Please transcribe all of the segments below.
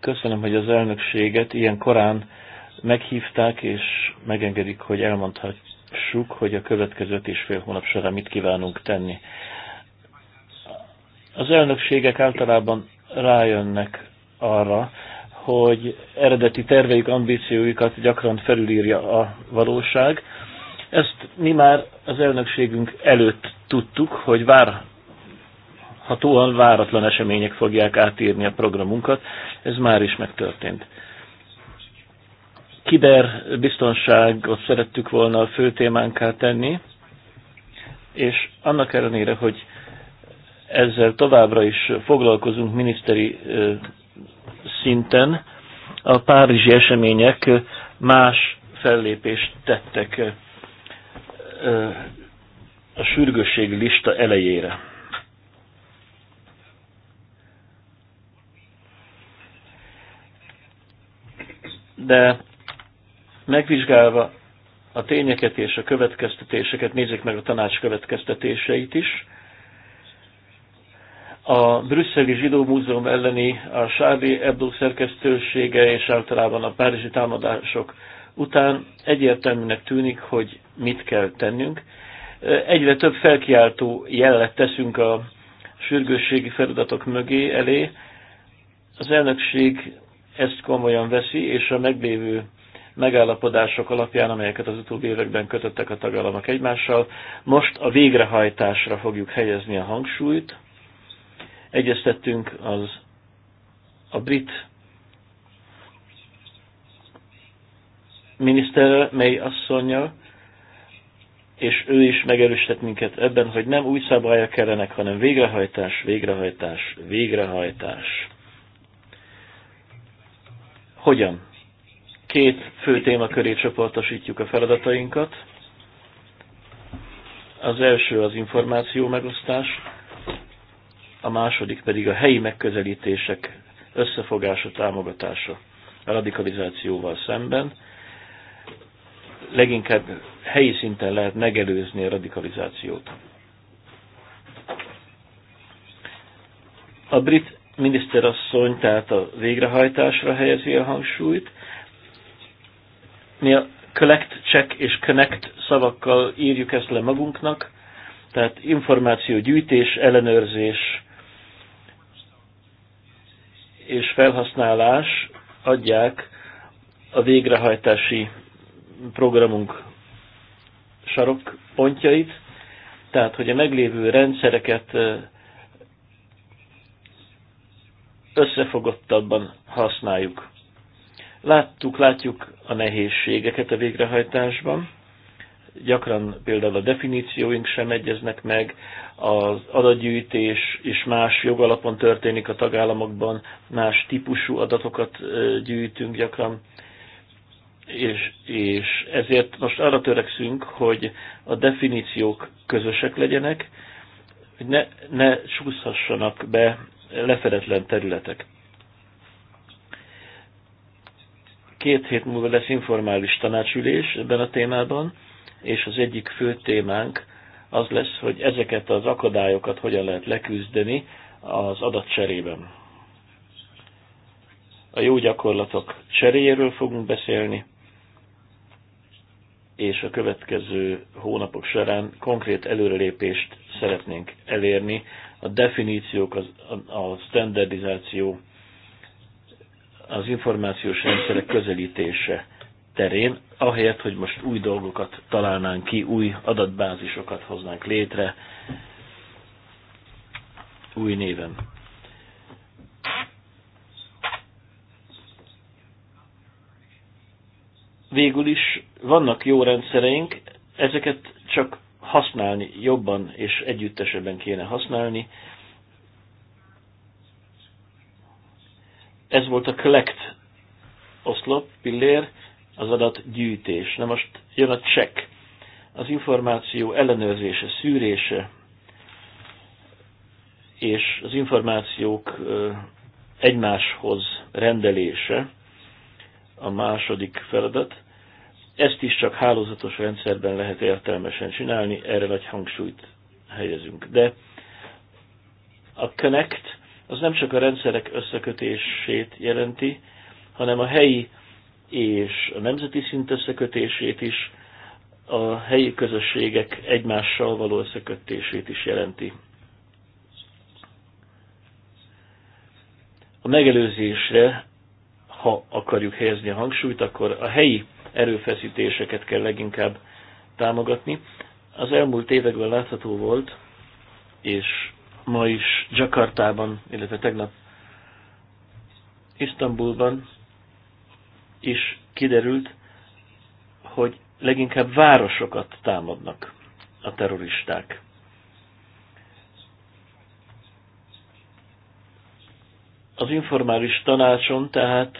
Köszönöm, hogy az elnökséget ilyen korán meghívták, és megengedik, hogy elmondhassuk, hogy a következő öt és fél hónap során mit kívánunk tenni. Az elnökségek általában rájönnek arra, hogy eredeti terveik, ambícióikat gyakran felülírja a valóság. Ezt mi már az elnökségünk előtt tudtuk, hogy vár várhatóan váratlan események fogják átírni a programunkat. Ez már is megtörtént. Kiberbiztonságot szerettük volna a fő témánká tenni, és annak ellenére, hogy ezzel továbbra is foglalkozunk miniszteri szinten, a párizsi események más fellépést tettek a sürgősségi lista elejére. de megvizsgálva a tényeket és a következtetéseket, nézzük meg a tanács következtetéseit is. A Brüsszeli Zsidó Múzeum elleni a Sárdi Ebdó szerkesztősége és általában a párizsi támadások után egyértelműnek tűnik, hogy mit kell tennünk. Egyre több felkiáltó jellet teszünk a sürgősségi feladatok mögé elé. Az elnökség ezt komolyan veszi, és a meglévő megállapodások alapján, amelyeket az utóbbi években kötöttek a tagállamok egymással, most a végrehajtásra fogjuk helyezni a hangsúlyt. Egyeztettünk az a brit miniszter May asszonya, és ő is megerősített minket ebben, hogy nem új szabályok kellenek, hanem végrehajtás, végrehajtás, végrehajtás. Hogyan? Két fő téma köré csoportosítjuk a feladatainkat. Az első az információ megosztás, a második pedig a helyi megközelítések összefogása, támogatása a radikalizációval szemben. Leginkább helyi szinten lehet megelőzni a radikalizációt. A brit miniszterasszony tehát a végrehajtásra helyezi a hangsúlyt. Mi a collect, check és connect szavakkal írjuk ezt le magunknak, tehát információgyűjtés, ellenőrzés és felhasználás adják a végrehajtási programunk sarokpontjait, tehát hogy a meglévő rendszereket összefogottabban használjuk. Láttuk, látjuk a nehézségeket a végrehajtásban. Gyakran például a definícióink sem egyeznek meg, az adatgyűjtés is más jogalapon történik a tagállamokban, más típusú adatokat gyűjtünk gyakran, és, és ezért most arra törekszünk, hogy a definíciók közösek legyenek, hogy ne, ne csúszhassanak be lefedetlen területek. Két hét múlva lesz informális tanácsülés ebben a témában, és az egyik fő témánk az lesz, hogy ezeket az akadályokat hogyan lehet leküzdeni az adatcserében. A jó gyakorlatok cseréjéről fogunk beszélni, és a következő hónapok során konkrét előrelépést szeretnénk elérni a definíciók, az, a standardizáció, az információs rendszerek közelítése terén, ahelyett, hogy most új dolgokat találnánk ki, új adatbázisokat hoznánk létre, új néven. Végül is vannak jó rendszereink, ezeket csak használni jobban és együttesebben kéne használni. Ez volt a collect oszlop, pillér, az gyűjtés. Na most jön a check. Az információ ellenőrzése, szűrése, és az információk egymáshoz rendelése a második feladat. Ezt is csak hálózatos rendszerben lehet értelmesen csinálni, erre nagy hangsúlyt helyezünk. De a connect az nem csak a rendszerek összekötését jelenti, hanem a helyi és a nemzeti szint összekötését is, a helyi közösségek egymással való összekötését is jelenti. A megelőzésre, ha akarjuk helyezni a hangsúlyt, akkor a helyi erőfeszítéseket kell leginkább támogatni. Az elmúlt években látható volt, és ma is Jakartában, illetve tegnap Isztambulban is kiderült, hogy leginkább városokat támadnak a terroristák. Az informális tanácson tehát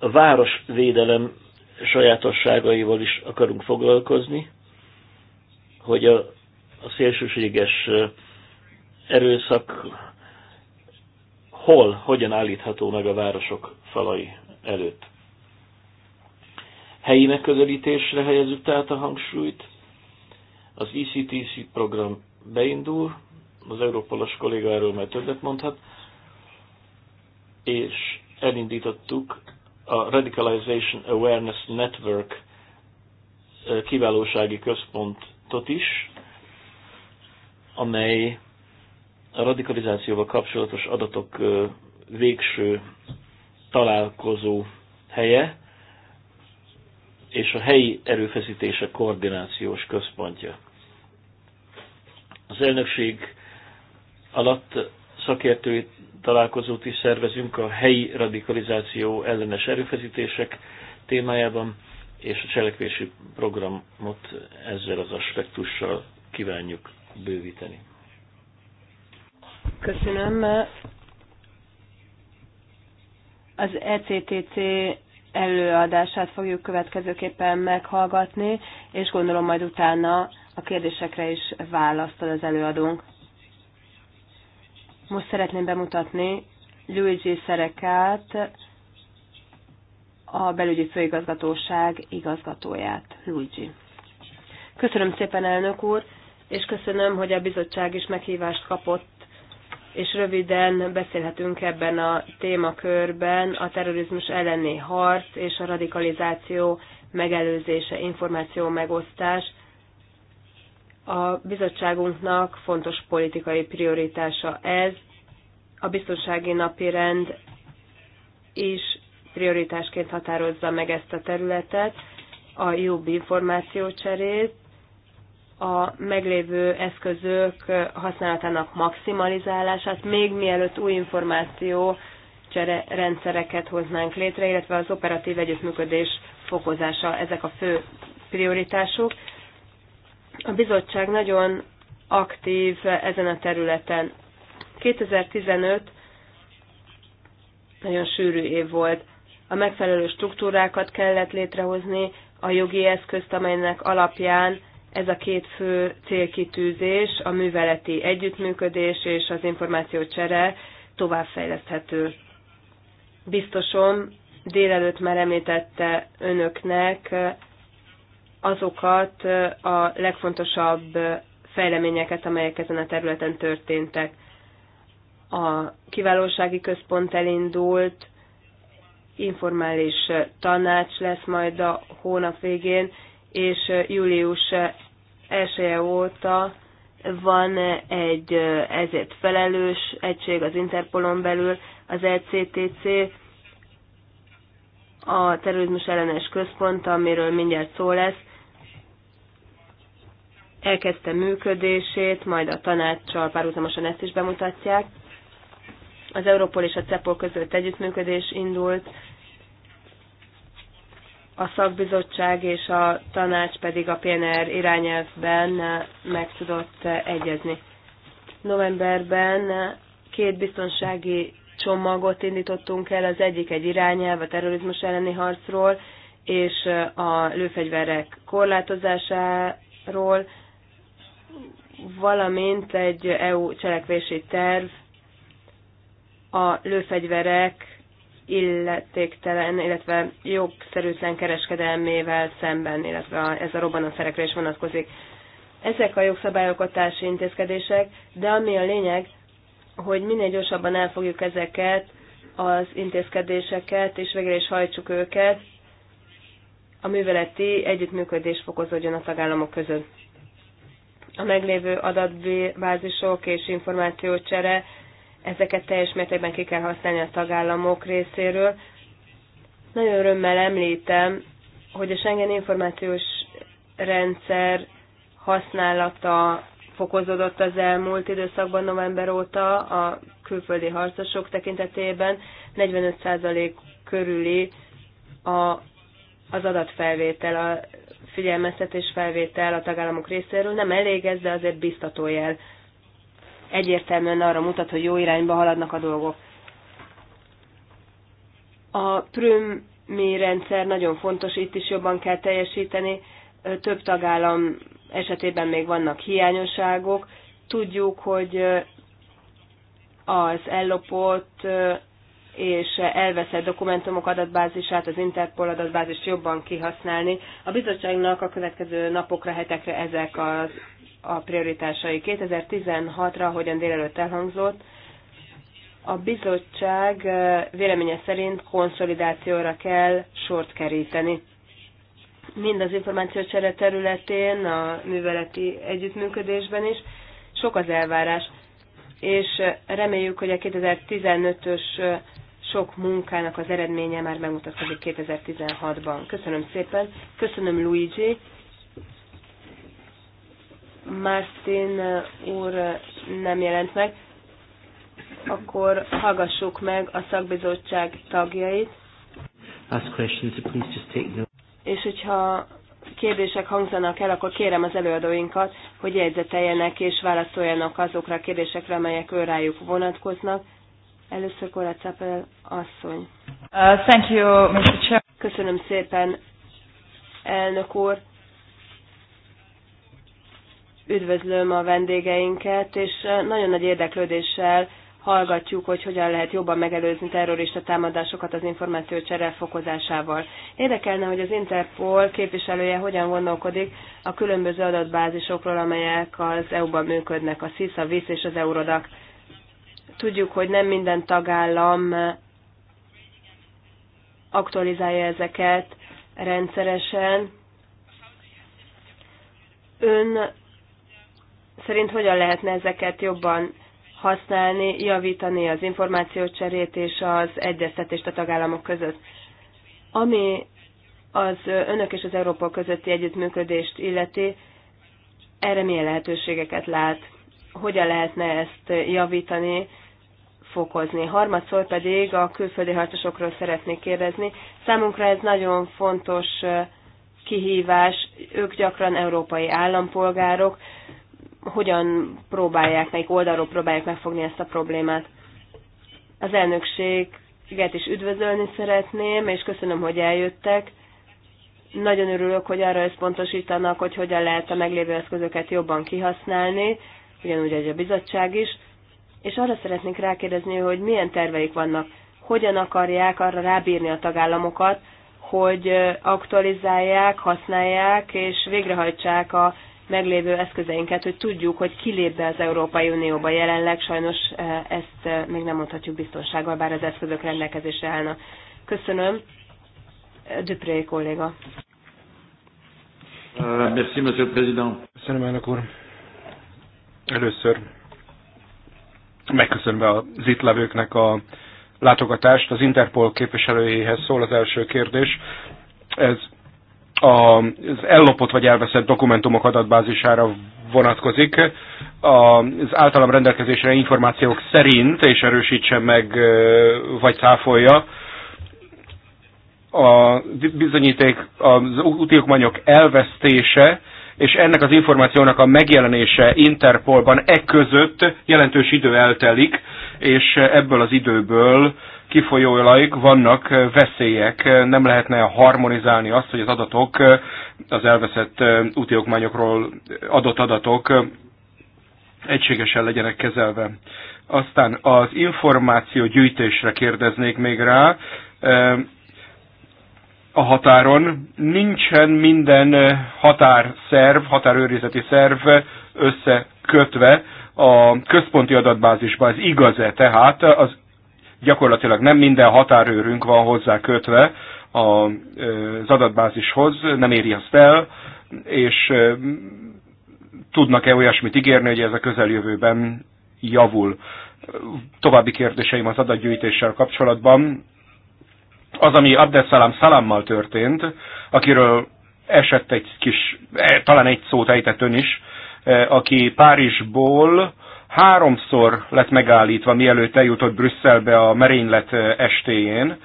a városvédelem sajátosságaival is akarunk foglalkozni, hogy a, a szélsőséges erőszak hol, hogyan állítható meg a városok falai előtt. Helyi megközelítésre helyezzük tehát a hangsúlyt. Az ECTC program beindul, az európolas kolléga erről már többet mondhat, és elindítottuk a Radicalization Awareness Network kiválósági központot is, amely a radikalizációval kapcsolatos adatok végső találkozó helye, és a helyi erőfeszítése koordinációs központja. Az elnökség alatt szakértői találkozót is szervezünk a helyi radikalizáció ellenes erőfeszítések témájában, és a cselekvési programot ezzel az aspektussal kívánjuk bővíteni. Köszönöm. Az ECTC előadását fogjuk következőképpen meghallgatni, és gondolom majd utána a kérdésekre is választ az előadónk. Most szeretném bemutatni Luigi Szerekát, a belügyi főigazgatóság igazgatóját. Luigi. Köszönöm szépen, elnök úr, és köszönöm, hogy a bizottság is meghívást kapott és röviden beszélhetünk ebben a témakörben a terrorizmus elleni harc és a radikalizáció megelőzése, információ megosztás, a bizottságunknak fontos politikai prioritása ez. A biztonsági rend is prioritásként határozza meg ezt a területet, a jobb információcserét, a meglévő eszközök használatának maximalizálását, még mielőtt új információ csere rendszereket hoznánk létre, illetve az operatív együttműködés fokozása, ezek a fő prioritások. A bizottság nagyon aktív ezen a területen. 2015 nagyon sűrű év volt. A megfelelő struktúrákat kellett létrehozni, a jogi eszközt, amelynek alapján ez a két fő célkitűzés, a műveleti együttműködés és az információcsere továbbfejleszthető. Biztosom, délelőtt már említette önöknek azokat a legfontosabb fejleményeket, amelyek ezen a területen történtek. A kiválósági központ elindult, informális tanács lesz majd a hónap végén, és július 1 -e óta van egy ezért felelős egység az Interpolon belül, az ECTC, a terrorizmus ellenes központ, amiről mindjárt szó lesz, elkezdte működését, majd a tanácssal párhuzamosan ezt is bemutatják. Az Európol és a CEPOL között együttműködés indult, a szakbizottság és a tanács pedig a PNR irányelvben meg tudott egyezni. Novemberben két biztonsági csomagot indítottunk el, az egyik egy irányelv a terrorizmus elleni harcról, és a lőfegyverek korlátozásáról, valamint egy EU cselekvési terv a lőfegyverek illetéktelen, illetve jogszerűtlen kereskedelmével szemben, illetve ez a robbanószerekre is vonatkozik. Ezek a jogszabályokatási intézkedések, de ami a lényeg, hogy minél gyorsabban elfogjuk ezeket az intézkedéseket, és végre is hajtsuk őket, a műveleti együttműködés fokozódjon a tagállamok között a meglévő adatbázisok és információcsere, ezeket teljes mértékben ki kell használni a tagállamok részéről. Nagyon örömmel említem, hogy a Schengen információs rendszer használata fokozódott az elmúlt időszakban november óta a külföldi harcosok tekintetében 45% körüli a, az adatfelvétel a figyelmeztetés felvétel a tagállamok részéről nem elég ez, de azért biztató jel. Egyértelműen arra mutat, hogy jó irányba haladnak a dolgok. A Prüm rendszer nagyon fontos, itt is jobban kell teljesíteni. Több tagállam esetében még vannak hiányosságok. Tudjuk, hogy az ellopott és elveszett dokumentumok adatbázisát, az Interpol adatbázist jobban kihasználni. A bizottságnak a következő napokra, hetekre ezek az, a prioritásai. 2016-ra, ahogyan délelőtt elhangzott, a bizottság véleménye szerint konszolidációra kell sort keríteni. Mind az információcsere területén, a műveleti együttműködésben is sok az elvárás, és reméljük, hogy a 2015-ös sok munkának az eredménye már megmutatkozik 2016-ban. Köszönöm szépen. Köszönöm Luigi. Martin úr nem jelent meg. Akkor hallgassuk meg a szakbizottság tagjait. Ask questions, please just take És hogyha kérdések hangzanak el, akkor kérem az előadóinkat, hogy jegyzeteljenek és válaszoljanak azokra a kérdésekre, amelyek őrájuk vonatkoznak Először Kora Capel asszony. Uh, thank you, Mr. Chair. Köszönöm szépen, elnök úr. Üdvözlöm a vendégeinket, és uh, nagyon nagy érdeklődéssel hallgatjuk, hogy hogyan lehet jobban megelőzni terrorista támadásokat az információcsere fokozásával. Érdekelne, hogy az Interpol képviselője hogyan gondolkodik a különböző adatbázisokról, amelyek az EU-ban működnek, a SIS, a VISZ és az Eurodac. Tudjuk, hogy nem minden tagállam aktualizálja ezeket rendszeresen. Ön szerint hogyan lehetne ezeket jobban használni, javítani az információcserét és az egyeztetést a tagállamok között? Ami az önök és az Európa közötti együttműködést illeti, erre milyen lehetőségeket lát? Hogyan lehetne ezt javítani? fokozni. Harmadszor pedig a külföldi harcosokról szeretnék kérdezni. Számunkra ez nagyon fontos kihívás, ők gyakran európai állampolgárok, hogyan próbálják, melyik oldalról próbálják megfogni ezt a problémát. Az elnökséget is üdvözölni szeretném, és köszönöm, hogy eljöttek. Nagyon örülök, hogy arra összpontosítanak, hogy hogyan lehet a meglévő eszközöket jobban kihasználni, ugyanúgy, hogy a bizottság is és arra szeretnék rákérdezni, hogy milyen terveik vannak, hogyan akarják arra rábírni a tagállamokat, hogy aktualizálják, használják és végrehajtsák a meglévő eszközeinket, hogy tudjuk, hogy kilép be az Európai Unióba jelenleg, sajnos ezt még nem mondhatjuk biztonsággal, bár az eszközök rendelkezésre állnak. Köszönöm. Dupré kolléga. Euh, merci, monsieur le président. Köszönöm, elnök úr. Először megköszönve az itt levőknek a látogatást. Az Interpol képviselőjéhez szól az első kérdés. Ez az ellopott vagy elveszett dokumentumok adatbázisára vonatkozik. Az általam rendelkezésre információk szerint, és erősítse meg, vagy cáfolja, a bizonyíték, az útiokmányok elvesztése és ennek az információnak a megjelenése Interpolban e között jelentős idő eltelik, és ebből az időből kifolyólag vannak veszélyek, nem lehetne harmonizálni azt, hogy az adatok, az elveszett úti okmányokról adott adatok egységesen legyenek kezelve. Aztán az információ gyűjtésre kérdeznék még rá a határon. Nincsen minden eh, határszerv, határőrizeti szerv összekötve a központi adatbázisba. Ez igaz-e? Tehát az gyakorlatilag nem minden határőrünk van hozzá kötve eh, az adatbázishoz, nem éri azt el, és eh, tudnak-e olyasmit ígérni, hogy ez a közeljövőben javul. További kérdéseim az adatgyűjtéssel kapcsolatban az, ami Abdeszalám Salammal történt, akiről esett egy kis, e, talán egy szót ejtett ön is, e, aki Párizsból háromszor lett megállítva, mielőtt eljutott Brüsszelbe a merénylet e, estéjén.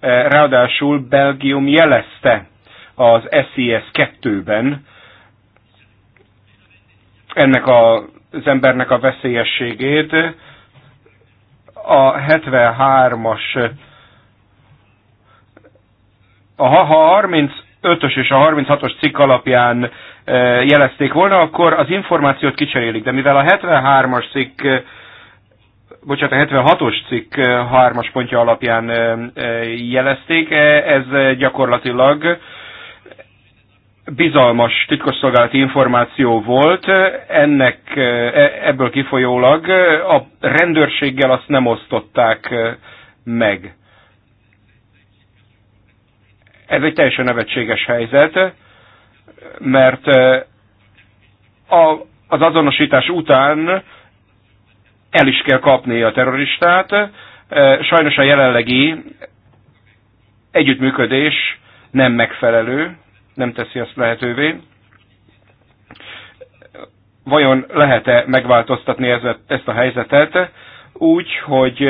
Ráadásul Belgium jelezte az SES 2-ben ennek az embernek a veszélyességét. A 73-as ha, a 35-ös és a 36-os cikk alapján e, jelezték volna, akkor az információt kicserélik. De mivel a 73-as cikk e, bocsánat, a 76-os cikk 3-as e, pontja alapján jelezték, ez gyakorlatilag bizalmas titkosszolgálati információ volt, ennek ebből kifolyólag a rendőrséggel azt nem osztották meg. Ez egy teljesen nevetséges helyzet, mert a, az azonosítás után el is kell kapni a terroristát. Sajnos a jelenlegi együttműködés nem megfelelő, nem teszi azt lehetővé. Vajon lehet-e megváltoztatni ezt a helyzetet úgy, hogy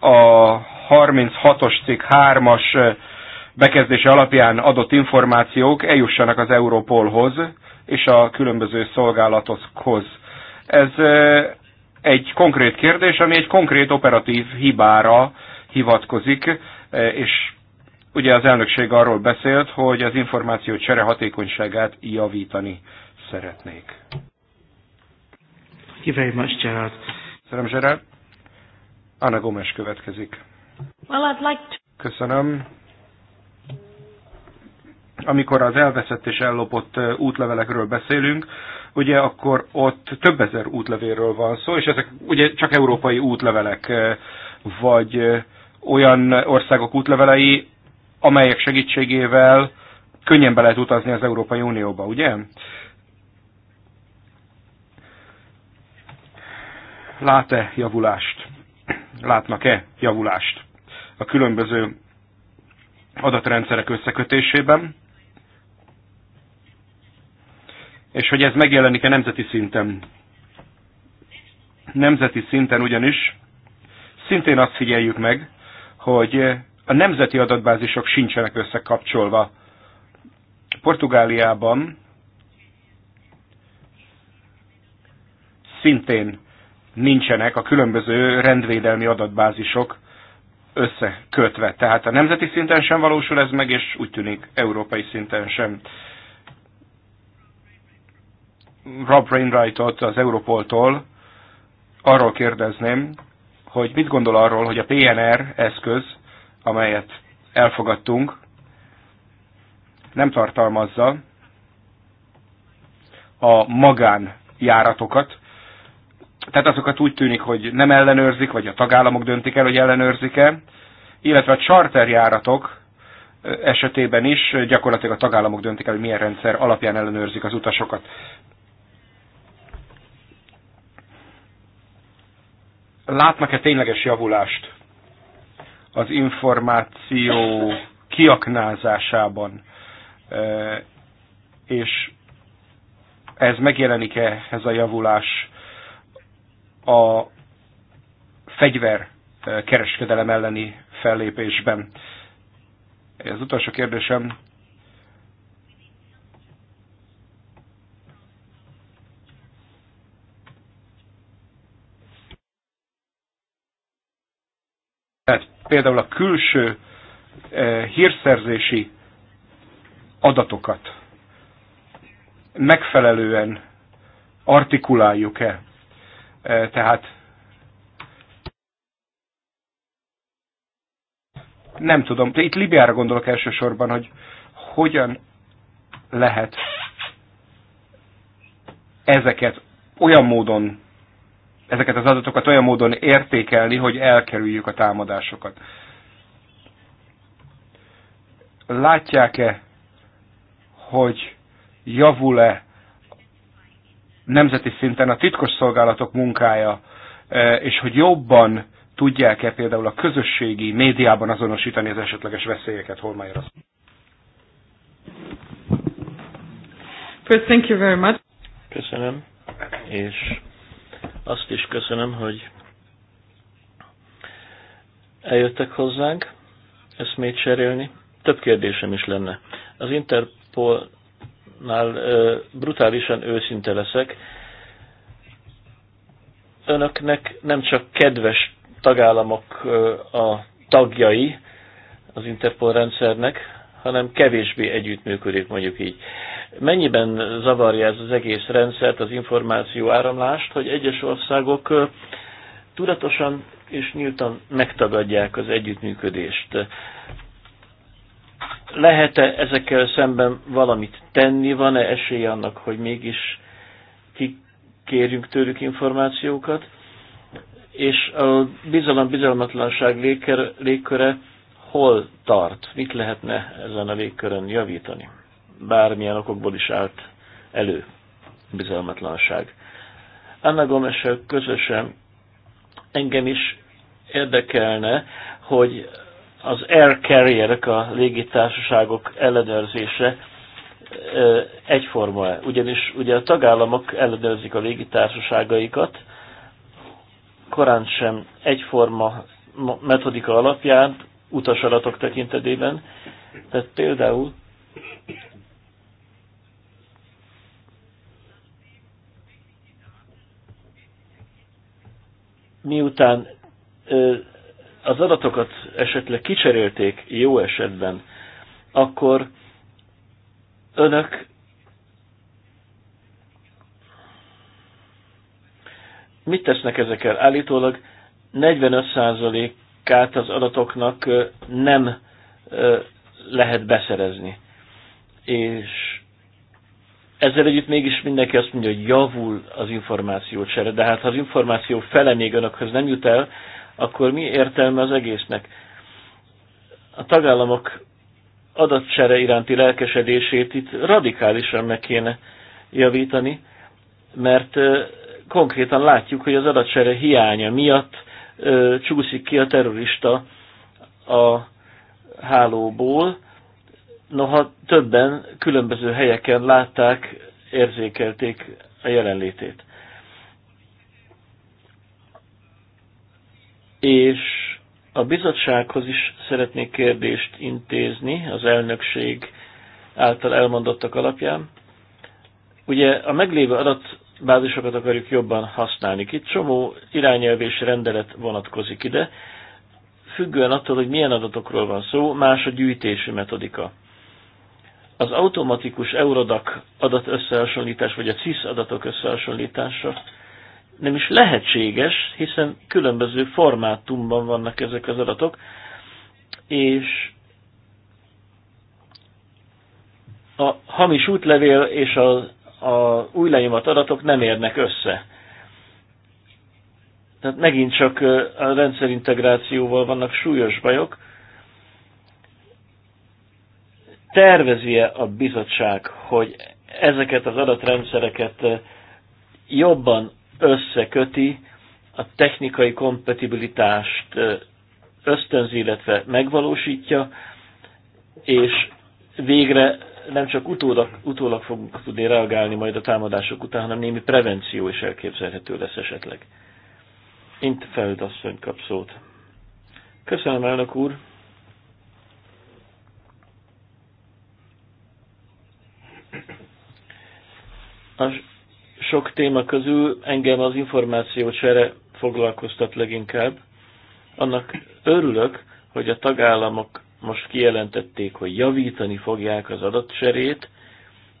a 36-os cikk 3-as bekezdése alapján adott információk eljussanak az Europolhoz és a különböző szolgálatokhoz. Ez egy konkrét kérdés, ami egy konkrét operatív hibára hivatkozik, és ugye az elnökség arról beszélt, hogy az információ csere hatékonyságát javítani szeretnék. Thank you very much, Gerard. Köszönöm, Gerard. Anna Gomes következik. Well, I'd like to... Köszönöm. Amikor az elveszett és ellopott útlevelekről beszélünk, ugye akkor ott több ezer útlevélről van szó, és ezek ugye csak európai útlevelek, vagy olyan országok útlevelei, amelyek segítségével könnyen be lehet utazni az Európai Unióba, ugye? Lát-e javulást? látnak-e javulást a különböző adatrendszerek összekötésében, és hogy ez megjelenik a nemzeti szinten. Nemzeti szinten ugyanis szintén azt figyeljük meg, hogy a nemzeti adatbázisok sincsenek összekapcsolva. Portugáliában szintén nincsenek a különböző rendvédelmi adatbázisok összekötve. Tehát a nemzeti szinten sem valósul ez meg, és úgy tűnik európai szinten sem. Rob Rainwrightot az Europoltól arról kérdezném, hogy mit gondol arról, hogy a PNR eszköz, amelyet elfogadtunk, nem tartalmazza a magánjáratokat, tehát azokat úgy tűnik, hogy nem ellenőrzik, vagy a tagállamok döntik el, hogy ellenőrzik-e, illetve a charterjáratok esetében is gyakorlatilag a tagállamok döntik el, hogy milyen rendszer alapján ellenőrzik az utasokat. Látnak-e tényleges javulást az információ kiaknázásában, és ez megjelenik-e ez a javulás a fegyver kereskedelem elleni fellépésben. Az utolsó kérdésem, Tehát például a külső hírszerzési adatokat megfelelően artikuláljuk-e tehát nem tudom, itt Libiára gondolok elsősorban, hogy hogyan lehet ezeket olyan módon, ezeket az adatokat olyan módon értékelni, hogy elkerüljük a támadásokat. Látják-e, hogy javul-e nemzeti szinten a titkos szolgálatok munkája, e, és hogy jobban tudják-e például a közösségi médiában azonosítani az esetleges veszélyeket, Holmeyer First, thank you very much. Köszönöm, és azt is köszönöm, hogy eljöttek hozzánk eszmét cserélni. Több kérdésem is lenne. Az Interpol nál brutálisan őszinte leszek. Önöknek nem csak kedves tagállamok a tagjai az Interpol rendszernek, hanem kevésbé együttműködik, mondjuk így. Mennyiben zavarja ez az egész rendszert, az információ áramlást, hogy egyes országok tudatosan és nyíltan megtagadják az együttműködést. Lehet-e ezekkel szemben valamit tenni? Van-e esély annak, hogy mégis kikérjünk tőlük információkat? És a bizalom-bizalmatlanság légköre hol tart? Mit lehetne ezen a légkörön javítani? Bármilyen okokból is állt elő bizalmatlanság. Anna gomes közösen engem is érdekelne, hogy az air carrierek, a légitársaságok ellenőrzése egyforma. Ugyanis ugye a tagállamok ellenőrzik a légitársaságaikat, korán sem egyforma metodika alapján, utasaratok tekintetében. Tehát például miután az adatokat esetleg kicserélték jó esetben, akkor önök mit tesznek ezekkel? Állítólag 45%-át az adatoknak nem lehet beszerezni. És ezzel együtt mégis mindenki azt mondja, hogy javul az információcsere, de hát ha az információ fele még önökhöz nem jut el, akkor mi értelme az egésznek? A tagállamok adatcsere iránti lelkesedését itt radikálisan meg kéne javítani, mert konkrétan látjuk, hogy az adatcsere hiánya miatt csúszik ki a terrorista a hálóból, noha többen különböző helyeken látták, érzékelték a jelenlétét. és a bizottsághoz is szeretnék kérdést intézni az elnökség által elmondottak alapján. Ugye a meglévő adatbázisokat akarjuk jobban használni. Itt csomó irányelv és rendelet vonatkozik ide, függően attól, hogy milyen adatokról van szó, más a gyűjtési metodika. Az automatikus Eurodac adatösszehasonlítás, vagy a CIS adatok összehasonlítása nem is lehetséges, hiszen különböző formátumban vannak ezek az adatok, és a hamis útlevél és a, a új lenyomat adatok nem érnek össze. Tehát megint csak a rendszerintegrációval vannak súlyos bajok. Tervezi-e a bizottság, hogy ezeket az adatrendszereket jobban összeköti a technikai kompatibilitást ösztönzi, illetve megvalósítja, és végre nem csak utólag, utólag fogunk tudni reagálni majd a támadások után, hanem némi prevenció is elképzelhető lesz esetleg. Intfeld asszony kap szót. Köszönöm, elnök úr! A sok téma közül engem az információcsere foglalkoztat leginkább. Annak örülök, hogy a tagállamok most kijelentették, hogy javítani fogják az adatcserét,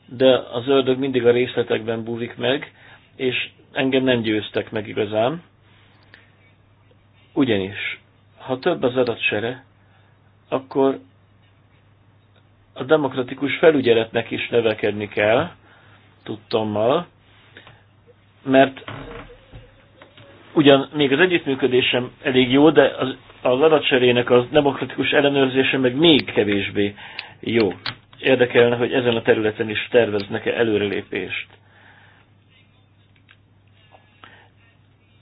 de az ördög mindig a részletekben búvik meg, és engem nem győztek meg igazán. Ugyanis, ha több az adatsere, akkor a demokratikus felügyeletnek is növekedni kell, tudtommal, mert ugyan még az együttműködésem elég jó, de az, az adatserének az demokratikus ellenőrzése meg még kevésbé jó. Érdekelne, hogy ezen a területen is terveznek-e előrelépést.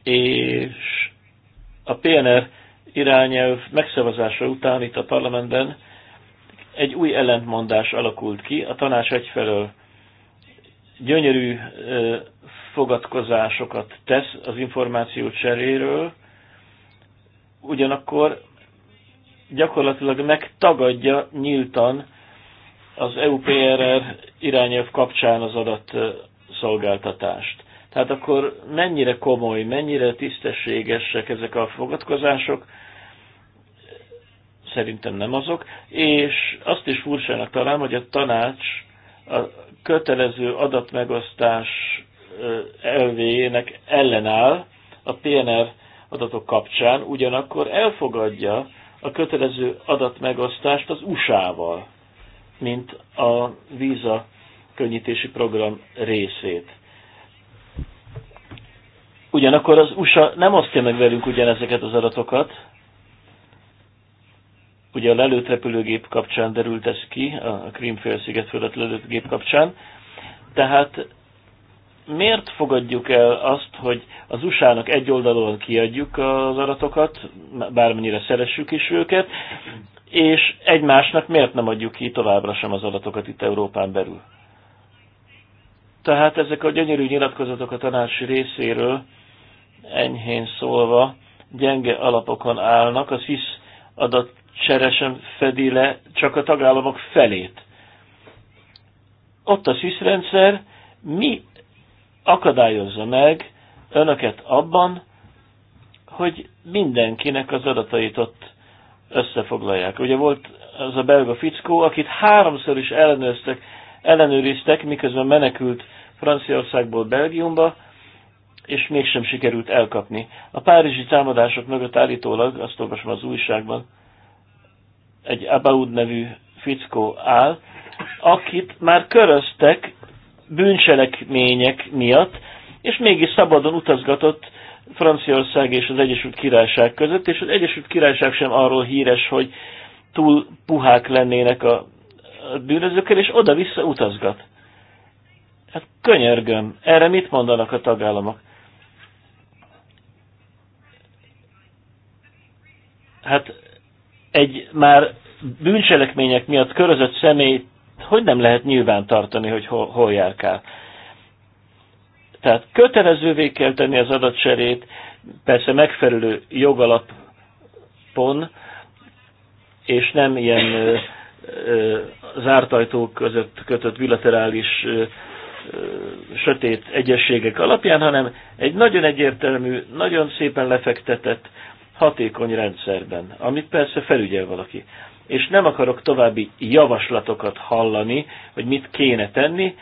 És a PNR irányelv megszavazása után itt a parlamentben egy új ellentmondás alakult ki. A tanács egyfelől gyönyörű fogadkozásokat tesz az információ cseréről, ugyanakkor gyakorlatilag megtagadja nyíltan az EUPRR irányelv kapcsán az adat szolgáltatást. Tehát akkor mennyire komoly, mennyire tisztességesek ezek a fogadkozások, szerintem nem azok, és azt is furcsának talán, hogy a tanács a kötelező adatmegosztás elvéjének ellenáll a PNR adatok kapcsán, ugyanakkor elfogadja a kötelező adatmegosztást az USA-val, mint a víza könnyítési program részét. Ugyanakkor az USA nem osztja meg velünk ugyanezeket az adatokat, Ugye a lelőtt repülőgép kapcsán derült ez ki, a Krímfélsziget fölött lelőtt gép kapcsán. Tehát miért fogadjuk el azt, hogy az USA-nak egy oldalon kiadjuk az adatokat, bármennyire szeressük is őket, és egymásnak miért nem adjuk ki továbbra sem az adatokat itt Európán belül? Tehát ezek a gyönyörű nyilatkozatok a tanácsi részéről, enyhén szólva, gyenge alapokon állnak. az hisz adat csere sem fedi le csak a tagállamok felét. Ott a SZISZ rendszer mi akadályozza meg önöket abban, hogy mindenkinek az adatait ott összefoglalják. Ugye volt az a belga fickó, akit háromszor is ellenőriztek, ellenőriztek miközben menekült Franciaországból Belgiumba, és mégsem sikerült elkapni. A párizsi támadások mögött állítólag, azt olvasom az újságban, egy Abaud nevű fickó áll, akit már köröztek bűncselekmények miatt, és mégis szabadon utazgatott Franciaország és az Egyesült Királyság között, és az Egyesült Királyság sem arról híres, hogy túl puhák lennének a bűnözőkkel, és oda-vissza utazgat. Hát könyörgöm, erre mit mondanak a tagállamok? Hát egy már bűncselekmények miatt körözött személyt hogy nem lehet nyilván tartani, hogy hol, hol járkál. Tehát kötelezővé kell tenni az adatcserét, persze megfelelő jogalapon, és nem ilyen ö, ö, zárt ajtók között kötött bilaterális ö, sötét egyességek alapján, hanem egy nagyon egyértelmű, nagyon szépen lefektetett hatékony rendszerben, amit persze felügyel valaki. És nem akarok további javaslatokat hallani, hogy mit kéne tenni,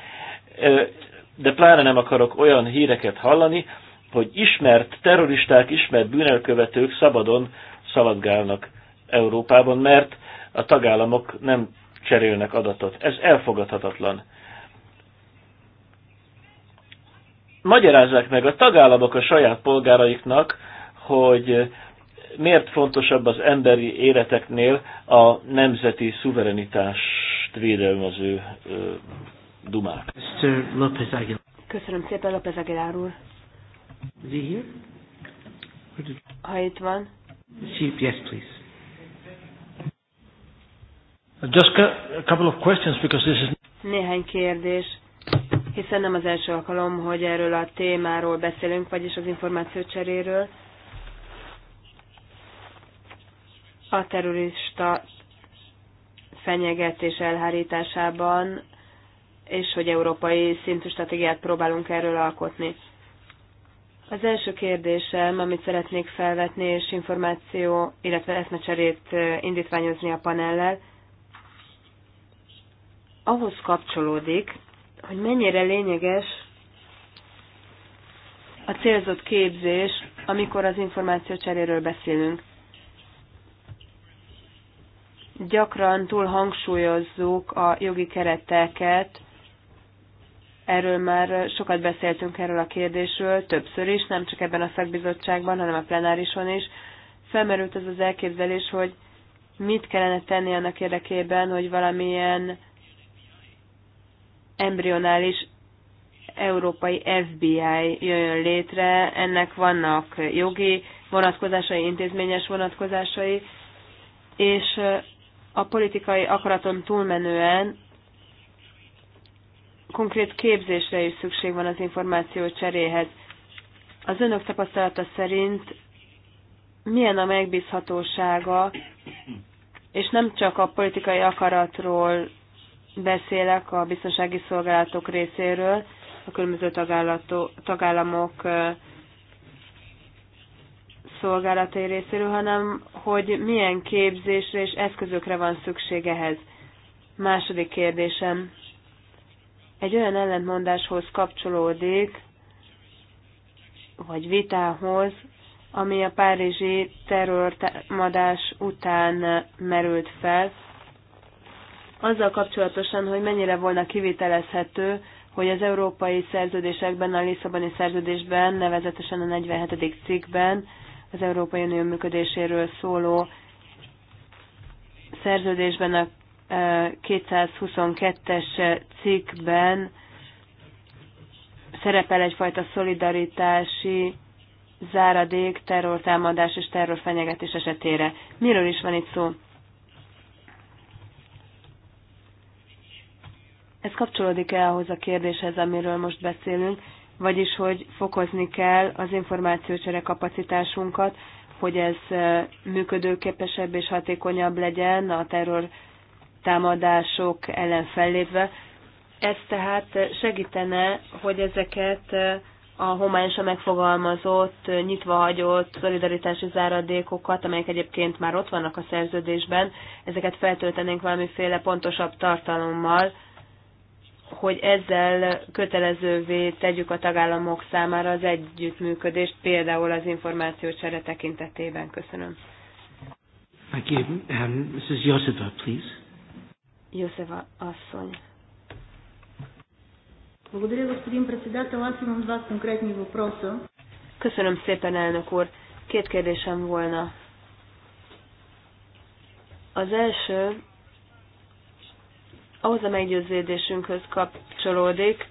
de pláne nem akarok olyan híreket hallani, hogy ismert terroristák, ismert bűnelkövetők szabadon szaladgálnak Európában, mert a tagállamok nem cserélnek adatot. Ez elfogadhatatlan. Magyarázzák meg a tagállamok a saját polgáraiknak, hogy miért fontosabb az emberi életeknél a nemzeti szuverenitást védelmező ö, dumák? Mr. López Aguilar. Köszönöm szépen, López Aguilar úr. Is he here? Did... Ha itt van. She, yes, please. Just a couple of questions because this is... Néhány kérdés, hiszen nem az első alkalom, hogy erről a témáról beszélünk, vagyis az információcseréről. cseréről a terrorista fenyegetés elhárításában, és hogy európai szintű stratégiát próbálunk erről alkotni. Az első kérdésem, amit szeretnék felvetni, és információ, illetve eszmecserét indítványozni a panellel, ahhoz kapcsolódik, hogy mennyire lényeges a célzott képzés, amikor az információ cseréről beszélünk gyakran túl hangsúlyozzuk a jogi kereteket, erről már sokat beszéltünk erről a kérdésről, többször is, nem csak ebben a szakbizottságban, hanem a plenárison is. Felmerült az az elképzelés, hogy mit kellene tenni annak érdekében, hogy valamilyen embryonális európai FBI jöjjön létre. Ennek vannak jogi vonatkozásai, intézményes vonatkozásai, és a politikai akaraton túlmenően konkrét képzésre is szükség van az információ cseréhez. Az önök tapasztalata szerint milyen a megbízhatósága, és nem csak a politikai akaratról beszélek a biztonsági szolgálatok részéről, a különböző tagállamok szolgálatai részéről, hanem hogy milyen képzésre és eszközökre van szükség ehhez. Második kérdésem. Egy olyan ellentmondáshoz kapcsolódik, vagy vitához, ami a párizsi terrortámadás után merült fel, azzal kapcsolatosan, hogy mennyire volna kivitelezhető, hogy az európai szerződésekben, a Lisszaboni szerződésben, nevezetesen a 47. cikkben az Európai Unió működéséről szóló szerződésben a 222-es e, cikkben szerepel egyfajta szolidaritási záradék terrortámadás és terrorfenyegetés esetére. Miről is van itt szó? Ez kapcsolódik-e ahhoz a kérdéshez, amiről most beszélünk? vagyis hogy fokozni kell az információcsere kapacitásunkat, hogy ez működőképesebb és hatékonyabb legyen a terror támadások ellen fellépve. Ez tehát segítene, hogy ezeket a homályosan megfogalmazott, nyitva hagyott szolidaritási záradékokat, amelyek egyébként már ott vannak a szerződésben, ezeket feltöltenénk valamiféle pontosabb tartalommal, hogy ezzel kötelezővé tegyük a tagállamok számára az együttműködést, például az információcsere tekintetében. Köszönöm. Thank you. Um, Mrs. Joseva, please. Joseva asszony. Благодаря, господин председател. Аз имам два конкретни въпроса. Köszönöm szépen, elnök úr. Két kérdésem volna. Az első, ahhoz a meggyőződésünkhöz kapcsolódik,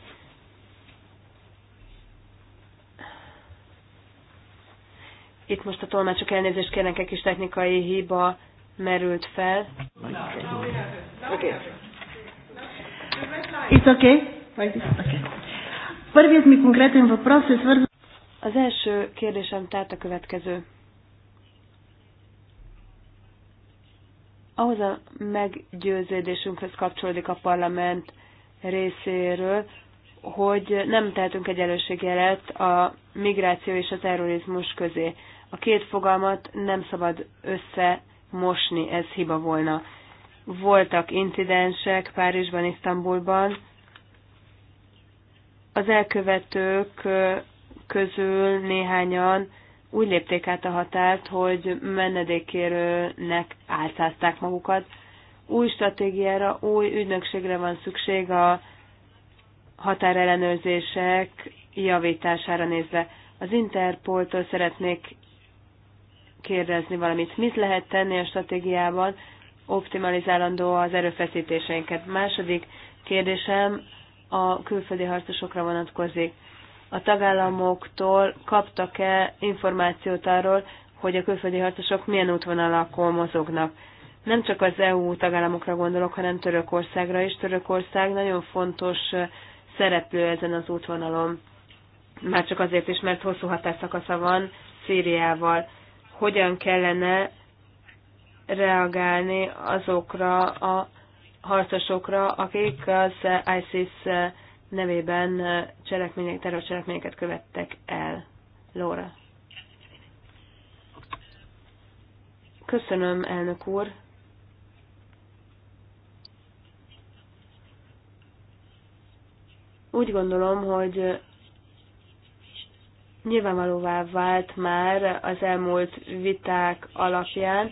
Itt most a tolmácsok elnézést kérnek, egy kis technikai hiba merült fel. Okay. okay? Okay. Az első kérdésem tehát a következő. ahhoz a meggyőződésünkhöz kapcsolódik a parlament részéről, hogy nem tehetünk egy előségjelet a migráció és a terrorizmus közé. A két fogalmat nem szabad összemosni, ez hiba volna. Voltak incidensek Párizsban, Isztambulban. Az elkövetők közül néhányan úgy lépték át a határt, hogy menedékkérőnek álcázták magukat. Új stratégiára, új ügynökségre van szükség a határellenőrzések javítására nézve. Az Interpoltól szeretnék kérdezni valamit. Mit lehet tenni a stratégiában, optimalizálandó az erőfeszítéseinket? Második kérdésem a külföldi harcosokra vonatkozik a tagállamoktól kaptak-e információt arról, hogy a külföldi harcosok milyen útvonalakon mozognak. Nem csak az EU tagállamokra gondolok, hanem Törökországra is. Törökország nagyon fontos szereplő ezen az útvonalon. Már csak azért is, mert hosszú határszakasza van Szíriával. Hogyan kellene reagálni azokra a harcosokra, akik az ISIS nevében cselekmények, terrorcselekményeket követtek el. Laura. Köszönöm, elnök úr. Úgy gondolom, hogy nyilvánvalóvá vált már az elmúlt viták alapján,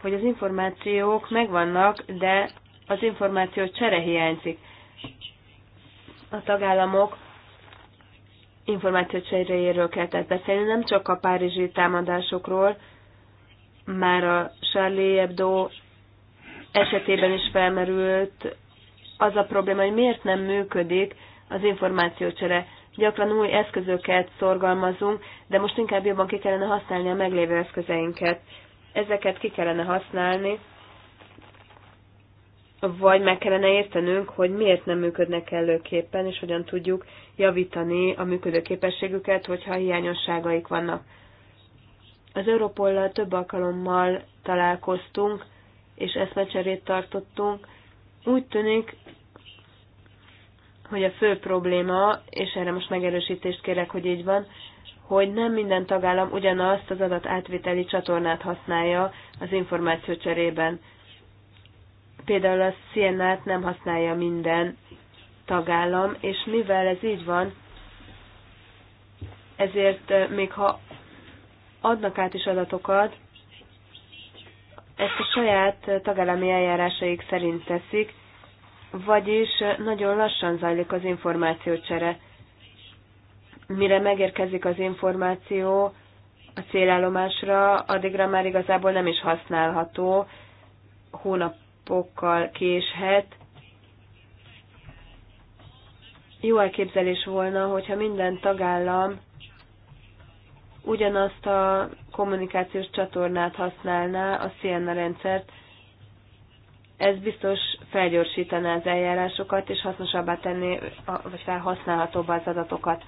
hogy az információk megvannak, de az információ csere hiányzik a tagállamok információt cseréjéről kell tehát beszélni, nem csak a párizsi támadásokról, már a Charlie Hebdo esetében is felmerült az a probléma, hogy miért nem működik az információcsere. Gyakran új eszközöket szorgalmazunk, de most inkább jobban ki kellene használni a meglévő eszközeinket. Ezeket ki kellene használni, vagy meg kellene értenünk, hogy miért nem működnek előképpen, és hogyan tudjuk javítani a működőképességüket, hogyha hiányosságaik vannak. Az Európollal több alkalommal találkoztunk, és eszmecserét tartottunk. Úgy tűnik, hogy a fő probléma, és erre most megerősítést kérek, hogy így van, hogy nem minden tagállam ugyanazt az adat átvételi csatornát használja az információ cserében. Például a CNA-t nem használja minden tagállam, és mivel ez így van, ezért még ha adnak át is adatokat, ezt a saját tagállami eljárásaik szerint teszik, vagyis nagyon lassan zajlik az információcsere. Mire megérkezik az információ a célállomásra, addigra már igazából nem is használható, hónap hónapokkal késhet. Jó elképzelés volna, hogyha minden tagállam ugyanazt a kommunikációs csatornát használná, a Sienna rendszert, ez biztos felgyorsítaná az eljárásokat, és hasznosabbá tenné, vagy felhasználhatóbbá az adatokat.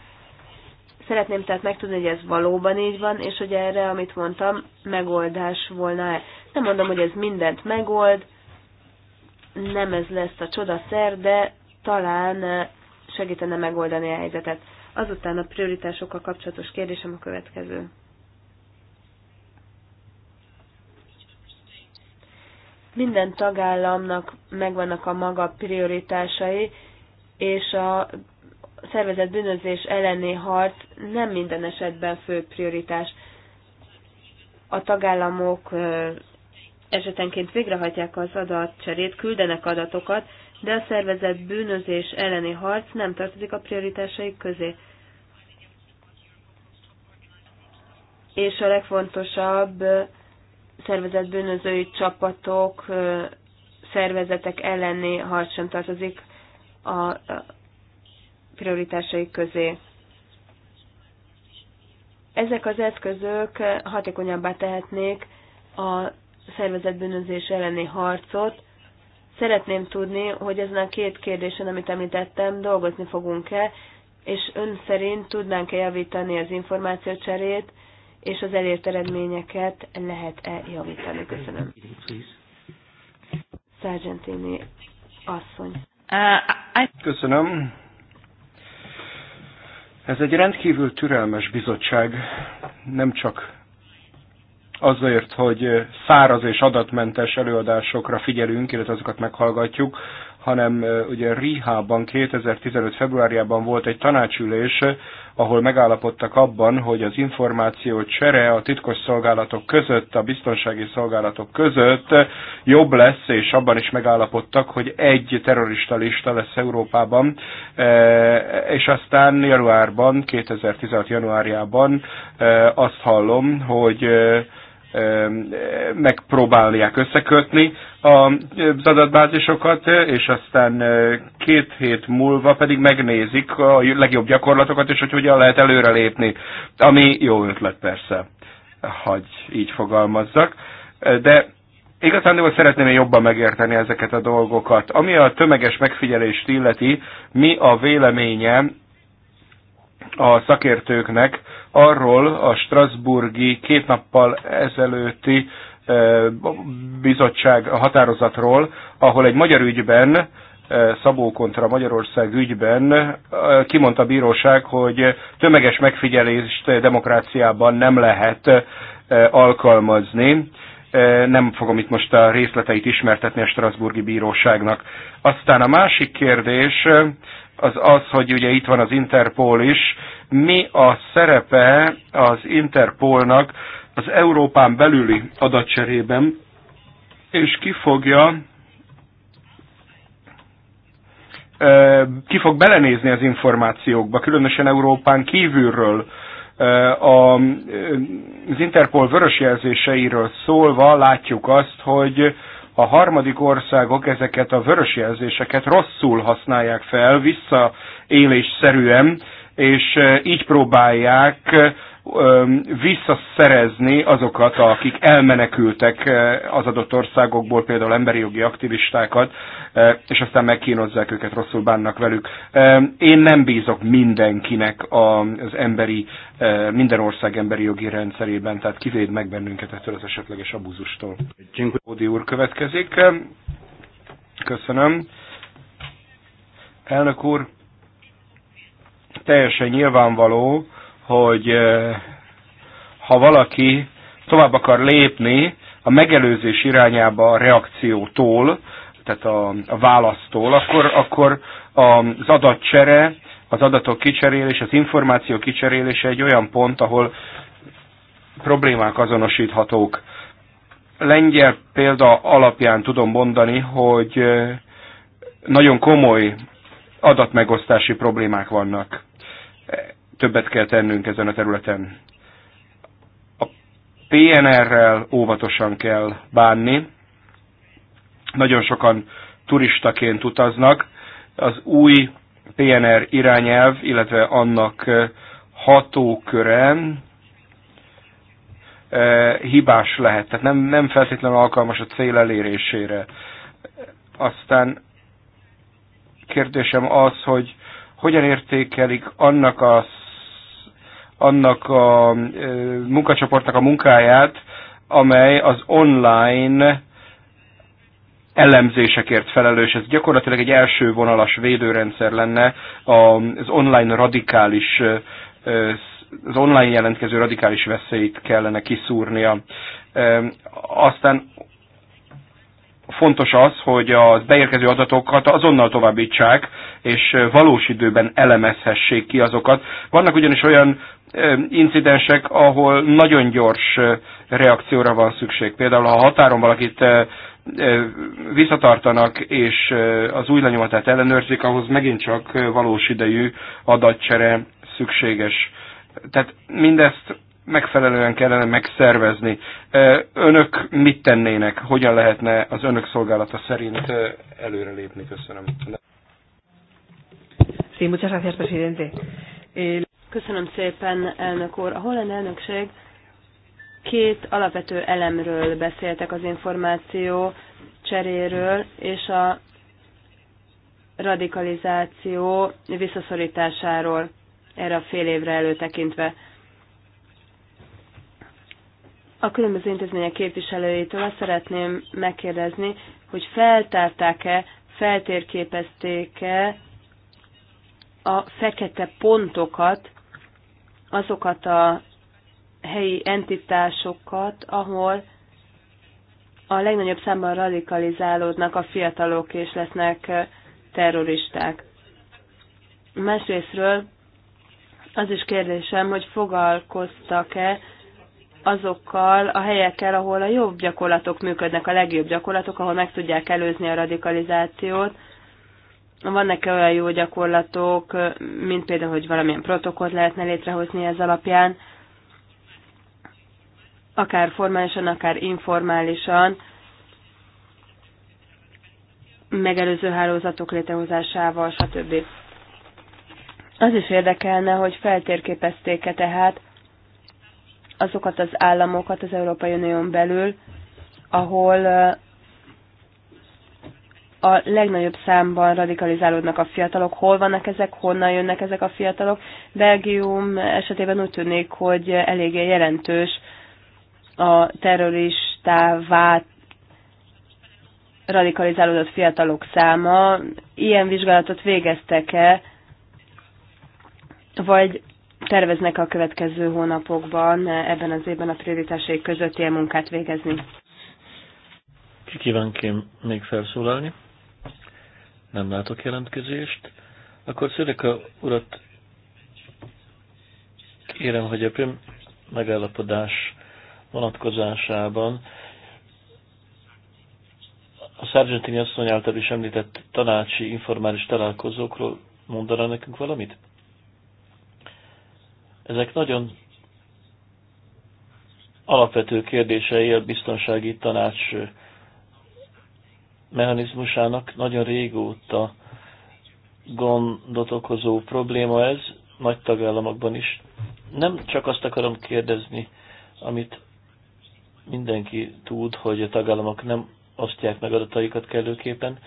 Szeretném tehát megtudni, hogy ez valóban így van, és hogy erre, amit mondtam, megoldás volna -e. Nem mondom, hogy ez mindent megold, nem ez lesz a csodaszer, de talán segítene megoldani a helyzetet. Azután a prioritásokkal kapcsolatos kérdésem a következő. Minden tagállamnak megvannak a maga prioritásai, és a szervezet bűnözés elleni harc nem minden esetben fő prioritás. A tagállamok esetenként végrehajtják az adatcserét, küldenek adatokat, de a szervezet bűnözés elleni harc nem tartozik a prioritásaik közé. És a legfontosabb szervezett bűnözői csapatok, szervezetek elleni harc sem tartozik a prioritásaik közé. Ezek az eszközök hatékonyabbá tehetnék a szervezetbűnözés elleni harcot. Szeretném tudni, hogy ezen a két kérdésen, amit említettem, dolgozni fogunk-e, és ön szerint tudnánk-e javítani az információcserét, és az elért eredményeket lehet-e javítani? Köszönöm. Sargentini asszony. Uh, Köszönöm. Ez egy rendkívül türelmes bizottság, nem csak azért, hogy eh, száraz és adatmentes előadásokra figyelünk, illetve azokat meghallgatjuk, hanem eh, ugye Rihában 2015. februárjában volt egy tanácsülés, eh, ahol megállapodtak abban, hogy az információ csere a titkos szolgálatok között, a biztonsági szolgálatok között jobb lesz, és abban is megállapodtak, hogy egy terrorista lista lesz Európában, és aztán januárban, 2016 januárjában azt hallom, hogy megpróbálják összekötni az adatbázisokat, és aztán két hét múlva pedig megnézik a legjobb gyakorlatokat, és hogy hogyan lehet előrelépni, ami jó ötlet persze, hogy így fogalmazzak. De igazán jól szeretném én jobban megérteni ezeket a dolgokat. Ami a tömeges megfigyelést illeti, mi a véleménye a szakértőknek arról a Strasburgi két nappal ezelőtti eh, bizottság határozatról, ahol egy magyar ügyben eh, Szabó kontra Magyarország ügyben eh, kimondta a bíróság, hogy tömeges megfigyelést demokráciában nem lehet alkalmazni. Nem fogom itt most a részleteit ismertetni a Strasburgi Bíróságnak. Aztán a másik kérdés az az, hogy ugye itt van az Interpol is, mi a szerepe az Interpolnak az Európán belüli adatcserében, és ki fogja ki fog belenézni az információkba, különösen Európán kívülről. Az Interpol vörös jelzéseiről szólva látjuk azt, hogy a harmadik országok ezeket a vörös jelzéseket rosszul használják fel, visszaélésszerűen és eh, így próbálják eh, visszaszerezni azokat, akik elmenekültek eh, az adott országokból, például emberi jogi aktivistákat, és aztán megkínozzák őket, rosszul bánnak velük. Én nem bízok mindenkinek az emberi, minden ország emberi jogi rendszerében, tehát kivéd meg bennünket ettől az esetleges abúzustól. Ódi úr következik. Köszönöm. Elnök úr, teljesen nyilvánvaló, hogy eh, ha valaki tovább akar lépni a megelőzés irányába a reakciótól, tehát a, a választól, akkor, akkor az adatcsere, az adatok kicserélése, az információ kicserélése egy olyan pont, ahol problémák azonosíthatók. Lengyel példa alapján tudom mondani, hogy eh, nagyon komoly adatmegosztási problémák vannak többet kell tennünk ezen a területen. A PNR-rel óvatosan kell bánni. Nagyon sokan turistaként utaznak. Az új PNR irányelv, illetve annak hatókören hibás lehet, tehát nem, nem feltétlenül alkalmas a cél elérésére. Aztán kérdésem az, hogy hogyan értékelik annak a annak a munkacsoportnak a munkáját, amely az online elemzésekért felelős. Ez gyakorlatilag egy első vonalas védőrendszer lenne az online radikális az online jelentkező radikális veszélyt kellene kiszúrnia. Aztán fontos az, hogy a beérkező adatokat azonnal továbbítsák, és valós időben elemezhessék ki azokat. Vannak ugyanis olyan incidensek, ahol nagyon gyors reakcióra van szükség. Például, ha a határon valakit visszatartanak, és az új lenyomatát ellenőrzik, ahhoz megint csak valós idejű adatcsere szükséges. Tehát mindezt megfelelően kellene megszervezni. Önök mit tennének? Hogyan lehetne az önök szolgálata szerint előrelépni? Köszönöm. Sí, muchas gracias, presidente. Köszönöm szépen, elnök úr. A holland elnökség két alapvető elemről beszéltek az információ cseréről és a radikalizáció visszaszorításáról erre a fél évre előtekintve a különböző intézmények képviselőitől azt szeretném megkérdezni, hogy feltárták-e, feltérképezték-e a fekete pontokat, azokat a helyi entitásokat, ahol a legnagyobb számban radikalizálódnak a fiatalok és lesznek terroristák. Másrésztről az is kérdésem, hogy fogalkoztak-e azokkal a helyekkel, ahol a jobb gyakorlatok működnek, a legjobb gyakorlatok, ahol meg tudják előzni a radikalizációt. Vannak-e olyan jó gyakorlatok, mint például, hogy valamilyen protokollt lehetne létrehozni ez alapján, akár formálisan, akár informálisan, megelőző hálózatok létrehozásával, stb. Az is érdekelne, hogy feltérképezték-e tehát, azokat az államokat az Európai Unión belül, ahol a legnagyobb számban radikalizálódnak a fiatalok. Hol vannak ezek, honnan jönnek ezek a fiatalok? Belgium esetében úgy tűnik, hogy eléggé jelentős a terroristává radikalizálódott fiatalok száma. Ilyen vizsgálatot végeztek-e, vagy terveznek a következő hónapokban, ebben az évben a prioritásai között ilyen munkát végezni. Ki én még felszólalni? Nem látok jelentkezést. Akkor a urat kérem, hogy a prim megállapodás vonatkozásában a Sargentini asszony által is említett tanácsi informális találkozókról mondaná nekünk valamit? Ezek nagyon alapvető kérdései a biztonsági tanács mechanizmusának nagyon régóta gondot okozó probléma ez, nagy tagállamokban is. Nem csak azt akarom kérdezni, amit mindenki tud, hogy a tagállamok nem osztják meg adataikat kellőképpen,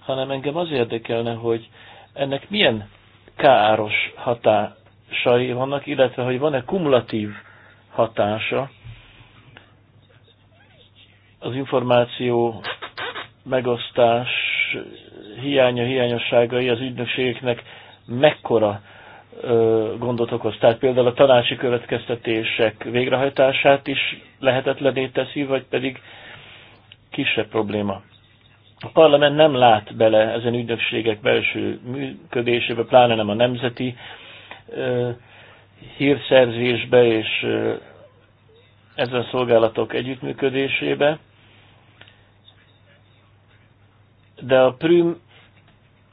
hanem engem az érdekelne, hogy ennek milyen káros hatá, hatásai vannak, illetve hogy van-e kumulatív hatása az információ megosztás hiánya, hiányosságai az ügynökségeknek mekkora ö, gondot okoz. Tehát például a tanácsi következtetések végrehajtását is lehetetlené teszi, vagy pedig kisebb probléma. A parlament nem lát bele ezen ügynökségek belső működésébe, pláne nem a nemzeti hírszerzésbe és ezen szolgálatok együttműködésébe. De a Prüm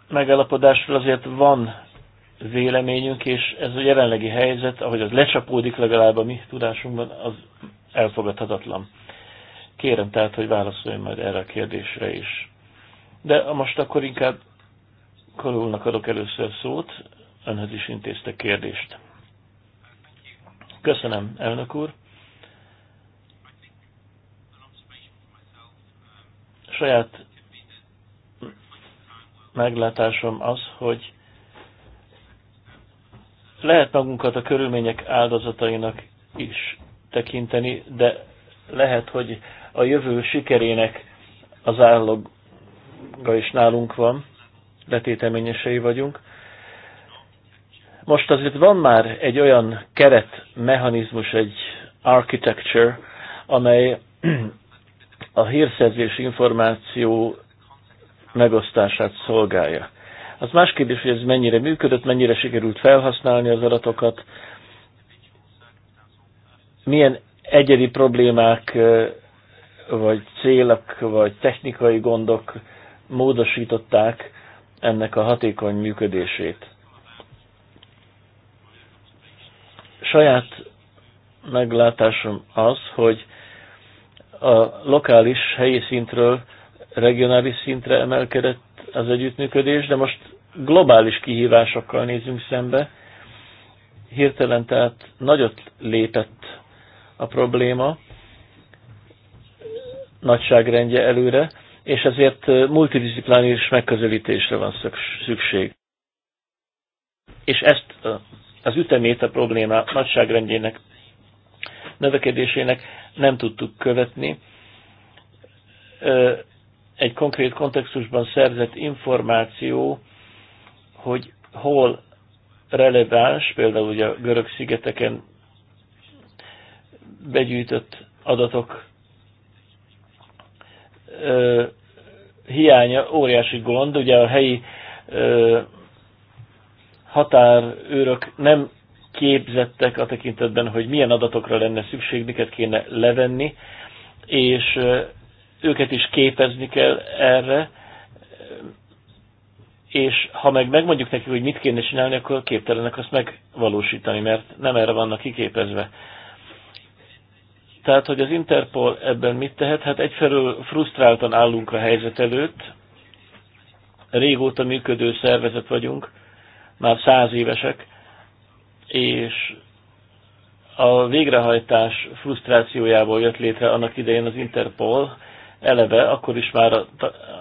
megállapodásról azért van véleményünk, és ez a jelenlegi helyzet, ahogy az lecsapódik legalább a mi tudásunkban, az elfogadhatatlan. Kérem tehát, hogy válaszoljon majd erre a kérdésre is. De most akkor inkább korulnak adok először szót, önhöz is intézte kérdést. Köszönöm, elnök úr. Saját meglátásom az, hogy lehet magunkat a körülmények áldozatainak is tekinteni, de lehet, hogy a jövő sikerének az állaga is nálunk van, letéteményesei vagyunk most azért van már egy olyan keretmechanizmus, egy architecture, amely a hírszerzési információ megosztását szolgálja. Az más kérdés, hogy ez mennyire működött, mennyire sikerült felhasználni az adatokat, milyen egyedi problémák, vagy célok, vagy technikai gondok módosították ennek a hatékony működését. saját meglátásom az, hogy a lokális helyi szintről regionális szintre emelkedett az együttműködés, de most globális kihívásokkal nézünk szembe. Hirtelen tehát nagyot lépett a probléma, nagyságrendje előre, és ezért multidisziplináris megközelítésre van szükség. És ezt a az ütemét a probléma nagyságrendjének, növekedésének nem tudtuk követni. Egy konkrét kontextusban szerzett információ, hogy hol releváns, például ugye a görög szigeteken begyűjtött adatok hiánya óriási gond. Ugye a helyi határőrök nem képzettek a tekintetben, hogy milyen adatokra lenne szükség, miket kéne levenni, és őket is képezni kell erre, és ha meg megmondjuk nekik, hogy mit kéne csinálni, akkor képtelenek azt megvalósítani, mert nem erre vannak kiképezve. Tehát, hogy az Interpol ebben mit tehet? Hát egyfelől frusztráltan állunk a helyzet előtt, régóta működő szervezet vagyunk, már száz évesek, és a végrehajtás frusztrációjából jött létre annak idején az Interpol, eleve akkor is már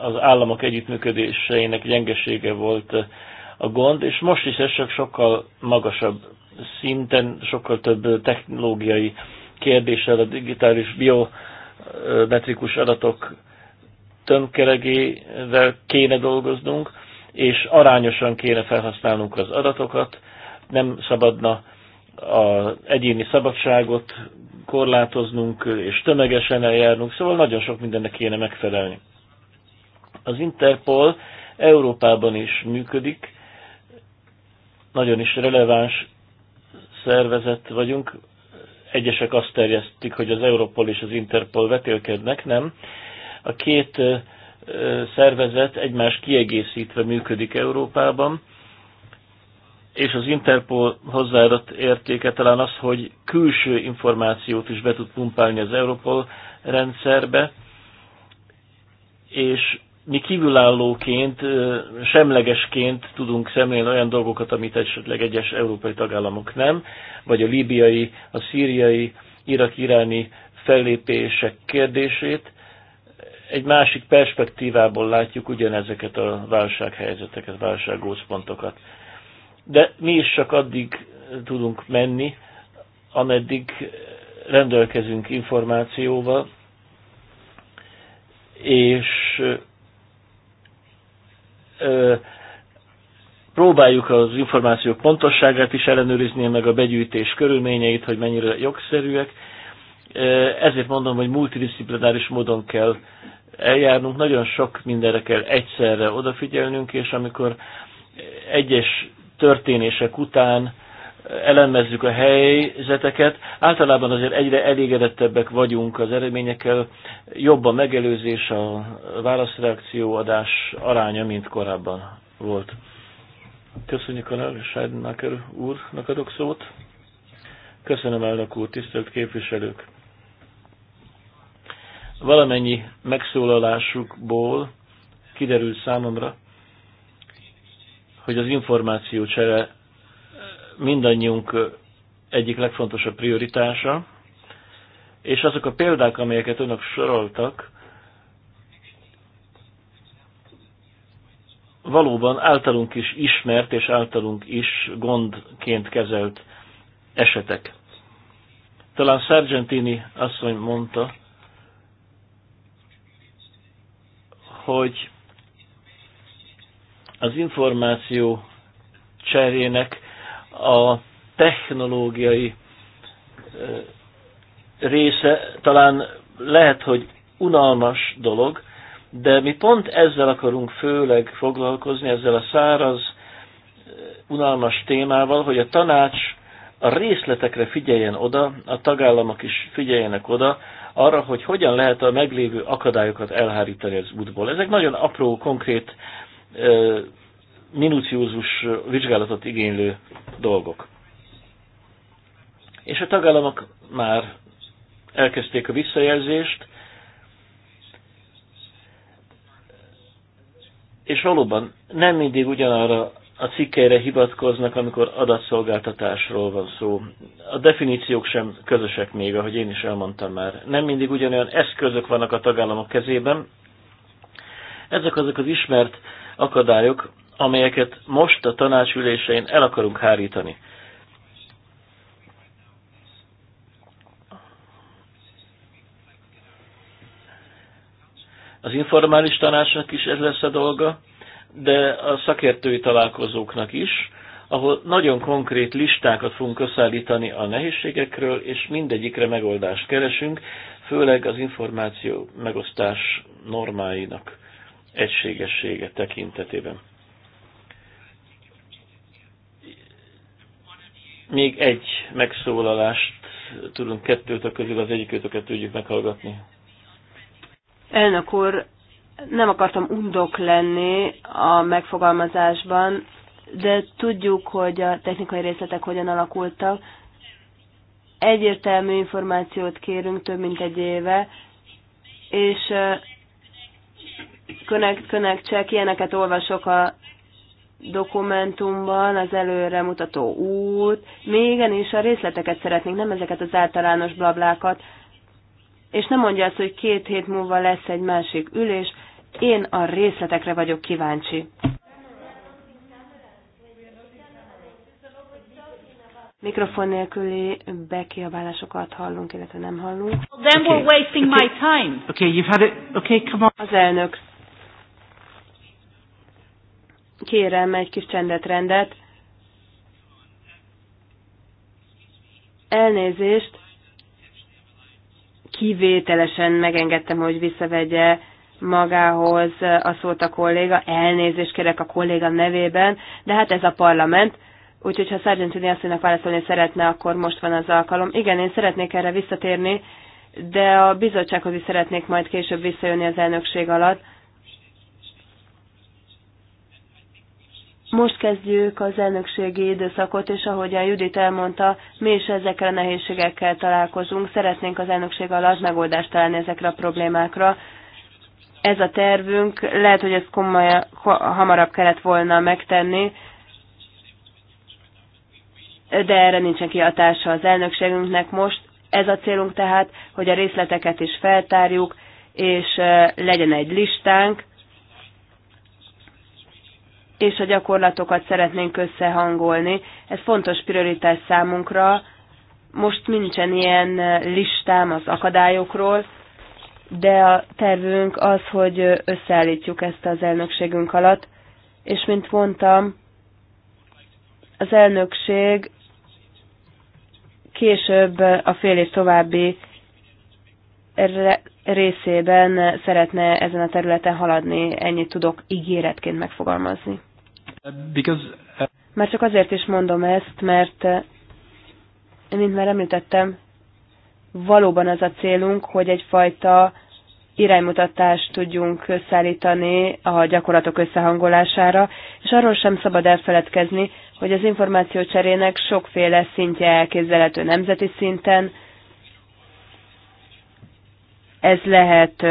az államok együttműködéseinek gyengesége volt a gond, és most is ez csak sokkal magasabb szinten, sokkal több technológiai kérdéssel, a digitális biometrikus adatok tömkeregével kéne dolgoznunk, és arányosan kéne felhasználnunk az adatokat, nem szabadna az egyéni szabadságot korlátoznunk és tömegesen eljárnunk, szóval nagyon sok mindennek kéne megfelelni. Az Interpol Európában is működik, nagyon is releváns szervezet vagyunk. Egyesek azt terjesztik, hogy az Europol és az Interpol vetélkednek, nem. A két szervezet egymás kiegészítve működik Európában, és az Interpol hozzáadott értéke talán az, hogy külső információt is be tud pumpálni az Europol rendszerbe, és mi kívülállóként, semlegesként tudunk szemlélni olyan dolgokat, amit esetleg egyes európai tagállamok nem, vagy a líbiai, a szíriai, irak-iráni fellépések kérdését, egy másik perspektívából látjuk ugyanezeket a válsághelyzeteket, válsággózpontokat. De mi is csak addig tudunk menni, ameddig rendelkezünk információval, és ö, próbáljuk az információk pontosságát is ellenőrizni, meg a begyűjtés körülményeit, hogy mennyire jogszerűek. Ezért mondom, hogy multidisciplináris módon kell eljárnunk, nagyon sok mindenre kell egyszerre odafigyelnünk, és amikor egyes történések után elemezzük a helyzeteket. Általában azért egyre elégedettebbek vagyunk az eredményekkel, jobb a megelőzés, a válaszreakció adás aránya, mint korábban volt. Köszönjük a Seidenmacher úrnak adok szót. Köszönöm elnök úr, tisztelt képviselők! Valamennyi megszólalásukból kiderült számomra, hogy az információcsere mindannyiunk egyik legfontosabb prioritása, és azok a példák, amelyeket önök soroltak, valóban általunk is ismert és általunk is gondként kezelt esetek. Talán Sargentini asszony mondta, hogy az információ cserének a technológiai része talán lehet, hogy unalmas dolog, de mi pont ezzel akarunk főleg foglalkozni, ezzel a száraz, unalmas témával, hogy a tanács a részletekre figyeljen oda, a tagállamok is figyeljenek oda, arra, hogy hogyan lehet a meglévő akadályokat elhárítani az útból. Ezek nagyon apró, konkrét, minuciózus vizsgálatot igénylő dolgok. És a tagállamok már elkezdték a visszajelzést, és valóban nem mindig ugyanarra a cikkeire hivatkoznak, amikor adatszolgáltatásról van szó. A definíciók sem közösek még, ahogy én is elmondtam már. Nem mindig ugyanolyan eszközök vannak a tagállamok kezében. Ezek azok az ismert akadályok, amelyeket most a tanácsülésein el akarunk hárítani. Az informális tanácsnak is ez lesz a dolga, de a szakértői találkozóknak is, ahol nagyon konkrét listákat fogunk összeállítani a nehézségekről, és mindegyikre megoldást keresünk, főleg az információ megosztás normáinak egységessége tekintetében. Még egy megszólalást tudunk kettőtök közül, az egyikőtöket tudjuk meghallgatni. Elnök úr, nem akartam undok lenni a megfogalmazásban, de tudjuk, hogy a technikai részletek hogyan alakultak. Egyértelmű információt kérünk több mint egy éve, és Connect, Connect Check, ilyeneket olvasok a dokumentumban, az előremutató út, még is a részleteket szeretnénk, nem ezeket az általános blablákat és nem mondja azt, hogy két hét múlva lesz egy másik ülés, én a részletekre vagyok kíváncsi. Mikrofon nélküli bekiabálásokat hallunk, illetve nem hallunk. Then okay. we're wasting okay. my time. Okay, you've had it. Okay, come on. Az elnök. Kérem egy kis csendet, rendet. Elnézést kivételesen megengedtem, hogy visszavegye magához a szót a kolléga, elnézést kérek a kolléga nevében, de hát ez a parlament, úgyhogy ha azt asszonynak válaszolni szeretne, akkor most van az alkalom. Igen, én szeretnék erre visszatérni, de a bizottsághoz is szeretnék majd később visszajönni az elnökség alatt, Most kezdjük az elnökségi időszakot, és ahogy a Judit elmondta, mi is ezekkel a nehézségekkel találkozunk. Szeretnénk az elnökség alatt megoldást találni ezekre a problémákra. Ez a tervünk, lehet, hogy ezt komoly, hamarabb kellett volna megtenni, de erre nincsen kiatása az elnökségünknek most. Ez a célunk tehát, hogy a részleteket is feltárjuk, és eh, legyen egy listánk, és a gyakorlatokat szeretnénk összehangolni. Ez fontos prioritás számunkra. Most nincsen ilyen listám az akadályokról, de a tervünk az, hogy összeállítjuk ezt az elnökségünk alatt, és mint mondtam, az elnökség később a fél év további részében szeretne ezen a területen haladni, ennyit tudok ígéretként megfogalmazni. Because, uh... Már csak azért is mondom ezt, mert, mint már említettem, valóban az a célunk, hogy egyfajta iránymutatást tudjunk szállítani a gyakorlatok összehangolására, és arról sem szabad elfeledkezni, hogy az információ cserének sokféle szintje elképzelhető nemzeti szinten, ez lehet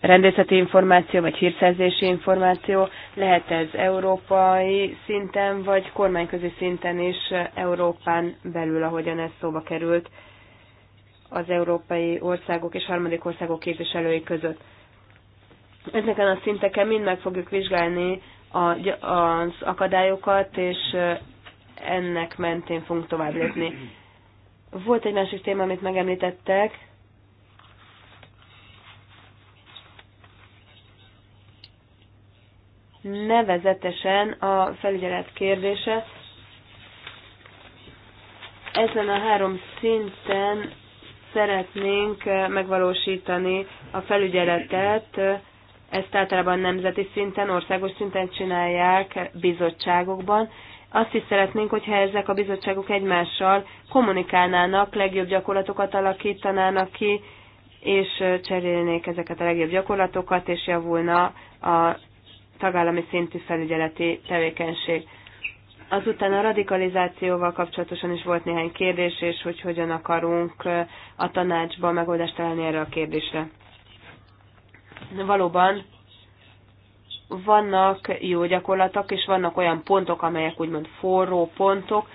rendészeti információ, vagy hírszerzési információ, lehet ez európai szinten, vagy kormányközi szinten is Európán belül, ahogyan ez szóba került az európai országok és harmadik országok képviselői között. Ezeken a szinteken mind meg fogjuk vizsgálni az akadályokat, és ennek mentén fogunk tovább lépni. Volt egy másik téma, amit megemlítettek, nevezetesen a felügyelet kérdése. Ezen a három szinten szeretnénk eh, megvalósítani a felügyeletet, ezt általában nemzeti szinten, országos szinten csinálják bizottságokban. Azt is szeretnénk, hogyha ezek a bizottságok egymással kommunikálnának, legjobb gyakorlatokat alakítanának ki, és eh, cserélnék ezeket a legjobb gyakorlatokat, és javulna a tagállami szintű felügyeleti tevékenység. Azután a radikalizációval kapcsolatosan is volt néhány kérdés, és hogy hogyan akarunk a tanácsban megoldást találni erre a kérdésre. Valóban vannak jó gyakorlatok, és vannak olyan pontok, amelyek úgymond forró pontok,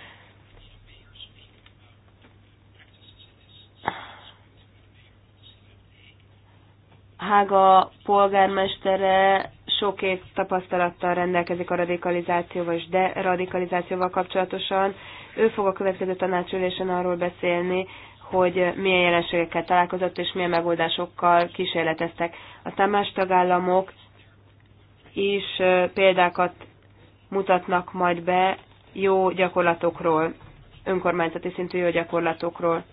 Hága polgármestere sok év tapasztalattal rendelkezik a radikalizációval és deradikalizációval kapcsolatosan. Ő fog a következő tanácsülésen arról beszélni, hogy milyen jelenségekkel találkozott és milyen megoldásokkal kísérleteztek. Aztán más tagállamok is példákat mutatnak majd be jó gyakorlatokról, önkormányzati szintű jó gyakorlatokról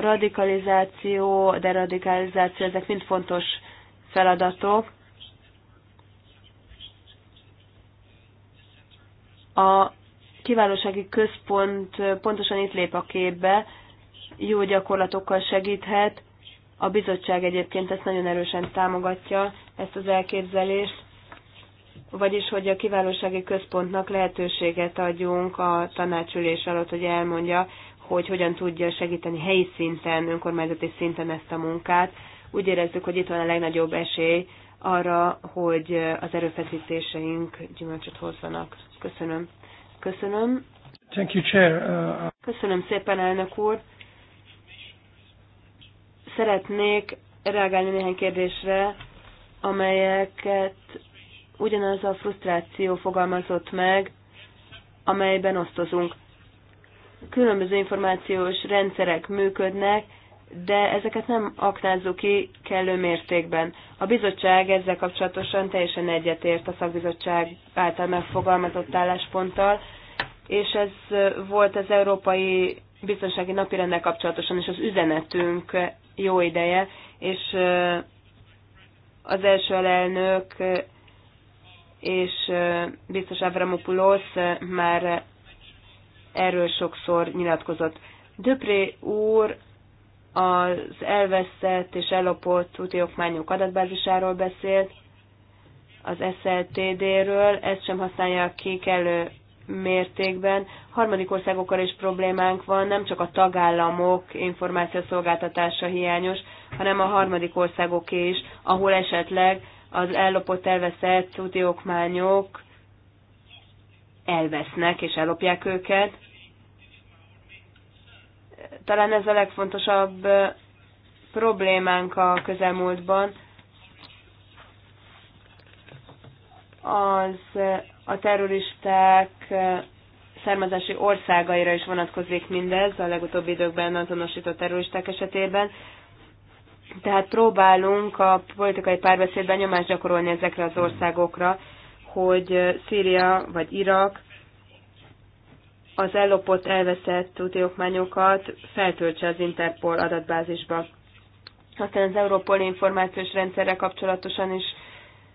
radikalizáció, deradikalizáció, ezek mind fontos feladatok. A kiválósági központ pontosan itt lép a képbe, jó gyakorlatokkal segíthet. A bizottság egyébként ezt nagyon erősen támogatja, ezt az elképzelést, vagyis hogy a kiválósági központnak lehetőséget adjunk a tanácsülés alatt, hogy elmondja, hogy hogyan tudja segíteni helyi szinten, önkormányzati szinten ezt a munkát. Úgy érezzük, hogy itt van a legnagyobb esély arra, hogy az erőfeszítéseink gyümölcsöt hozzanak. Köszönöm. Köszönöm. Thank you, Chair. Uh, Köszönöm szépen, elnök úr. Szeretnék reagálni néhány kérdésre, amelyeket ugyanaz a frusztráció fogalmazott meg, amelyben osztozunk különböző információs rendszerek működnek, de ezeket nem aknázzuk ki kellő mértékben. A bizottság ezzel kapcsolatosan teljesen egyetért a szakbizottság által megfogalmazott állásponttal, és ez volt az Európai Biztonsági Napirendel kapcsolatosan is az üzenetünk jó ideje, és az első elnök és biztos Avramopoulos már erről sokszor nyilatkozott. Döpré úr az elveszett és ellopott úti okmányok adatbázisáról beszélt, az SLTD-ről, ezt sem használja ki kellő mértékben. Harmadik országokkal is problémánk van, nem csak a tagállamok információszolgáltatása hiányos, hanem a harmadik országok is, ahol esetleg az ellopott, elveszett úti okmányok elvesznek és ellopják őket. Talán ez a legfontosabb problémánk a közelmúltban. Az a terroristák származási országaira is vonatkozik mindez, a legutóbbi időkben azonosított terroristák esetében. Tehát próbálunk a politikai párbeszédben nyomást gyakorolni ezekre az országokra, hogy Szíria vagy Irak az ellopott, elveszett úti feltöltse az Interpol adatbázisba. Aztán az Európol információs rendszerre kapcsolatosan is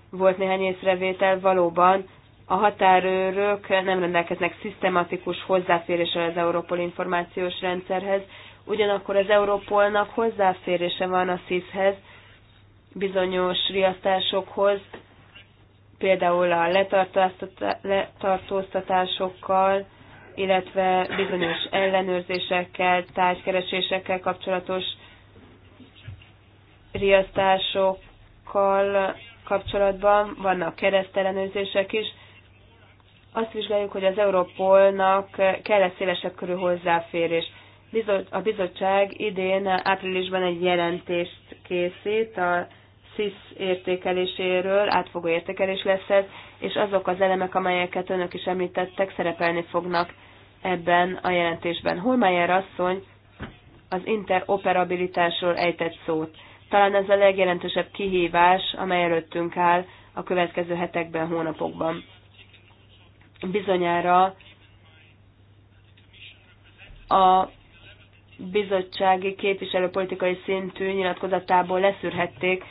volt néhány észrevétel, valóban a határőrök nem rendelkeznek szisztematikus hozzáférésre az Európol információs rendszerhez, ugyanakkor az Európolnak hozzáférése van a SZIS-hez, bizonyos riasztásokhoz, például a letartóztatásokkal, illetve bizonyos ellenőrzésekkel, tárgykeresésekkel kapcsolatos riasztásokkal kapcsolatban vannak keresztellenőrzések is. Azt vizsgáljuk, hogy az Európolnak kell-e szélesebb körű hozzáférés. A bizottság idén áprilisban egy jelentést készít a CIS értékeléséről, átfogó értékelés lesz ez, és azok az elemek, amelyeket önök is említettek, szerepelni fognak ebben a jelentésben. Holmeyer asszony az interoperabilitásról ejtett szót. Talán ez a legjelentősebb kihívás, amely előttünk áll a következő hetekben, hónapokban. Bizonyára a bizottsági képviselőpolitikai szintű nyilatkozatából leszűrhették,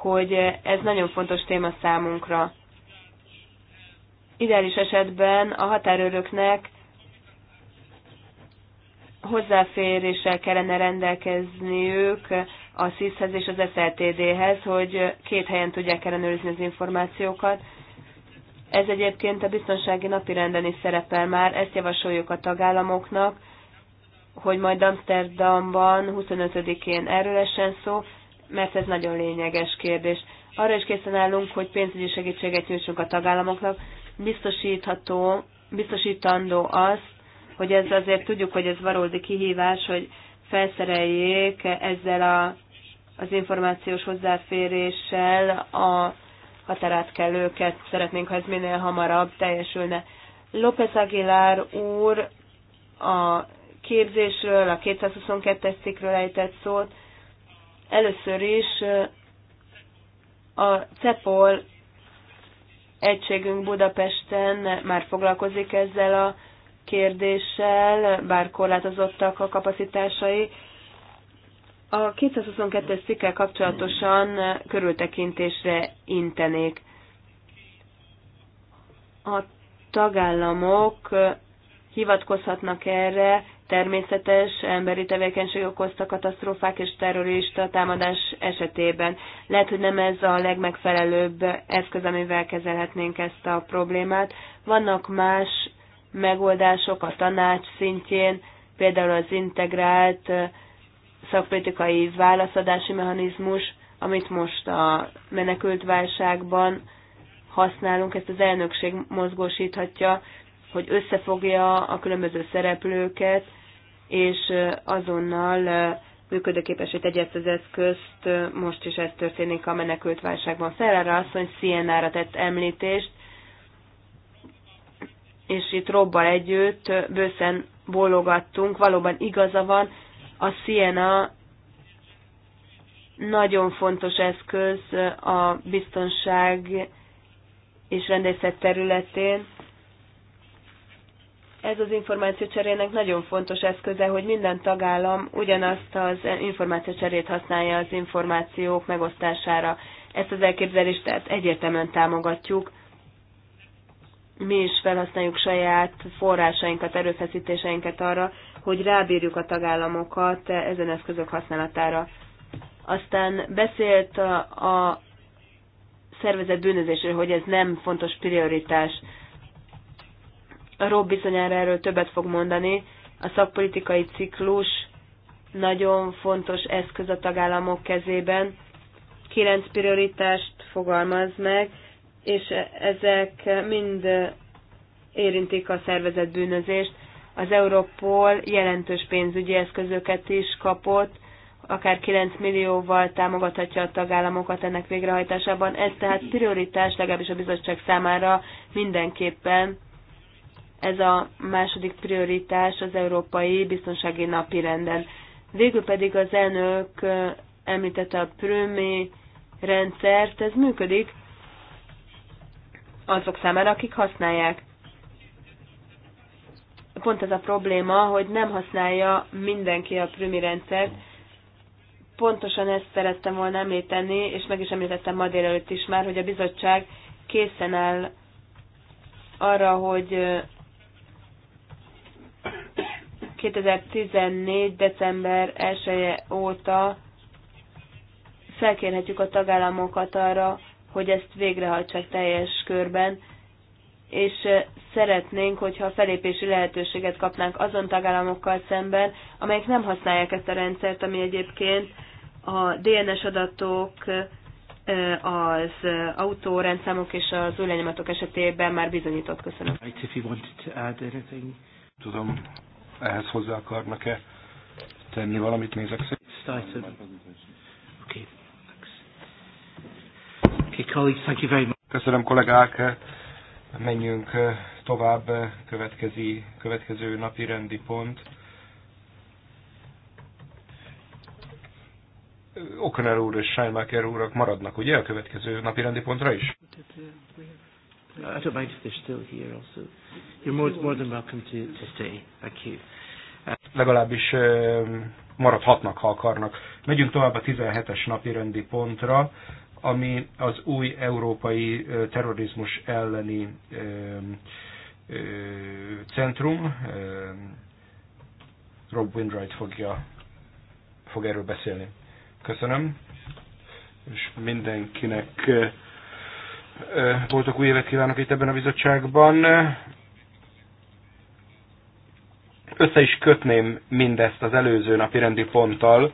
hogy ez nagyon fontos téma számunkra. Ideális esetben a határőröknek hozzáféréssel kellene rendelkezniük a SZISZ-hez és az szltd hez hogy két helyen tudják ellenőrizni az információkat. Ez egyébként a biztonsági napirenden is szerepel már, ezt javasoljuk a tagállamoknak, hogy majd Amsterdamban 25-én erről essen szó, mert ez nagyon lényeges kérdés. Arra is készen állunk, hogy pénzügyi segítséget nyújtsunk a tagállamoknak. Biztosítható, biztosítandó az, hogy ez azért tudjuk, hogy ez valódi kihívás, hogy felszereljék ezzel a, az információs hozzáféréssel a határátkelőket. Szeretnénk, ha ez minél hamarabb teljesülne. López Aguilar úr a képzésről, a 222-es cikkről ejtett szót, Először is a CEPOL egységünk Budapesten már foglalkozik ezzel a kérdéssel, bár korlátozottak a kapacitásai. A 222-es cikkel kapcsolatosan körültekintésre intenék. A tagállamok hivatkozhatnak erre, természetes emberi tevékenység okozta katasztrófák és terrorista támadás esetében. Lehet, hogy nem ez a legmegfelelőbb eszköz, amivel kezelhetnénk ezt a problémát. Vannak más megoldások a tanács szintjén, például az integrált szakpolitikai válaszadási mechanizmus, amit most a menekültválságban használunk, ezt az elnökség mozgósíthatja, hogy összefogja a különböző szereplőket, és azonnal hogy tegye ezt az eszközt, most is ez történik a menekült válságban. Ferrara asszony CNR-ra tett említést, és itt Robbal együtt bőszen bólogattunk, valóban igaza van, a Siena nagyon fontos eszköz a biztonság és rendészet területén, ez az információcserének nagyon fontos eszköze, hogy minden tagállam ugyanazt az információcserét használja az információk megosztására. Ezt az elképzelést tehát egyértelműen támogatjuk. Mi is felhasználjuk saját forrásainkat, erőfeszítéseinket arra, hogy rábírjuk a tagállamokat ezen eszközök használatára. Aztán beszélt a, a szervezet bűnözésről, hogy ez nem fontos prioritás. Rob bizonyára erről többet fog mondani. A szakpolitikai ciklus nagyon fontos eszköz a tagállamok kezében. Kilenc prioritást fogalmaz meg, és ezek mind érintik a szervezett bűnözést. Az Európol jelentős pénzügyi eszközöket is kapott, akár 9 millióval támogathatja a tagállamokat ennek végrehajtásában. Ez tehát prioritás legalábbis a bizottság számára mindenképpen ez a második prioritás az Európai Biztonsági Napirenden. Végül pedig az elnök említette a prümi rendszert, ez működik azok számára, akik használják. Pont ez a probléma, hogy nem használja mindenki a prümi rendszert. Pontosan ezt szerettem volna említeni, és meg is említettem ma délelőtt is már, hogy a bizottság készen áll arra, hogy 2014. december 1 -e óta felkérhetjük a tagállamokat arra, hogy ezt végrehajtsák teljes körben, és szeretnénk, hogyha felépési lehetőséget kapnánk azon tagállamokkal szemben, amelyek nem használják ezt a rendszert, ami egyébként a DNS adatok, az autórendszámok és az új esetében már bizonyított. Köszönöm. Tudom, ehhez hozzá akarnak-e tenni valamit, nézek szépen. Köszönöm kollégák, menjünk eh, tovább, következi, következő napi rendi pont. Okoner úr és Seinmacher úrak maradnak, ugye, a következő napi rendi pontra is? I don't mind if they're still here also. You're more, more than welcome to, to stay. Thank you. Uh, Legalábbis maradhatnak, ha akarnak. Megyünk tovább a 17-es napi rendi pontra, ami az új európai terrorizmus elleni centrum. Rob Windright fogja, fog erről beszélni. Köszönöm, és mindenkinek voltak új évet kívánok itt ebben a bizottságban. Össze is kötném mindezt az előző napi rendi ponttal,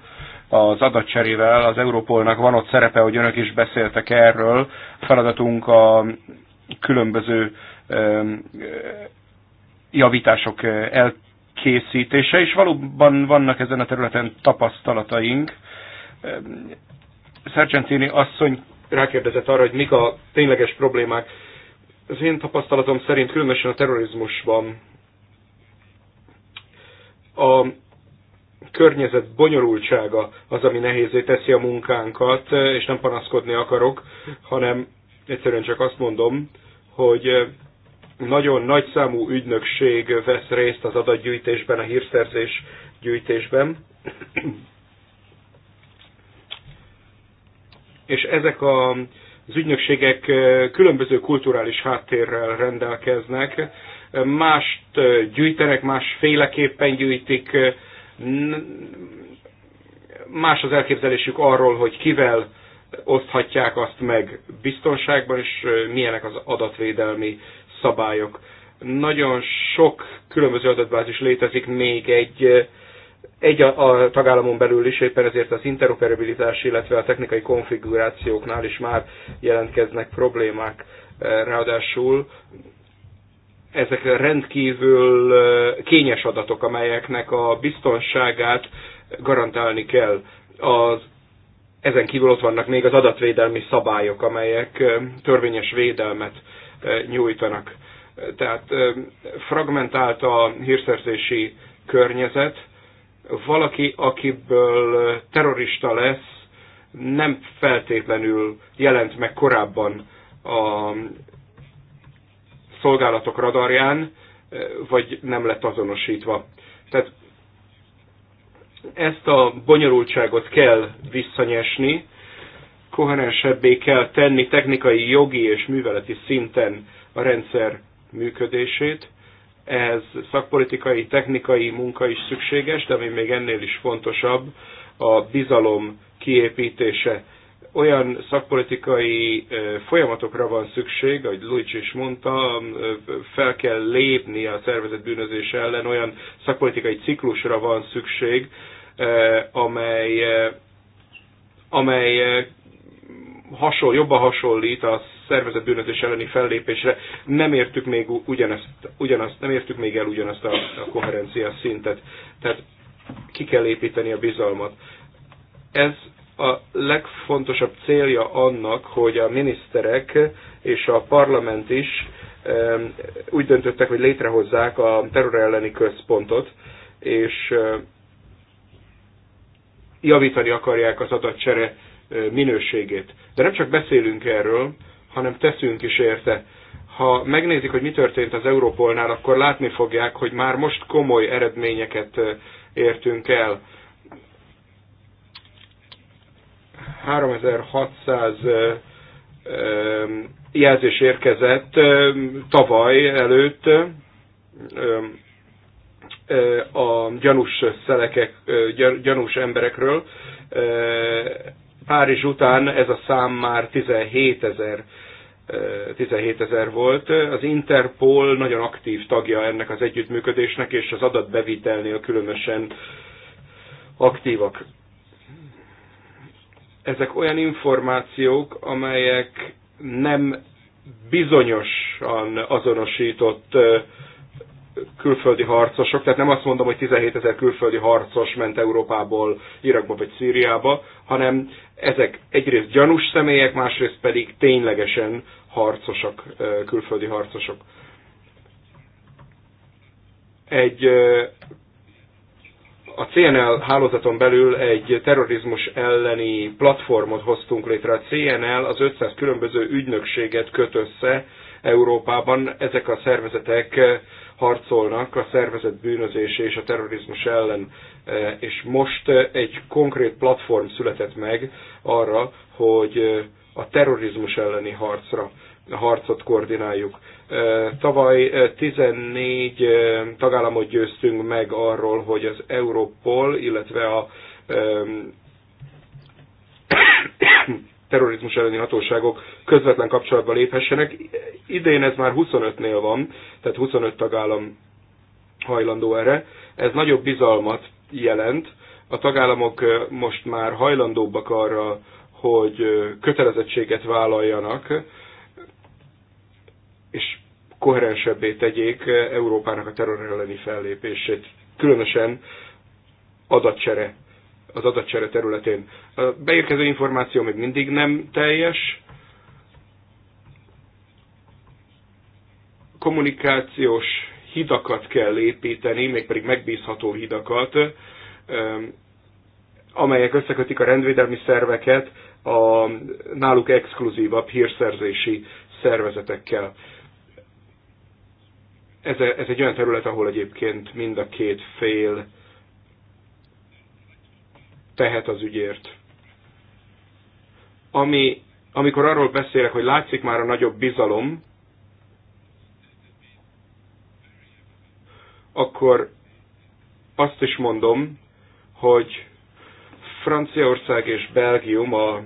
az adatcserével. Az Európolnak van ott szerepe, hogy önök is beszéltek erről. A feladatunk a különböző javítások elkészítése, és valóban vannak ezen a területen tapasztalataink. Szercsentini asszony rákérdezett arra, hogy mik a tényleges problémák. Az én tapasztalatom szerint különösen a terrorizmusban a környezet bonyolultsága az, ami nehézé teszi a munkánkat, és nem panaszkodni akarok, hanem egyszerűen csak azt mondom, hogy nagyon nagy számú ügynökség vesz részt az adatgyűjtésben, a hírszerzés gyűjtésben, és ezek a, az ügynökségek különböző kulturális háttérrel rendelkeznek, mást gyűjtenek, másféleképpen gyűjtik, más az elképzelésük arról, hogy kivel oszthatják azt meg biztonságban, és milyenek az adatvédelmi szabályok. Nagyon sok különböző adatbázis létezik, még egy egy a, a tagállamon belül is éppen ezért az interoperabilitás, illetve a technikai konfigurációknál is már jelentkeznek problémák. Eh, Ráadásul ezek rendkívül eh, kényes adatok, amelyeknek a biztonságát garantálni kell. Az, ezen kívül ott vannak még az adatvédelmi szabályok, amelyek eh, törvényes védelmet nyújtanak. Tehát fragmentált a hírszerzési környezet, valaki, akiből terrorista lesz, nem feltétlenül jelent meg korábban a szolgálatok radarján, vagy nem lett azonosítva. Tehát ezt a bonyolultságot kell visszanyesni, koherensebbé kell tenni technikai, jogi és műveleti szinten a rendszer működését, ehhez szakpolitikai, technikai munka is szükséges, de ami még ennél is fontosabb, a bizalom kiépítése. Olyan szakpolitikai folyamatokra van szükség, ahogy Luics is mondta, fel kell lépni a szervezet bűnözés ellen, olyan szakpolitikai ciklusra van szükség, amely, amely hasonl, jobban hasonlít a szervezett bűnözés elleni fellépésre nem értük még ugyanezt, ugyanazt, nem értük még el ugyanazt a, a koherencia szintet. Tehát ki kell építeni a bizalmat. Ez a legfontosabb célja annak, hogy a miniszterek és a parlament is úgy döntöttek, hogy létrehozzák a terror elleni központot, és javítani akarják az adatcsere minőségét. De nem csak beszélünk erről, hanem teszünk is érte. Ha megnézik, hogy mi történt az Európolnál, akkor látni fogják, hogy már most komoly eredményeket értünk el. 3600 jelzés érkezett tavaly előtt a gyanús szelekek, gyanús emberekről. Párizs után ez a szám már 17 ezer 17 ezer volt. Az Interpol nagyon aktív tagja ennek az együttműködésnek, és az adatbevitelnél különösen aktívak. Ezek olyan információk, amelyek nem bizonyosan azonosított külföldi harcosok, tehát nem azt mondom, hogy 17 ezer külföldi harcos ment Európából, Irakba vagy Szíriába, hanem ezek egyrészt gyanús személyek, másrészt pedig ténylegesen harcosok, külföldi harcosok. Egy a CNL hálózaton belül egy terrorizmus elleni platformot hoztunk létre. A CNL az 500 különböző ügynökséget köt össze, Európában ezek a szervezetek eh, harcolnak a szervezet bűnözés és a terrorizmus ellen. Eh, és most eh, egy konkrét platform született meg arra, hogy a terrorizmus elleni harcra a harcot koordináljuk. Tavaly 14 tagállamot győztünk meg arról, hogy az Európol, illetve a terrorizmus elleni hatóságok közvetlen kapcsolatba léphessenek. Idén ez már 25-nél van, tehát 25 tagállam hajlandó erre. Ez nagyobb bizalmat jelent. A tagállamok most már hajlandóbbak arra, hogy kötelezettséget vállaljanak, és koherensebbé tegyék Európának a terror elleni fellépését, különösen adatcsere az adatcsere területén. A beérkező információ még mindig nem teljes. Kommunikációs hidakat kell építeni, mégpedig megbízható hidakat, amelyek összekötik a rendvédelmi szerveket a náluk exkluzívabb hírszerzési szervezetekkel. Ez, e, ez egy olyan terület, ahol egyébként mind a két fél tehet az ügyért. Ami, amikor arról beszélek, hogy látszik már a nagyobb bizalom, akkor azt is mondom, hogy Franciaország és Belgium a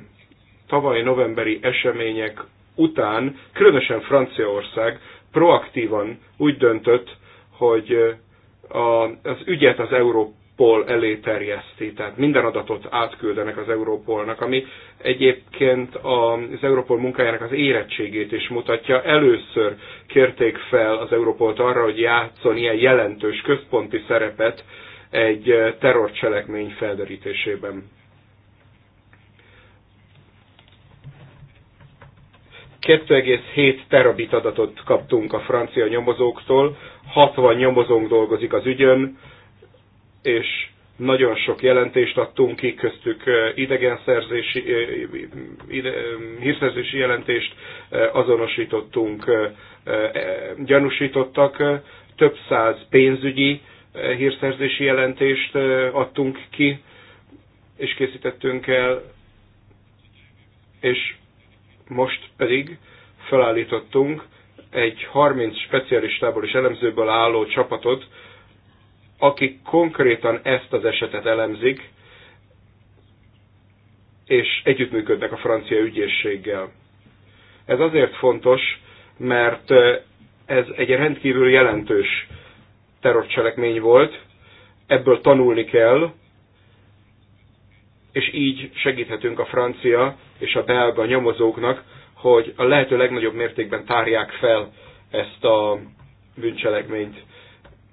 tavaly novemberi események után, különösen Franciaország proaktívan úgy döntött, hogy az ügyet az Európa Europol elé terjeszti, tehát minden adatot átküldenek az Europolnak, ami egyébként az Europol munkájának az érettségét is mutatja. Először kérték fel az Europolt arra, hogy játszon ilyen jelentős központi szerepet egy terrorcselekmény felderítésében. 2,7 terabit adatot kaptunk a francia nyomozóktól, 60 nyomozónk dolgozik az ügyön, és nagyon sok jelentést adtunk ki, köztük idegenszerzési, ide, hírszerzési jelentést azonosítottunk, e, gyanúsítottak, több száz pénzügyi hírszerzési jelentést adtunk ki, és készítettünk el, és most pedig felállítottunk egy 30 speciális és elemzőből álló csapatot, akik konkrétan ezt az esetet elemzik, és együttműködnek a francia ügyészséggel. Ez azért fontos, mert ez egy rendkívül jelentős terrorcselekmény volt, ebből tanulni kell, és így segíthetünk a francia és a belga nyomozóknak, hogy a lehető legnagyobb mértékben tárják fel ezt a bűncselekményt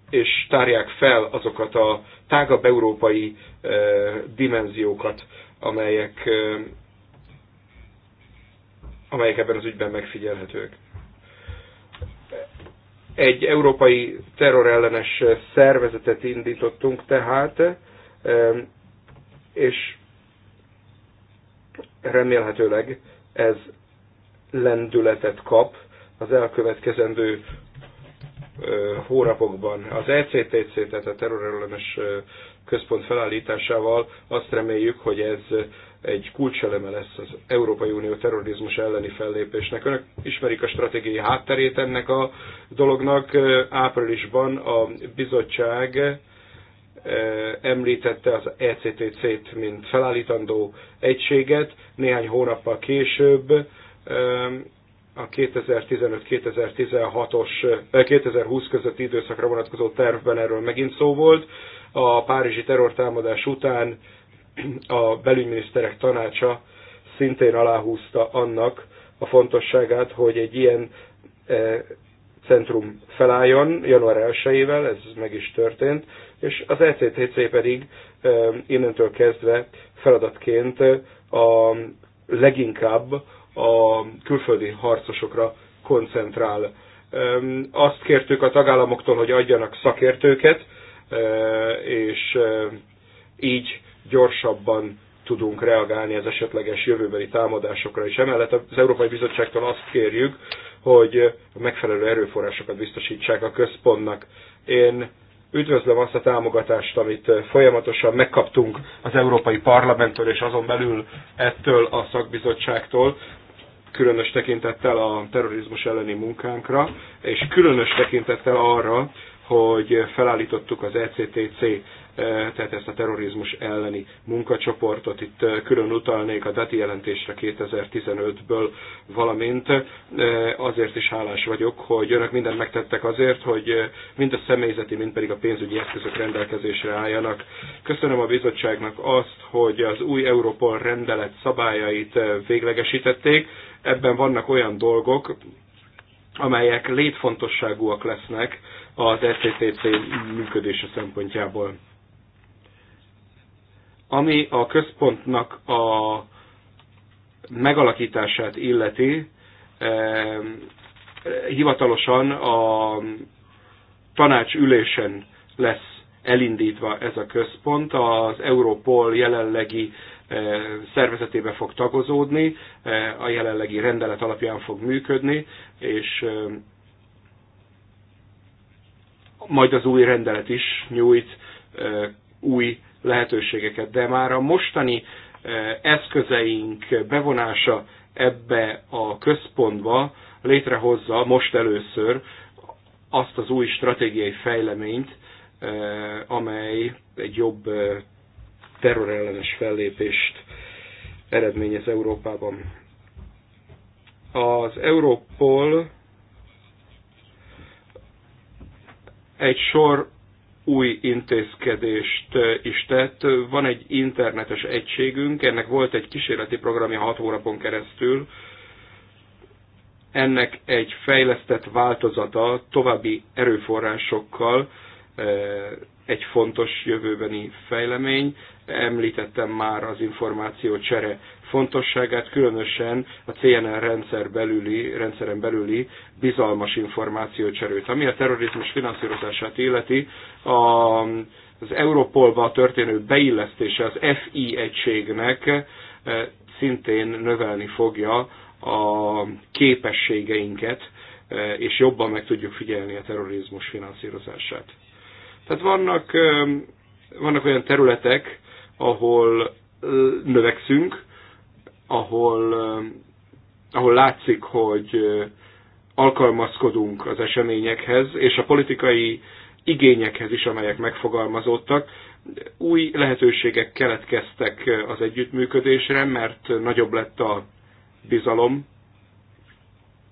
és tárják fel azokat a tágabb európai eh, dimenziókat, amelyek, eh, amelyek ebben az ügyben megfigyelhetők. Egy európai terrorellenes szervezetet indítottunk tehát, eh, és remélhetőleg ez lendületet kap az elkövetkezendő hónapokban. Az ECTC, tehát a terrorellenes központ felállításával azt reméljük, hogy ez egy kulcseleme lesz az Európai Unió terrorizmus elleni fellépésnek. Önök ismerik a stratégiai hátterét ennek a dolognak. Áprilisban a bizottság említette az ECTC-t, mint felállítandó egységet, néhány hónappal később a 2015-2016-os, 2020 eh, közötti időszakra vonatkozó tervben erről megint szó volt. A párizsi terrortámadás után a belügyminiszterek tanácsa szintén aláhúzta annak a fontosságát, hogy egy ilyen eh, centrum felálljon január 1-ével, ez meg is történt, és az ECTC pedig eh, innentől kezdve feladatként a leginkább a külföldi harcosokra koncentrál. Azt kértük a tagállamoktól, hogy adjanak szakértőket, és így gyorsabban tudunk reagálni az esetleges jövőbeli támadásokra, is. emellett az Európai Bizottságtól azt kérjük, hogy a megfelelő erőforrásokat biztosítsák a központnak. Én üdvözlöm azt a támogatást, amit folyamatosan megkaptunk az Európai Parlamenttől és azon belül ettől a szakbizottságtól, különös tekintettel a terrorizmus elleni munkánkra, és különös tekintettel arra, hogy felállítottuk az ECTC tehát ezt a terrorizmus elleni munkacsoportot. Itt külön utalnék a DATI jelentésre 2015-ből, valamint azért is hálás vagyok, hogy önök mindent megtettek azért, hogy mind a személyzeti, mind pedig a pénzügyi eszközök rendelkezésre álljanak. Köszönöm a bizottságnak azt, hogy az új Europol rendelet szabályait véglegesítették. Ebben vannak olyan dolgok, amelyek létfontosságúak lesznek az ECTC működése szempontjából. Ami a központnak a megalakítását illeti, hivatalosan a tanács ülésen lesz elindítva ez a központ, az Europol jelenlegi szervezetébe fog tagozódni, a jelenlegi rendelet alapján fog működni, és majd az új rendelet is nyújt új lehetőségeket. De már a mostani eh, eszközeink bevonása ebbe a központba létrehozza most először azt az új stratégiai fejleményt, eh, amely egy jobb eh, terrorellenes fellépést eredményez Európában. Az Europol egy sor új intézkedést eh, is tett. Van egy internetes egységünk, ennek volt egy kísérleti programja 6 hónapon keresztül. Ennek egy fejlesztett változata további erőforrásokkal eh, egy fontos jövőbeni fejlemény. Említettem már az információ csere fontosságát, különösen a CNN rendszer belüli, rendszeren belüli bizalmas információcserőt. Ami a terrorizmus finanszírozását illeti, a, az Europolba történő beillesztése az FI egységnek eh, szintén növelni fogja a képességeinket, eh, és jobban meg tudjuk figyelni a terrorizmus finanszírozását. Tehát vannak, eh, vannak olyan területek, ahol növekszünk, ahol, ahol látszik, hogy alkalmazkodunk az eseményekhez, és a politikai igényekhez is, amelyek megfogalmazódtak. Új lehetőségek keletkeztek az együttműködésre, mert nagyobb lett a bizalom.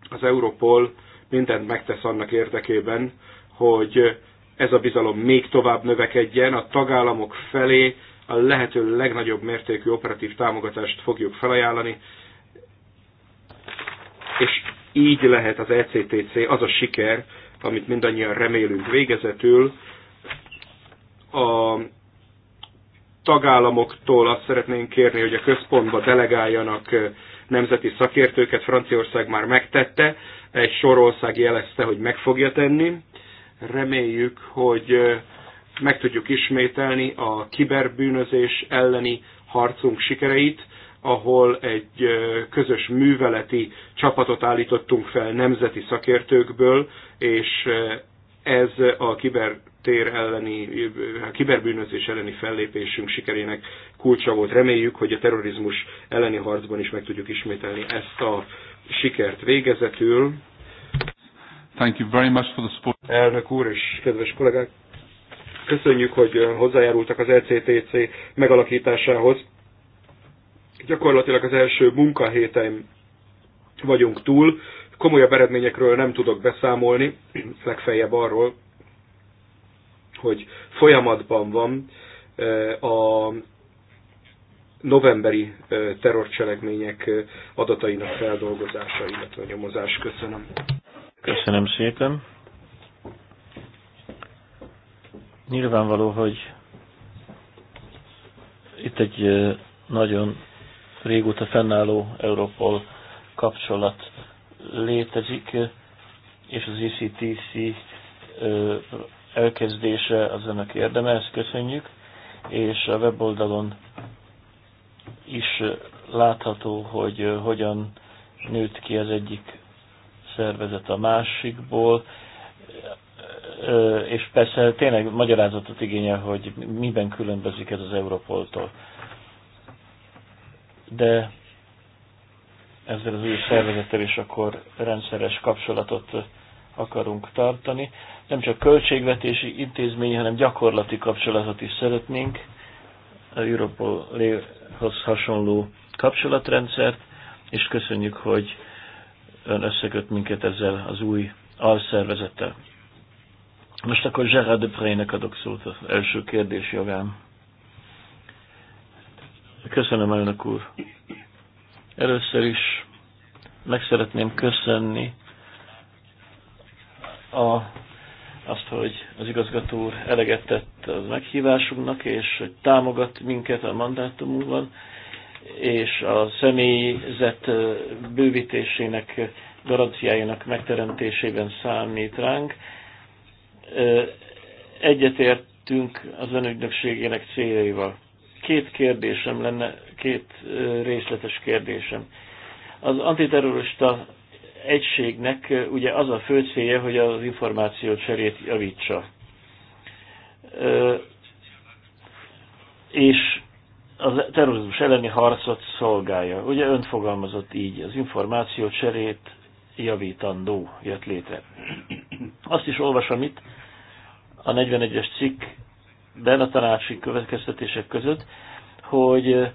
Az Europol mindent megtesz annak érdekében, hogy ez a bizalom még tovább növekedjen a tagállamok felé, a lehető legnagyobb mértékű operatív támogatást fogjuk felajánlani, és így lehet az ECTC az a siker, amit mindannyian remélünk végezetül. A tagállamoktól azt szeretnénk kérni, hogy a központba delegáljanak nemzeti szakértőket. Franciaország már megtette, egy sor ország jelezte, hogy meg fogja tenni. Reméljük, hogy meg tudjuk ismételni a kiberbűnözés elleni harcunk sikereit, ahol egy közös műveleti csapatot állítottunk fel nemzeti szakértőkből, és ez a kibertér elleni, a kiberbűnözés elleni fellépésünk sikerének kulcsa volt. Reméljük, hogy a terrorizmus elleni harcban is meg tudjuk ismételni ezt a sikert végezetül. Thank you very much for the support. Elnök úr és kedves kollégák, Köszönjük, hogy hozzájárultak az ECTC megalakításához. Gyakorlatilag az első munkahéten vagyunk túl. Komolyabb eredményekről nem tudok beszámolni, legfeljebb arról, hogy folyamatban van a novemberi terrorcselekmények adatainak feldolgozása, illetve nyomozás. Köszönöm. Köszönöm szépen. Nyilvánvaló, hogy itt egy nagyon régóta fennálló Európol kapcsolat létezik, és az ICTC elkezdése az önök érdeme, ezt köszönjük, és a weboldalon is látható, hogy hogyan nőtt ki az egyik szervezet a másikból és persze tényleg magyarázatot igényel, hogy miben különbözik ez az Europoltól. De ezzel az új szervezettel is akkor rendszeres kapcsolatot akarunk tartani. Nem csak költségvetési intézmény, hanem gyakorlati kapcsolatot is szeretnénk, a Europolhoz hasonló kapcsolatrendszert, és köszönjük, hogy ön összeköt minket ezzel az új alszervezettel. Most akkor Gerard Deprének adok szót az első kérdés jogán. Köszönöm, elnök úr. Először is meg szeretném köszönni a, azt, hogy az igazgató úr eleget tett a meghívásunknak, és hogy támogat minket a mandátumunkban, és a személyzet bővítésének garanciájának megteremtésében számít ránk egyetértünk az önügynökségének céljaival. Két kérdésem lenne, két részletes kérdésem. Az antiterrorista egységnek ugye az a fő célja, hogy az információ cserét javítsa. És a terrorizmus elleni harcot szolgálja. Ugye ön fogalmazott így, az információ cserét javítandó jött létre. Azt is olvasom itt, a 41-es cikkben a tanácsi következtetések között, hogy eh,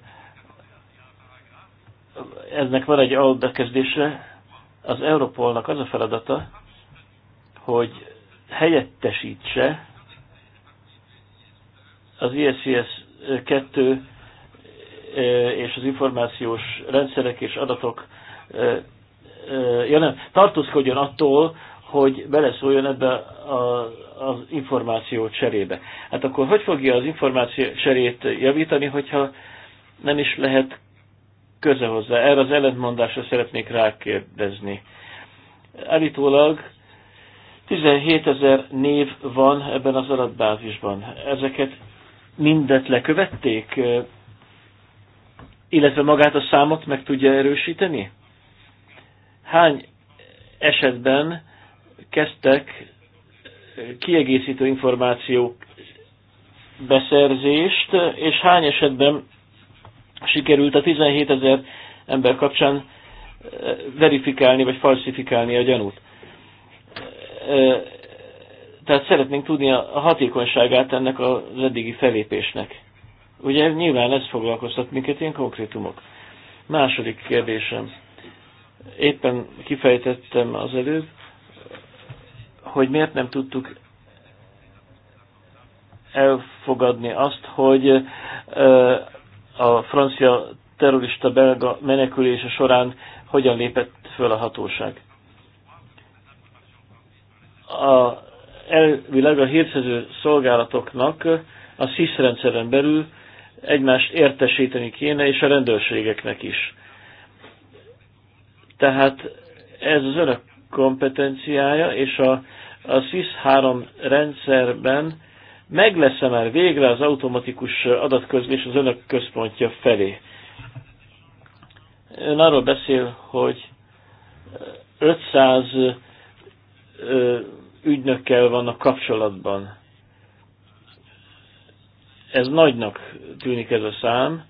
eznek van egy albekezdése, az Europolnak az a feladata, hogy helyettesítse az ISCS 2 eh, és az információs rendszerek és adatok eh, ja nem, tartózkodjon attól, hogy beleszóljon ebbe a, az információ cserébe. Hát akkor hogy fogja az információ cserét javítani, hogyha nem is lehet köze hozzá? Erre az ellentmondásra szeretnék rákérdezni. Állítólag 17 ezer név van ebben az adatbázisban. Ezeket mindet lekövették, illetve magát a számot meg tudja erősíteni? Hány esetben kezdtek eh, kiegészítő információk beszerzést, és hány esetben sikerült a 17 ezer ember kapcsán eh, verifikálni vagy falsifikálni a gyanút. Eh, tehát szeretnénk tudni a hatékonyságát ennek az eddigi felépésnek. Ugye nyilván ez foglalkoztat minket ilyen konkrétumok. Második kérdésem. Éppen kifejtettem az előbb, hogy miért nem tudtuk elfogadni azt, hogy a francia terrorista belga menekülése során hogyan lépett föl a hatóság. A, elvileg a hírszerző szolgálatoknak a SZISZ rendszeren belül egymást értesíteni kéne, és a rendőrségeknek is. Tehát ez az önök kompetenciája, és a, a SIS 3 rendszerben meg lesz -e már végre az automatikus adatközlés az önök központja felé. Ön arról beszél, hogy 500 ügynökkel vannak kapcsolatban. Ez nagynak tűnik ez a szám,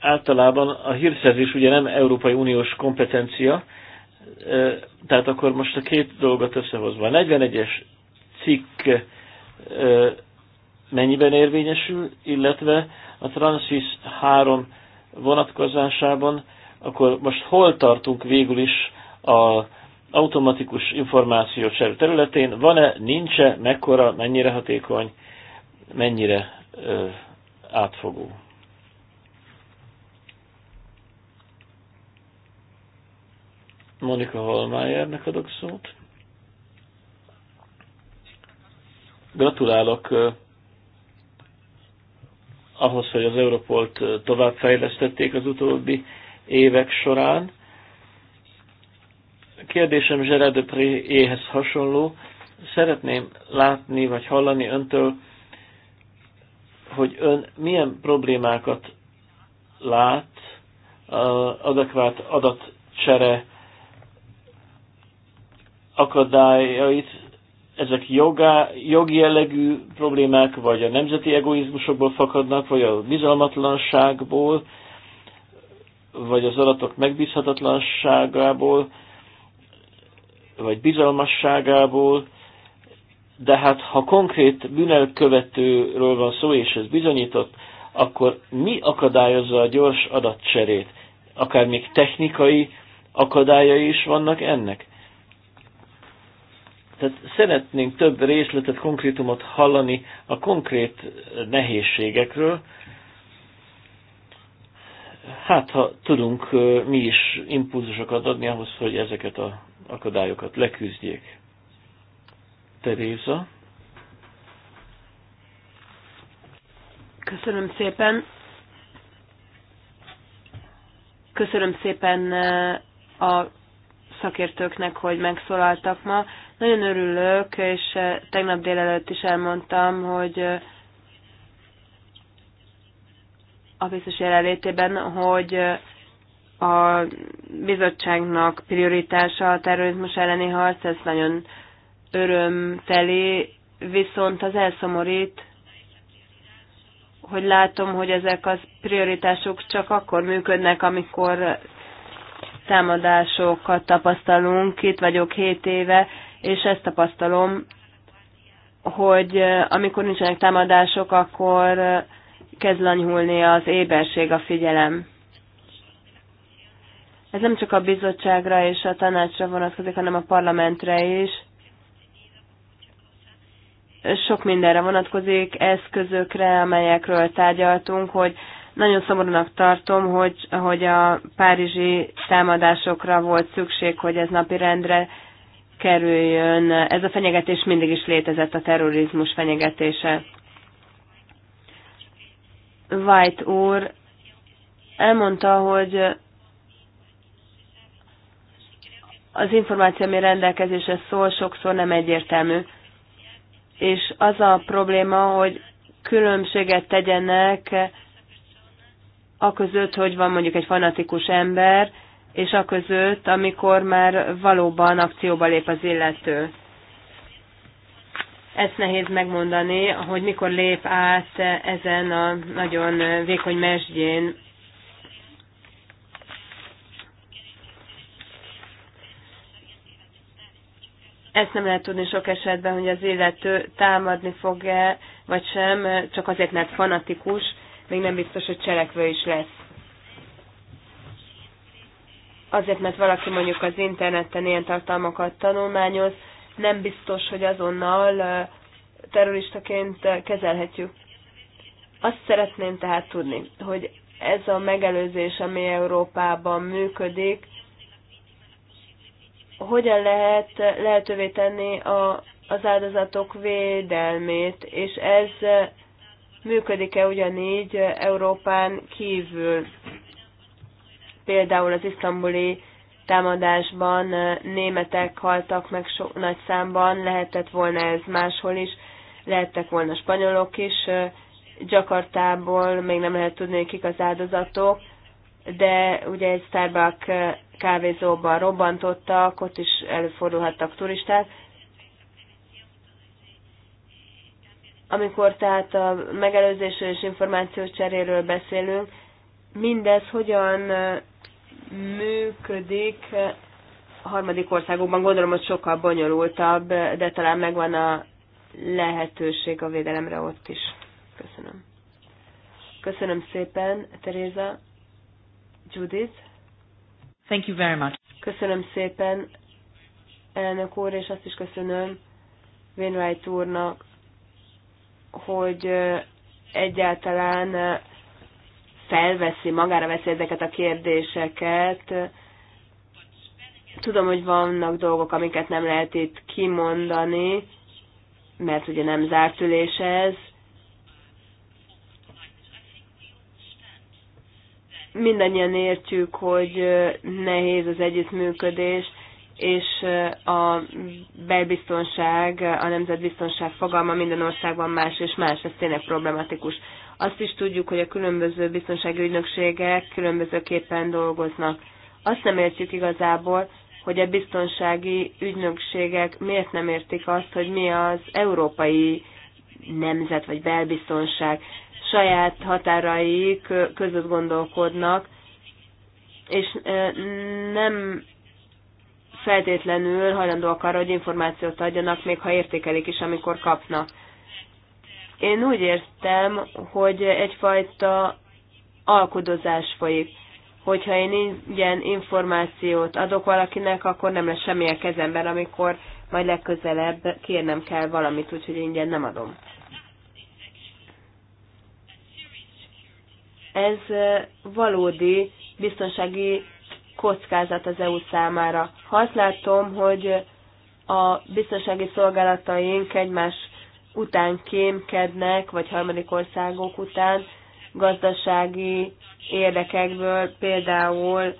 általában a hírszerzés ugye nem Európai Uniós kompetencia, tehát akkor most a két dolgot összehozva. A 41-es cikk mennyiben érvényesül, illetve a Transis 3 vonatkozásában, akkor most hol tartunk végül is a automatikus információ területén, van-e, nincs-e, mekkora, mennyire hatékony, mennyire ö, átfogó. Monika Holmájernek adok szót. Gratulálok ahhoz, hogy az Europolt továbbfejlesztették az utóbbi évek során. kérdésem Gerard Depréhez hasonló. Szeretném látni vagy hallani öntől, hogy ön milyen problémákat lát az adekvát adatcsere akadályait, ezek jogá, jogi jellegű problémák, vagy a nemzeti egoizmusokból fakadnak, vagy a bizalmatlanságból, vagy az adatok megbízhatatlanságából, vagy bizalmasságából, de hát ha konkrét bűnelkövetőről van szó, és ez bizonyított, akkor mi akadályozza a gyors adatcserét? Akár még technikai akadályai is vannak ennek? Tehát szeretnénk több részletet, konkrétumot hallani a konkrét nehézségekről. Hát, ha tudunk mi is impulzusokat adni ahhoz, hogy ezeket a akadályokat leküzdjék. Teréza. Köszönöm szépen. Köszönöm szépen a szakértőknek, hogy megszólaltak ma. Nagyon örülök, és eh, tegnap délelőtt is elmondtam, hogy eh, a biztos jelenlétében, hogy eh, a bizottságnak prioritása a terrorizmus elleni harc, ez nagyon örömteli, viszont az elszomorít, hogy látom, hogy ezek az prioritások csak akkor működnek, amikor támadásokat tapasztalunk. Itt vagyok 7 éve, és ezt tapasztalom, hogy amikor nincsenek támadások, akkor kezd lanyhulni az éberség, a figyelem. Ez nem csak a bizottságra és a tanácsra vonatkozik, hanem a parlamentre is. Sok mindenre vonatkozik, eszközökre, amelyekről tárgyaltunk, hogy nagyon szomorúnak tartom, hogy, hogy a párizsi támadásokra volt szükség, hogy ez napi rendre kerüljön. Ez a fenyegetés mindig is létezett, a terrorizmus fenyegetése. White úr elmondta, hogy az információ, ami rendelkezésre szól, sokszor nem egyértelmű. És az a probléma, hogy különbséget tegyenek aközött, hogy van mondjuk egy fanatikus ember, és aközött, amikor már valóban akcióba lép az illető. Ezt nehéz megmondani, hogy mikor lép át ezen a nagyon vékony mesdjén. Ezt nem lehet tudni sok esetben, hogy az illető támadni fog-e, vagy sem, csak azért, mert fanatikus, még nem biztos, hogy cselekvő is lesz. Azért, mert valaki mondjuk az interneten ilyen tartalmakat tanulmányoz, nem biztos, hogy azonnal terroristaként kezelhetjük. Azt szeretném tehát tudni, hogy ez a megelőzés, ami Európában működik, hogyan lehet lehetővé tenni a, az áldozatok védelmét, és ez működik-e ugyanígy Európán kívül. Például az isztambuli támadásban eh, németek haltak meg so, nagy számban, lehetett volna ez máshol is, lehettek volna spanyolok is, Jakartából eh, még nem lehet tudni, kik az áldozatok, de ugye egy Starbucks eh, kávézóban robbantottak, ott is előfordulhattak turisták. Amikor tehát a megelőzésről és információs cseréről beszélünk, mindez hogyan működik a harmadik országokban, gondolom, hogy sokkal bonyolultabb, de talán megvan a lehetőség a védelemre ott is. Köszönöm. Köszönöm szépen, Teréza. Judith. Thank you very much. Köszönöm szépen, elnök úr, és azt is köszönöm Wainwright úrnak, hogy egyáltalán felveszi, magára veszi ezeket a kérdéseket. Tudom, hogy vannak dolgok, amiket nem lehet itt kimondani, mert ugye nem zárt ülés ez. Mindannyian értjük, hogy nehéz az együttműködés, és a belbiztonság, a nemzetbiztonság fogalma minden országban más és más, ez tényleg problematikus. Azt is tudjuk, hogy a különböző biztonsági ügynökségek különbözőképpen dolgoznak. Azt nem értjük igazából, hogy a biztonsági ügynökségek miért nem értik azt, hogy mi az európai nemzet vagy belbiztonság. Saját határaik között gondolkodnak, és nem feltétlenül hajlandóak arra, hogy információt adjanak, még ha értékelik is, amikor kapnak. Én úgy értem, hogy egyfajta alkudozás folyik. Hogyha én ingyen információt adok valakinek, akkor nem lesz semmi a kezemben, amikor majd legközelebb kérnem kell valamit, úgyhogy ingyen nem adom. Ez eh, valódi biztonsági kockázat az EU számára. Ha azt látom, hogy a biztonsági szolgálataink egymás után kémkednek, vagy harmadik országok után gazdasági érdekekből, például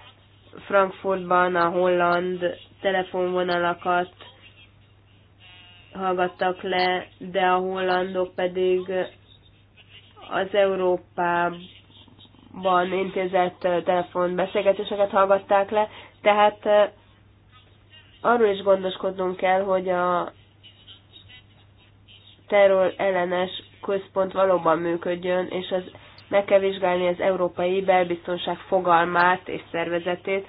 Frankfurtban a holland telefonvonalakat hallgattak le, de a hollandok pedig az Európában ban intézett telefonbeszélgetéseket hallgatták le, tehát arról is gondoskodnunk kell, hogy a terror ellenes központ valóban működjön, és az meg kell vizsgálni az európai belbiztonság fogalmát és szervezetét.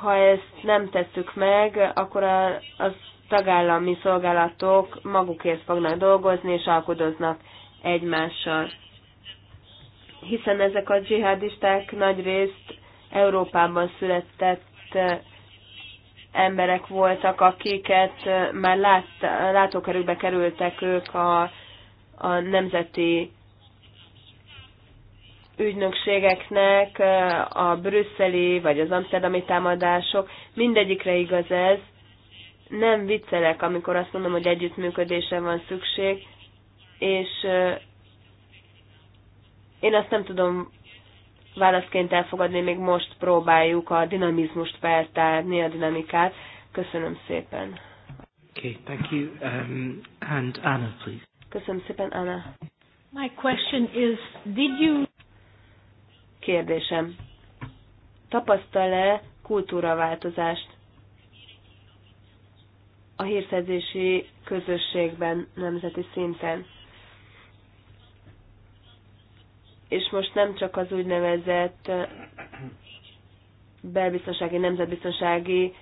Ha ezt nem tesszük meg, akkor a, a tagállami szolgálatok magukért fognak dolgozni és alkudoznak egymással hiszen ezek a dzsihadisták részt Európában született eh, emberek voltak, akiket eh, már lát, látókerükbe kerültek ők a, a nemzeti ügynökségeknek, eh, a brüsszeli vagy az amsterdami támadások, mindegyikre igaz ez. Nem viccelek, amikor azt mondom, hogy együttműködésre van szükség, és én azt nem tudom válaszként elfogadni, még most próbáljuk a dinamizmust feltárni, a dinamikát. Köszönöm szépen. Okay, thank you. Um, and Anna, please. Köszönöm szépen, Anna. My question is, did you... Kérdésem. Tapasztal-e kultúraváltozást a hírszerzési közösségben, nemzeti szinten? és most nem csak az úgynevezett belbiztonsági, nemzetbiztonsági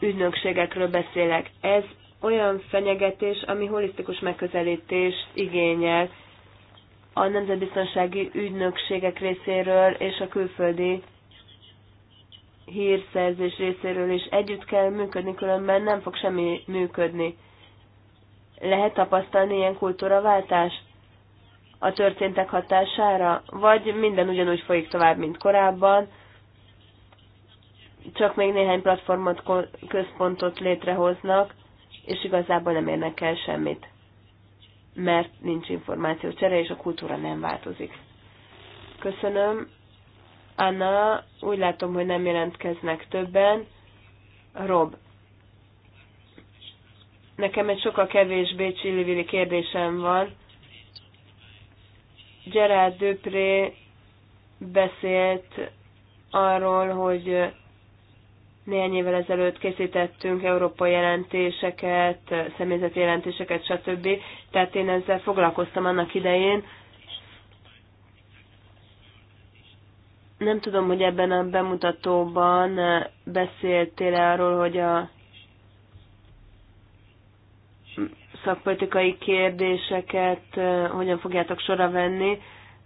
ügynökségekről beszélek. Ez olyan fenyegetés, ami holisztikus megközelítést igényel a nemzetbiztonsági ügynökségek részéről és a külföldi hírszerzés részéről is együtt kell működni, különben nem fog semmi működni. Lehet tapasztalni ilyen kultúraváltást? a történtek hatására, vagy minden ugyanúgy folyik tovább, mint korábban, csak még néhány platformot, központot létrehoznak, és igazából nem érnek el semmit, mert nincs információ csere, és a kultúra nem változik. Köszönöm. Anna, úgy látom, hogy nem jelentkeznek többen. Rob. Nekem egy sokkal kevésbé csillivili kérdésem van Gerard Döpré beszélt arról, hogy néhány évvel ezelőtt készítettünk európai jelentéseket, személyzeti jelentéseket, stb. Tehát én ezzel foglalkoztam annak idején. Nem tudom, hogy ebben a bemutatóban beszéltél arról, hogy a szakpolitikai kérdéseket hogyan fogjátok sorra venni.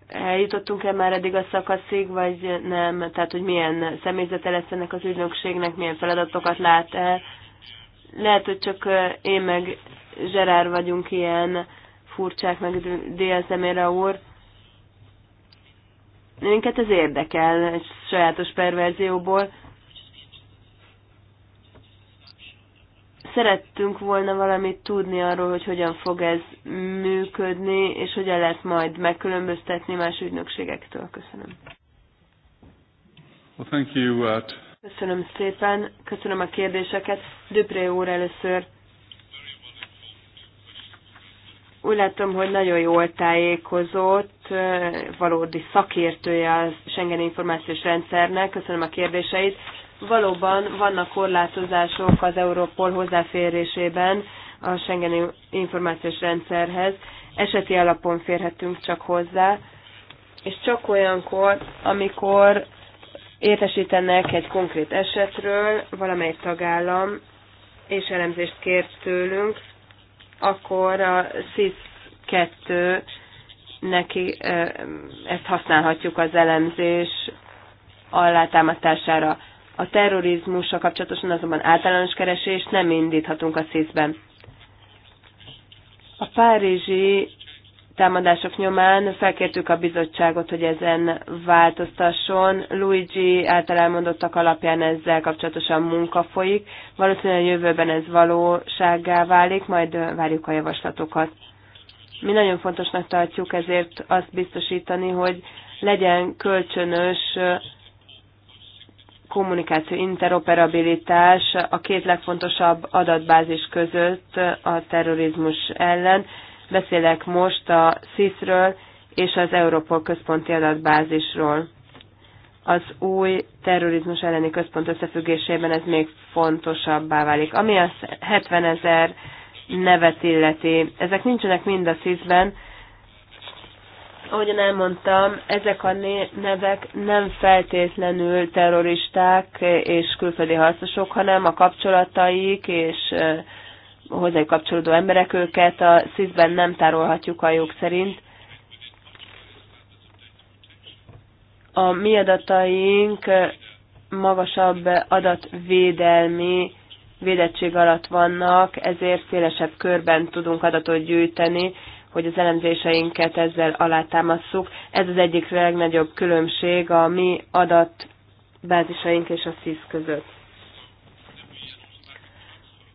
Eljutottunk-e már eddig a szakaszig, vagy nem? Tehát, hogy milyen személyzete lesz ennek az ügynökségnek, milyen feladatokat lát el? Lehet, hogy csak én meg Zserár vagyunk ilyen furcsák, meg Diazemére úr. Minket ez érdekel egy sajátos perverzióból szerettünk volna valamit tudni arról, hogy hogyan fog ez működni, és hogyan lehet majd megkülönböztetni más ügynökségektől. Köszönöm. Well, thank you, uh... Köszönöm szépen, köszönöm a kérdéseket. Dupré úr először. Úgy látom, hogy nagyon jól tájékozott, eh, valódi szakértője a Schengen információs rendszernek. Köszönöm a kérdéseit valóban vannak korlátozások az Európol hozzáférésében a Schengeni információs rendszerhez. Eseti alapon férhetünk csak hozzá, és csak olyankor, amikor értesítenek egy konkrét esetről valamely tagállam, és elemzést kért tőlünk, akkor a SIS 2 neki ezt használhatjuk az elemzés alátámasztására. A terrorizmussal kapcsolatosan azonban általános keresést nem indíthatunk a CISZ-ben. A párizsi támadások nyomán felkértük a bizottságot, hogy ezen változtasson. Luigi által elmondottak alapján ezzel kapcsolatosan munka folyik. Valószínűleg a jövőben ez valósággá válik, majd várjuk a javaslatokat. Mi nagyon fontosnak tartjuk ezért azt biztosítani, hogy legyen kölcsönös kommunikáció interoperabilitás a két legfontosabb adatbázis között a terrorizmus ellen. Beszélek most a SIS-ről és az Európol központi adatbázisról. Az új terrorizmus elleni központ összefüggésében ez még fontosabbá válik. Ami a 70 ezer nevet illeti, ezek nincsenek mind a SIS-ben, Ahogyan elmondtam, ezek a nevek nem feltétlenül terroristák és külföldi harcosok, hanem a kapcsolataik és hozzá kapcsolódó emberek őket a szízben nem tárolhatjuk a jog szerint. A mi adataink magasabb adatvédelmi védettség alatt vannak, ezért szélesebb körben tudunk adatot gyűjteni, hogy az elemzéseinket ezzel alátámasszuk. Ez az egyik legnagyobb különbség a mi adatbázisaink és a SZISZ között.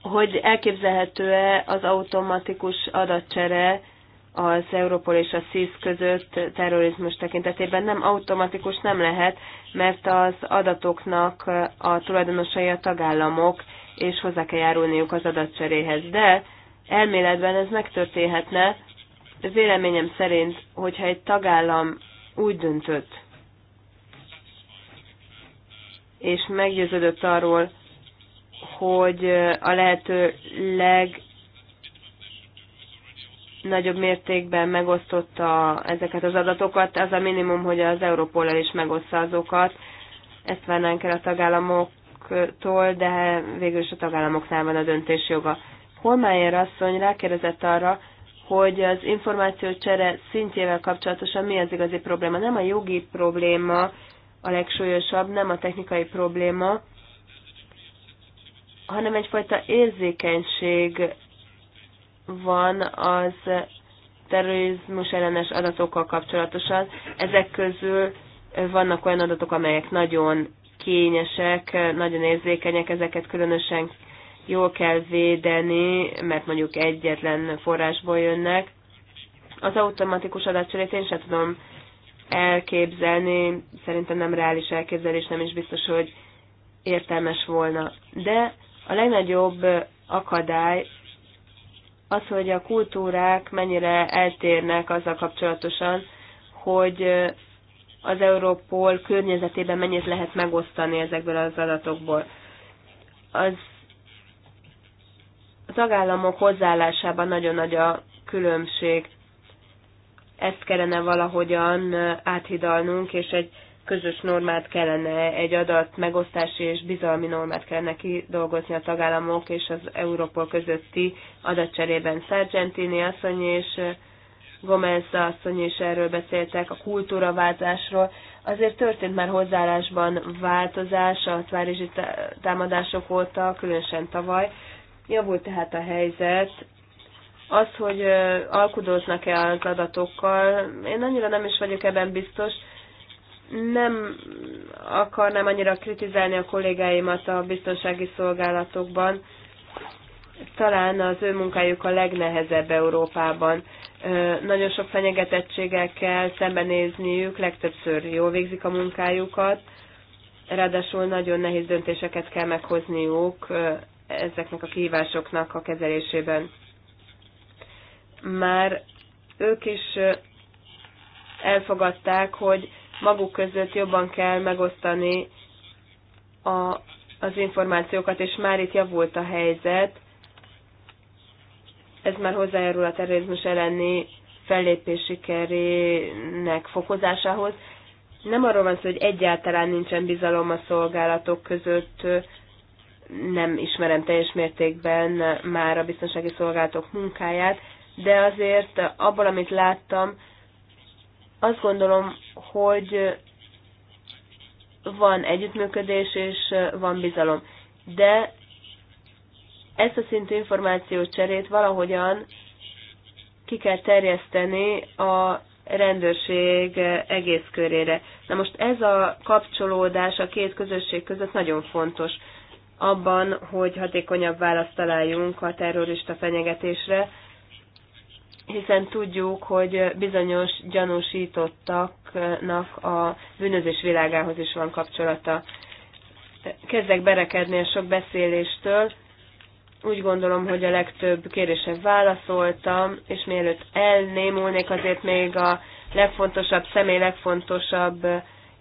Hogy elképzelhető-e az automatikus adatcsere az Európol és a SZISZ között terrorizmus tekintetében nem automatikus nem lehet, mert az adatoknak a tulajdonosai a tagállamok, és hozzá kell járulniuk az adatcseréhez. De elméletben ez megtörténhetne, Véleményem szerint, hogyha egy tagállam úgy döntött, és meggyőződött arról, hogy a lehető legnagyobb mértékben megosztotta ezeket az adatokat, az a minimum, hogy az Európollal is megoszta azokat. Ezt várnánk el a tagállamoktól, de végül is a tagállamoknál van a döntés joga. Holmájer asszony rákérdezett arra, hogy az információcsere szintjével kapcsolatosan mi az igazi probléma. Nem a jogi probléma a legsúlyosabb, nem a technikai probléma, hanem egyfajta érzékenység van az terrorizmus ellenes adatokkal kapcsolatosan. Ezek közül vannak olyan adatok, amelyek nagyon kényesek, nagyon érzékenyek, ezeket különösen jól kell védeni, mert mondjuk egyetlen forrásból jönnek. Az automatikus adatcserét én sem tudom elképzelni, szerintem nem reális elképzelés, nem is biztos, hogy értelmes volna. De a legnagyobb akadály az, hogy a kultúrák mennyire eltérnek azzal kapcsolatosan, hogy az Európol környezetében mennyit lehet megosztani ezekből az adatokból. Az tagállamok hozzáállásában nagyon nagy a különbség. Ezt kellene valahogyan áthidalnunk, és egy közös normát kellene, egy adat megosztási és bizalmi normát kellene kidolgozni a tagállamok és az Európol közötti adatcserében. Sargentini asszony és Gomez asszony is erről beszéltek, a kultúraváltásról. Azért történt már hozzáállásban változás, a Tvárizsi támadások óta, különösen tavaly. Javult tehát a helyzet. Az, hogy alkudoznak-e az adatokkal, én annyira nem is vagyok ebben biztos. Nem akarnám annyira kritizálni a kollégáimat a biztonsági szolgálatokban. Talán az ő munkájuk a legnehezebb Európában nagyon sok fenyegetettséggel kell szembenézniük, legtöbbször jól végzik a munkájukat, ráadásul nagyon nehéz döntéseket kell meghozniuk ezeknek a kihívásoknak a kezelésében. Már ők is elfogadták, hogy maguk között jobban kell megosztani a, az információkat, és már itt javult a helyzet. Ez már hozzájárul a terrorizmus elleni fellépés sikerének fokozásához. Nem arról van szó, hogy egyáltalán nincsen bizalom a szolgálatok között, nem ismerem teljes mértékben már a biztonsági szolgálatok munkáját, de azért abból, amit láttam, azt gondolom, hogy van együttműködés és van bizalom. De ezt a szintű információcserét valahogyan ki kell terjeszteni a rendőrség egész körére. Na most ez a kapcsolódás a két közösség között nagyon fontos abban, hogy hatékonyabb választ találjunk a terrorista fenyegetésre, hiszen tudjuk, hogy bizonyos gyanúsítottaknak a bűnözés világához is van kapcsolata. Kezdek berekedni a sok beszéléstől. Úgy gondolom, hogy a legtöbb kérésre válaszoltam, és mielőtt elnémulnék, azért még a legfontosabb személy legfontosabb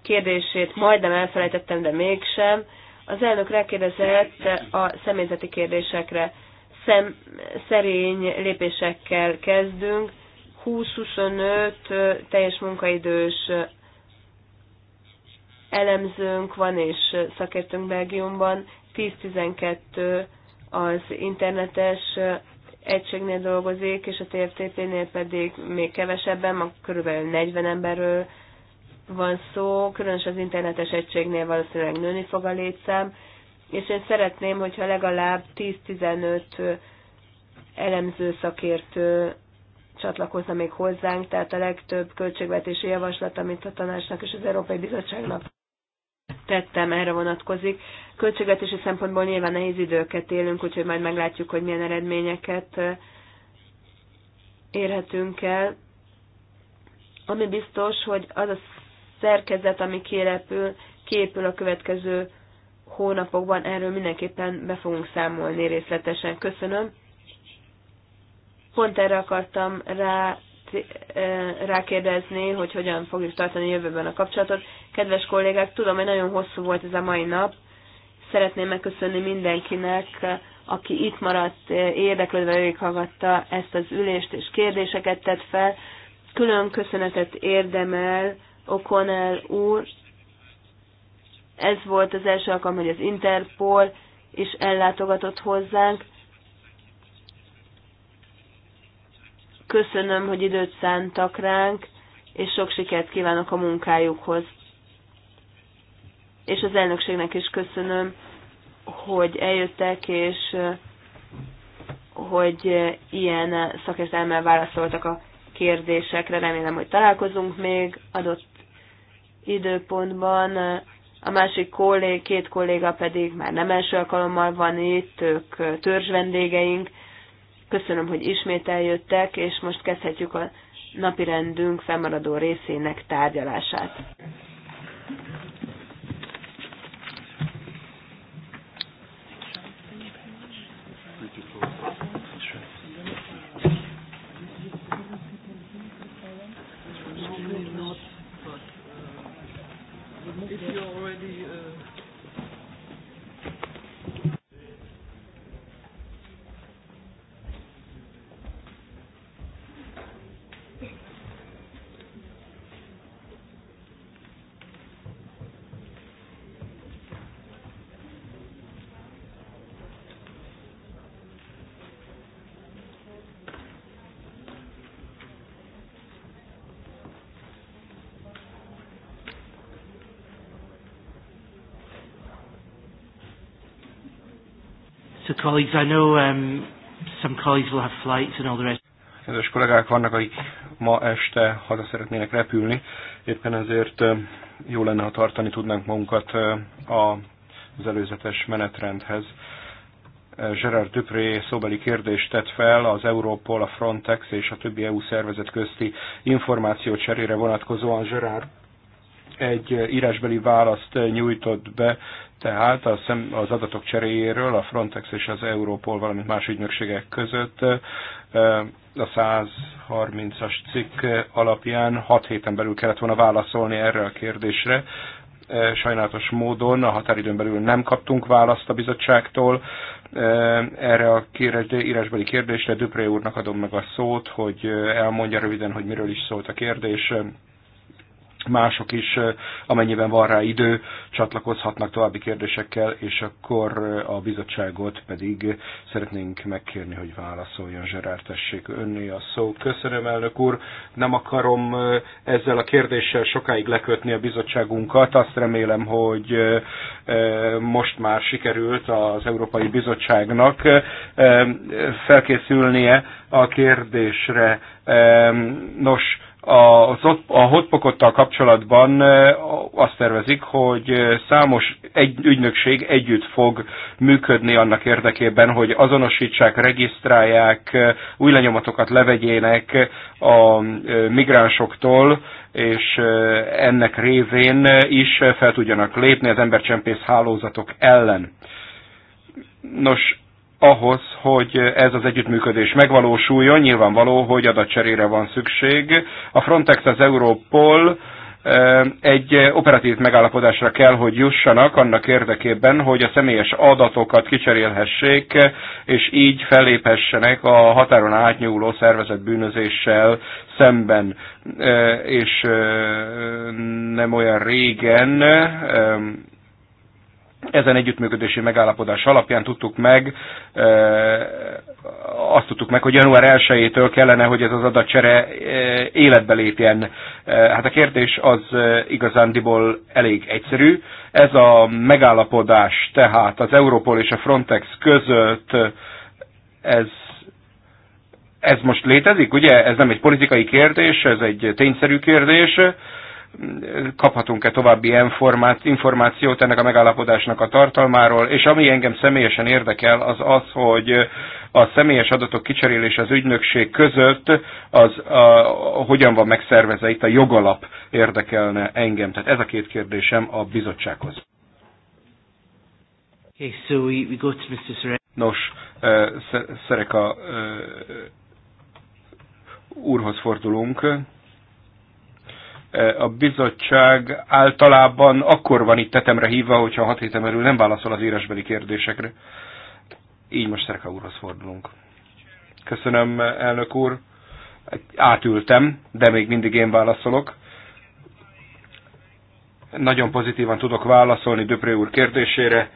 kérdését majdnem elfelejtettem, de mégsem az elnök rákérdezett a személyzeti kérdésekre. Szem, szerény lépésekkel kezdünk. 20-25 teljes munkaidős elemzőnk van, és szakértőnk Belgiumban. 10-12 az internetes egységnél dolgozik, és a TFTP-nél pedig még kevesebben, kb. 40 emberről van szó, különösen az internetes egységnél valószínűleg nőni fog a létszám, és én szeretném, hogyha legalább 10-15 elemző szakértő csatlakozna még hozzánk, tehát a legtöbb költségvetési javaslat, amit a tanácsnak és az Európai Bizottságnak tettem, erre vonatkozik. Költségvetési szempontból nyilván nehéz időket élünk, úgyhogy majd meglátjuk, hogy milyen eredményeket érhetünk el. Ami biztos, hogy az a szerkezet, ami kérepül, képül a következő hónapokban, erről mindenképpen be fogunk számolni részletesen. Köszönöm. Pont erre akartam rá eh, rákérdezni, hogy hogyan fogjuk tartani jövőben a kapcsolatot. Kedves kollégák, tudom, hogy nagyon hosszú volt ez a mai nap. Szeretném megköszönni mindenkinek, aki itt maradt, eh, érdeklődve végighallgatta ezt az ülést, és kérdéseket tett fel. Külön köszönetet érdemel O'Connell úr. Ez volt az első alkalom, hogy az Interpol is ellátogatott hozzánk. Köszönöm, hogy időt szántak ránk, és sok sikert kívánok a munkájukhoz. És az elnökségnek is köszönöm, hogy eljöttek, és hogy ilyen szakértelmel válaszoltak a kérdésekre. Remélem, hogy találkozunk még adott időpontban, a másik kollég, két kolléga pedig már nem első alkalommal van itt, ők törzs vendégeink. Köszönöm, hogy ismét eljöttek, és most kezdhetjük a napirendünk fennmaradó részének tárgyalását. colleagues. I know um, some colleagues will have flights and all the rest. Kedves kollégák, vannak, akik ma este haza szeretnének repülni, éppen ezért um, jó lenne, ha tartani tudnánk magunkat um, az előzetes menetrendhez. Uh, Gerard Dupré szóbeli kérdést tett fel az Europol, a Frontex és a többi EU szervezet közti információ cserére vonatkozóan. Gerard egy írásbeli választ nyújtott be, tehát az adatok cseréjéről a Frontex és az Európol valamint más ügynökségek között eh, a 130-as cikk alapján 6 héten belül kellett volna válaszolni erre a kérdésre. Eh, sajnálatos módon a határidőn belül nem kaptunk választ a bizottságtól. Eh, erre a írásbeli kérdésre Dupré úrnak adom meg a szót, hogy elmondja röviden, hogy miről is szólt a kérdés, mások is, amennyiben van rá idő, csatlakozhatnak további kérdésekkel, és akkor a bizottságot pedig szeretnénk megkérni, hogy válaszoljon. Zserár, tessék önné a szó. Köszönöm, elnök úr. Nem akarom ezzel a kérdéssel sokáig lekötni a bizottságunkat. Azt remélem, hogy most már sikerült az Európai Bizottságnak felkészülnie a kérdésre. Nos, a hotpokottal kapcsolatban azt tervezik, hogy számos egy, ügynökség együtt fog működni annak érdekében, hogy azonosítsák, regisztrálják, új lenyomatokat levegyének a migránsoktól, és ennek révén is fel tudjanak lépni az embercsempész hálózatok ellen. Nos, ahhoz, hogy ez az együttműködés megvalósuljon, nyilvánvaló, hogy adatcserére van szükség. A Frontex az Europol egy operatív megállapodásra kell, hogy jussanak annak érdekében, hogy a személyes adatokat kicserélhessék, és így felléphessenek a határon átnyúló szervezet bűnözéssel szemben. És nem olyan régen ezen együttműködési megállapodás alapján tudtuk meg, e, azt tudtuk meg, hogy január 1-től kellene, hogy ez az adatcsere e, életbe lépjen. E, hát a kérdés az igazándiból elég egyszerű. Ez a megállapodás tehát az Europol és a Frontex között, ez ez most létezik, ugye? Ez nem egy politikai kérdés, ez egy tényszerű kérdés kaphatunk-e további információt ennek a megállapodásnak a tartalmáról, és ami engem személyesen érdekel, az az, hogy a személyes adatok kicserélése az ügynökség között, az a, a, hogyan van megszervezve itt a jogalap érdekelne engem. Tehát ez a két kérdésem a bizottsághoz. Okay, so we, we go to Mr. Sere Nos, uh, Szereka úrhoz fordulunk. E, a bizottság általában akkor van itt tetemre hívva, hogyha hat héten belül nem válaszol az írásbeli kérdésekre. Így most Szerka úrhoz fordulunk. Köszönöm, elnök úr. Átültem, de még mindig én válaszolok. Nagyon pozitívan tudok válaszolni Döpré úr kérdésére.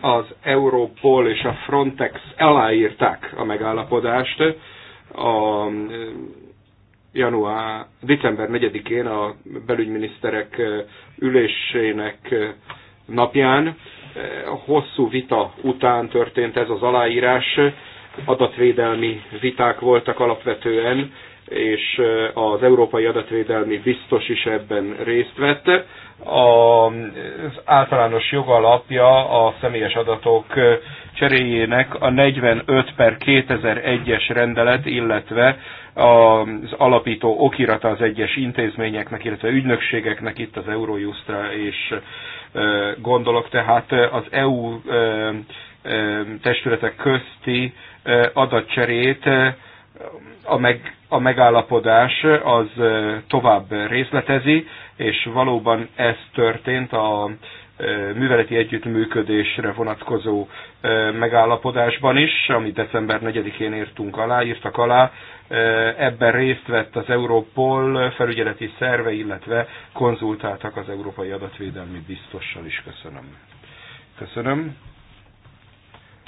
Az Europol és a Frontex aláírták a megállapodást. A január, december 4-én a belügyminiszterek ülésének napján. Hosszú vita után történt ez az aláírás, adatvédelmi viták voltak alapvetően, és az Európai Adatvédelmi Biztos is ebben részt vette az általános jogalapja a személyes adatok cseréjének a 45 per 2001-es rendelet, illetve az alapító okirata az egyes intézményeknek, illetve ügynökségeknek, itt az Eurojustra és gondolok, tehát az EU testületek közti adatcserét a meg a megállapodás az tovább részletezi, és valóban ez történt a műveleti együttműködésre vonatkozó megállapodásban is, amit december 4-én írtunk alá, írtak alá. Ebben részt vett az Európol felügyeleti szerve, illetve konzultáltak az Európai Adatvédelmi Biztossal is. Köszönöm. Köszönöm.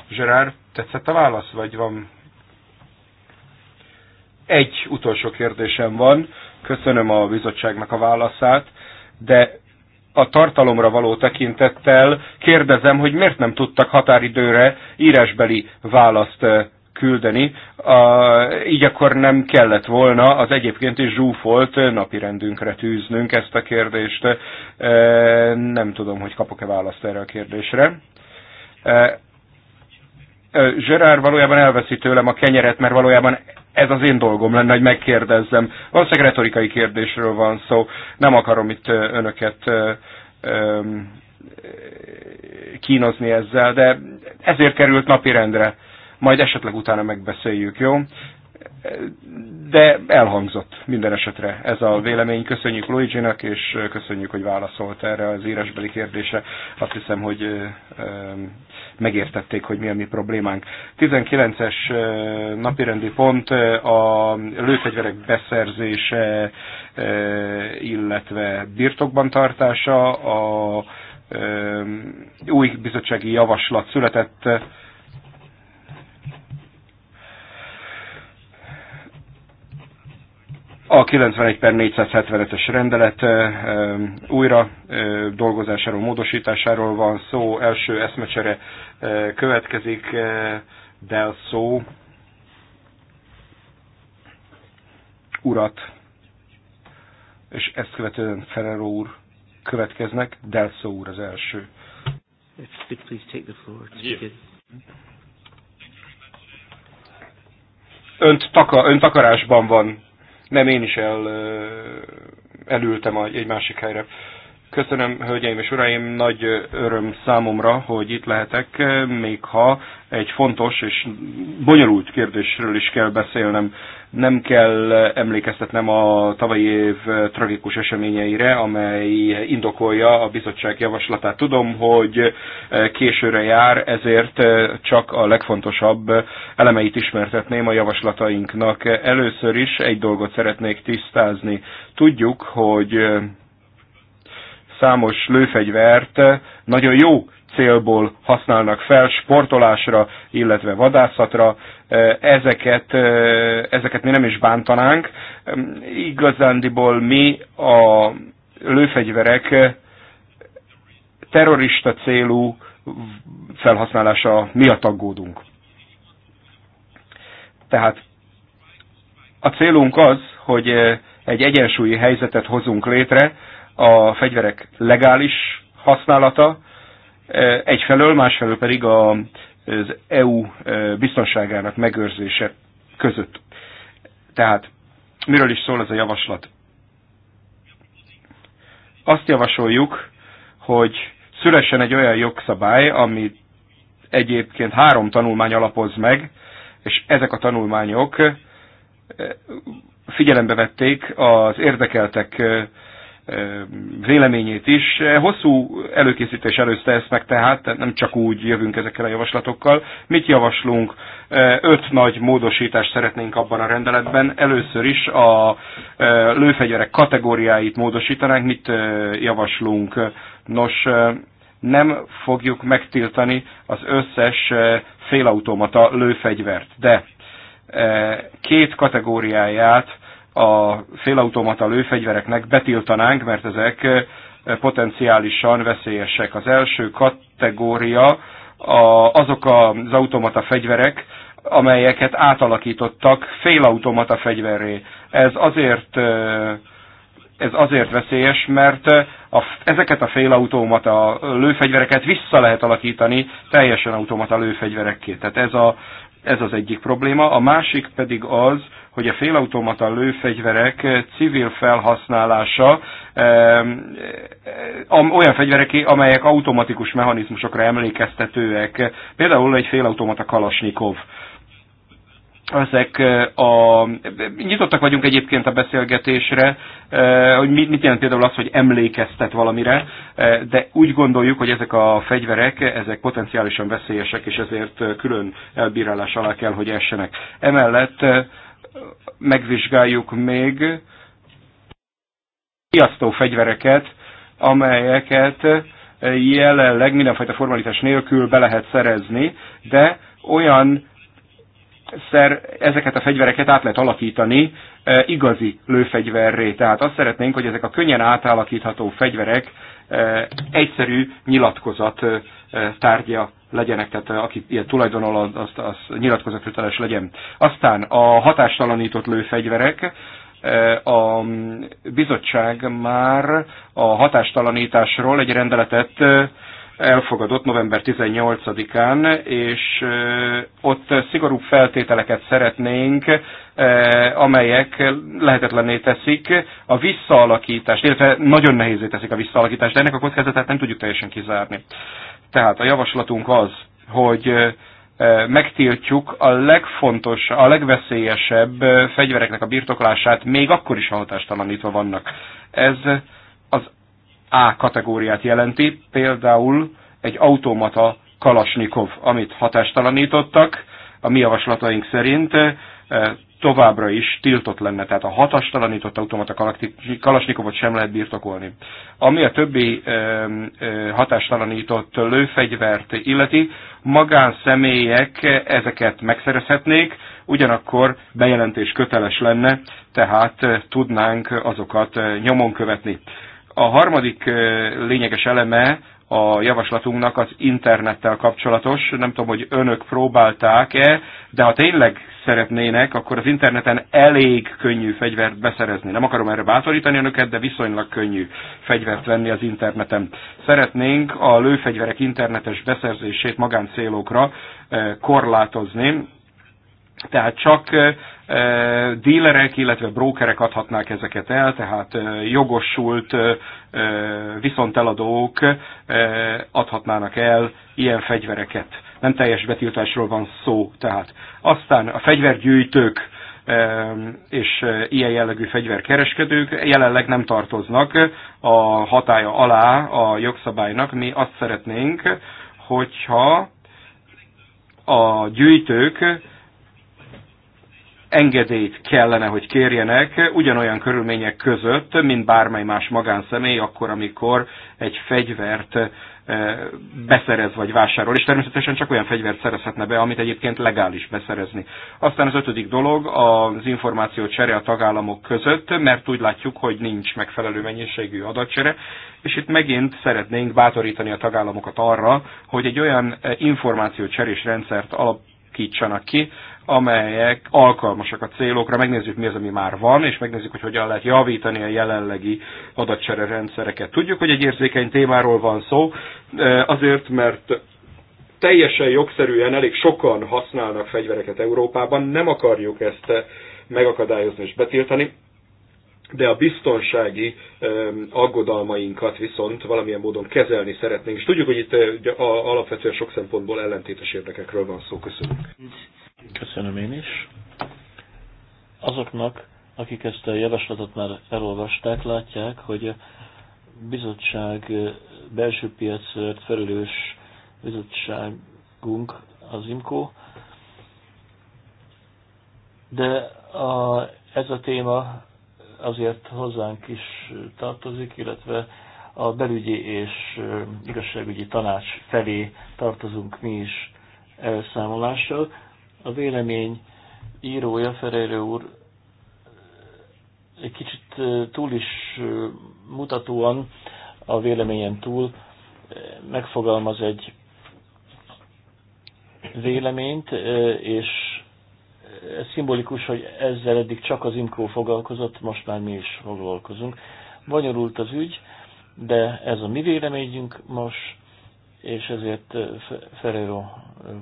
Gerard, tetszett a válasz, vagy van egy utolsó kérdésem van, köszönöm a bizottságnak a válaszát, de a tartalomra való tekintettel kérdezem, hogy miért nem tudtak határidőre írásbeli választ küldeni, a, így akkor nem kellett volna az egyébként is zsúfolt napirendünkre tűznünk ezt a kérdést. E, nem tudom, hogy kapok-e választ erre a kérdésre. E, Zsörár valójában elveszi tőlem a kenyeret, mert valójában ez az én dolgom lenne, hogy megkérdezzem. Valószínűleg retorikai kérdésről van szó, nem akarom itt önöket kínozni ezzel, de ezért került napirendre. Majd esetleg utána megbeszéljük, jó? de elhangzott minden esetre ez a vélemény. Köszönjük luigi és köszönjük, hogy válaszolt erre az írásbeli kérdése. Azt hiszem, hogy megértették, hogy mi a mi problémánk. 19-es napirendi pont a lőfegyverek beszerzése, illetve birtokban tartása, a új bizottsági javaslat született a 91 per 475-ös rendelet újra dolgozásáról, módosításáról van szó, első eszmecsere következik, de a szó urat, és ezt követően Ferrero úr következnek, Delszó úr az első. Önt, taka, ön takarásban van. Nem, én is el, elültem egy másik helyre. Köszönöm, hölgyeim és uraim, nagy öröm számomra, hogy itt lehetek, még ha egy fontos és bonyolult kérdésről is kell beszélnem. Nem kell emlékeztetnem a tavalyi év tragikus eseményeire, amely indokolja a bizottság javaslatát. Tudom, hogy későre jár, ezért csak a legfontosabb elemeit ismertetném a javaslatainknak. Először is egy dolgot szeretnék tisztázni. Tudjuk, hogy számos lőfegyvert nagyon jó célból használnak fel, sportolásra, illetve vadászatra, ezeket, ezeket mi nem is bántanánk. Igazándiból mi a lőfegyverek terrorista célú felhasználása miatt aggódunk. Tehát a célunk az, hogy egy egyensúlyi helyzetet hozunk létre, a fegyverek legális használata, e, egyfelől, másfelől pedig az EU e, biztonságának megőrzése között. Tehát miről is szól ez a javaslat? Azt javasoljuk, hogy szülessen egy olyan jogszabály, amit egyébként három tanulmány alapoz meg, és ezek a tanulmányok e, figyelembe vették az érdekeltek véleményét is. Hosszú előkészítés előzte ezt meg tehát, nem csak úgy jövünk ezekkel a javaslatokkal. Mit javaslunk? Öt nagy módosítást szeretnénk abban a rendeletben. Először is a lőfegyverek kategóriáit módosítanánk. Mit javaslunk? Nos, nem fogjuk megtiltani az összes félautomata lőfegyvert, de két kategóriáját a félautomata lőfegyvereknek betiltanánk, mert ezek eh, potenciálisan veszélyesek. Az első kategória a, azok az automata fegyverek, amelyeket átalakítottak félautomata fegyverré. Ez azért eh, ez azért veszélyes, mert eh, a, ezeket a félautomata lőfegyvereket vissza lehet alakítani teljesen automata lőfegyverekké. Tehát ez, a, ez az egyik probléma. A másik pedig az, hogy a félautomata lőfegyverek civil felhasználása olyan fegyverek, amelyek automatikus mechanizmusokra emlékeztetőek, például egy félautomata kalasnyikov ezek eh, a... Nyitottak vagyunk egyébként a beszélgetésre, eh, hogy mit, mit jelent például az, hogy emlékeztet valamire, eh, de úgy gondoljuk, hogy ezek a fegyverek, ezek potenciálisan veszélyesek, és ezért külön elbírálás alá kell, hogy essenek. Emellett megvizsgáljuk még riasztó fegyvereket, amelyeket jelenleg mindenfajta formalitás nélkül be lehet szerezni, de olyan szer, ezeket a fegyvereket át lehet alakítani e, igazi lőfegyverré. Tehát azt szeretnénk, hogy ezek a könnyen átalakítható fegyverek e, egyszerű nyilatkozat e, tárgya legyenek, tehát aki ilyen tulajdonol, az, az, az nyilatkozatköteles legyen. Aztán a hatástalanított lőfegyverek, e, a bizottság már a hatástalanításról egy rendeletet e, elfogadott november 18-án, és e, ott szigorú feltételeket szeretnénk, amelyek lehetetlenné teszik a visszaalakítást, illetve nagyon nehézé teszik a visszaalakítást, de ennek a kockázatát nem tudjuk teljesen kizárni. Tehát a javaslatunk az, hogy megtiltjuk a legfontos, a legveszélyesebb fegyvereknek a birtoklását, még akkor is, ha hatástalanítva vannak. Ez az A kategóriát jelenti, például egy automata Kalasnikov, amit hatástalanítottak, a mi javaslataink szerint továbbra is tiltott lenne, tehát a hatastalanító automata kalasnikovot sem lehet birtokolni. Ami a többi hatástalanított lőfegyvert illeti, magánszemélyek ezeket megszerezhetnék, ugyanakkor bejelentés köteles lenne, tehát tudnánk azokat nyomon követni. A harmadik lényeges eleme a javaslatunknak az internettel kapcsolatos. Nem tudom, hogy önök próbálták-e, de ha tényleg szeretnének, akkor az interneten elég könnyű fegyvert beszerezni. Nem akarom erre bátorítani önöket, de viszonylag könnyű fegyvert venni az interneten. Szeretnénk a lőfegyverek internetes beszerzését magáncélokra eh, korlátozni, tehát csak dílerek, illetve brókerek adhatnák ezeket el, tehát jogosult viszonteladók adhatnának el ilyen fegyvereket. Nem teljes betiltásról van szó, tehát. Aztán a fegyvergyűjtők és ilyen jellegű fegyverkereskedők jelenleg nem tartoznak a hatája alá a jogszabálynak. Mi azt szeretnénk, hogyha a gyűjtők engedélyt kellene, hogy kérjenek ugyanolyan körülmények között, mint bármely más magánszemély, akkor, amikor egy fegyvert eh, beszerez vagy vásárol, és természetesen csak olyan fegyvert szerezhetne be, amit egyébként legális beszerezni. Aztán az ötödik dolog az információ csere a tagállamok között, mert úgy látjuk, hogy nincs megfelelő mennyiségű adatcsere, és itt megint szeretnénk bátorítani a tagállamokat arra, hogy egy olyan eh, cserés rendszert alapítsanak ki, amelyek alkalmasak a célokra, megnézzük mi az, ami már van, és megnézzük, hogy hogyan lehet javítani a jelenlegi adatcsere rendszereket. Tudjuk, hogy egy érzékeny témáról van szó, azért, mert teljesen jogszerűen elég sokan használnak fegyvereket Európában, nem akarjuk ezt megakadályozni és betiltani, de a biztonsági aggodalmainkat viszont valamilyen módon kezelni szeretnénk. És tudjuk, hogy itt alapvetően sok szempontból ellentétes érdekekről van szó. Köszönjük. Köszönöm én is. Azoknak, akik ezt a javaslatot már elolvasták, látják, hogy a bizottság belső piacért felelős bizottságunk az IMCO, de a, ez a téma azért hozzánk is tartozik, illetve a belügyi és igazságügyi tanács felé tartozunk mi is elszámolással. A vélemény írója, Ferejre úr, egy kicsit túl is mutatóan, a véleményen túl megfogalmaz egy véleményt, és ez szimbolikus, hogy ezzel eddig csak az imkó foglalkozott, most már mi is foglalkozunk. Bonyolult az ügy, de ez a mi véleményünk most, és ezért Ferrero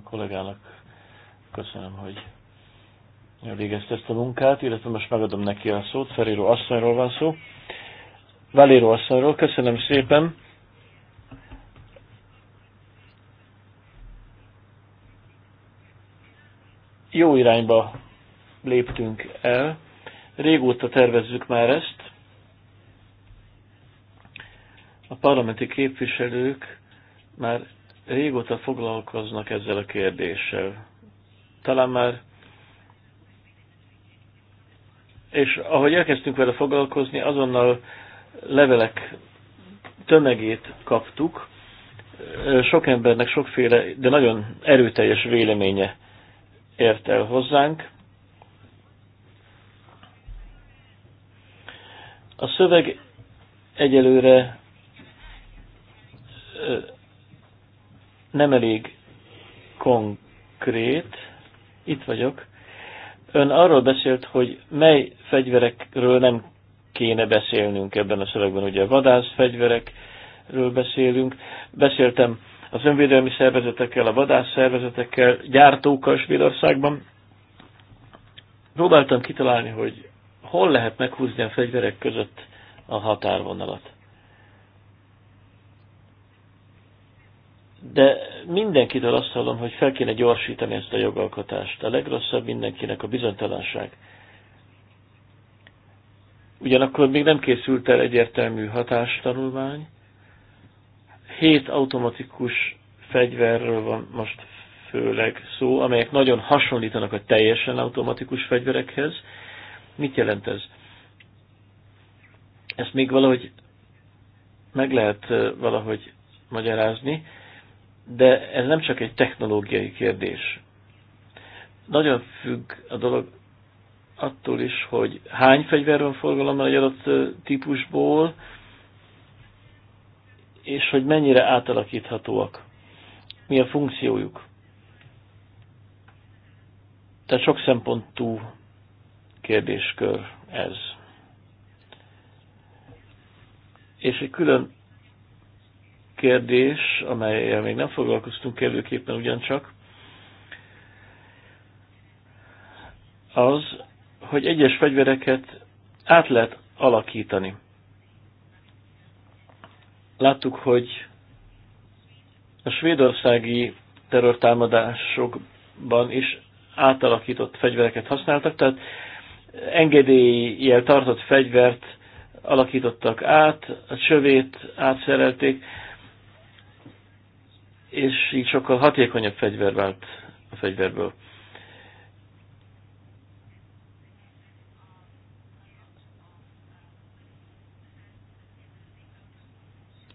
kollégának Köszönöm, hogy elvégezte ezt a munkát, illetve most megadom neki a szót. Feríró asszonyról van szó. Valéró asszonyról, köszönöm szépen. Jó irányba léptünk el. Régóta tervezzük már ezt. A parlamenti képviselők már régóta foglalkoznak ezzel a kérdéssel talán már és ahogy elkezdtünk vele foglalkozni, azonnal levelek tömegét kaptuk. Sok embernek sokféle, de nagyon erőteljes véleménye ért el hozzánk. A szöveg egyelőre nem elég konkrét, itt vagyok. Ön arról beszélt, hogy mely fegyverekről nem kéne beszélnünk ebben a szövegben. Ugye vadász fegyverekről beszélünk. Beszéltem az önvédelmi szervezetekkel, a vadász szervezetekkel, gyártókkal Svédországban. Próbáltam kitalálni, hogy hol lehet meghúzni a fegyverek között a határvonalat. De mindenkitől azt hallom, hogy fel kéne gyorsítani ezt a jogalkotást. A legrosszabb mindenkinek a bizonytalanság. Ugyanakkor még nem készült el egyértelmű hatástanulmány. Hét automatikus fegyverről van most főleg szó, amelyek nagyon hasonlítanak a teljesen automatikus fegyverekhez. Mit jelent ez? Ezt még valahogy meg lehet eh, valahogy magyarázni de ez nem csak egy technológiai kérdés. Nagyon függ a dolog attól is, hogy hány fegyver van forgalomban egy adott típusból, és hogy mennyire átalakíthatóak. Mi a funkciójuk. Tehát sok szempontú kérdéskör ez. És egy külön kérdés, amelyel még nem foglalkoztunk előképpen ugyancsak, az, hogy egyes fegyvereket át lehet alakítani. Láttuk, hogy a svédországi terrortámadásokban is átalakított fegyvereket használtak, tehát engedélyjel tartott fegyvert alakítottak át, a csövét átszerelték, és így sokkal hatékonyabb fegyver vált a fegyverből.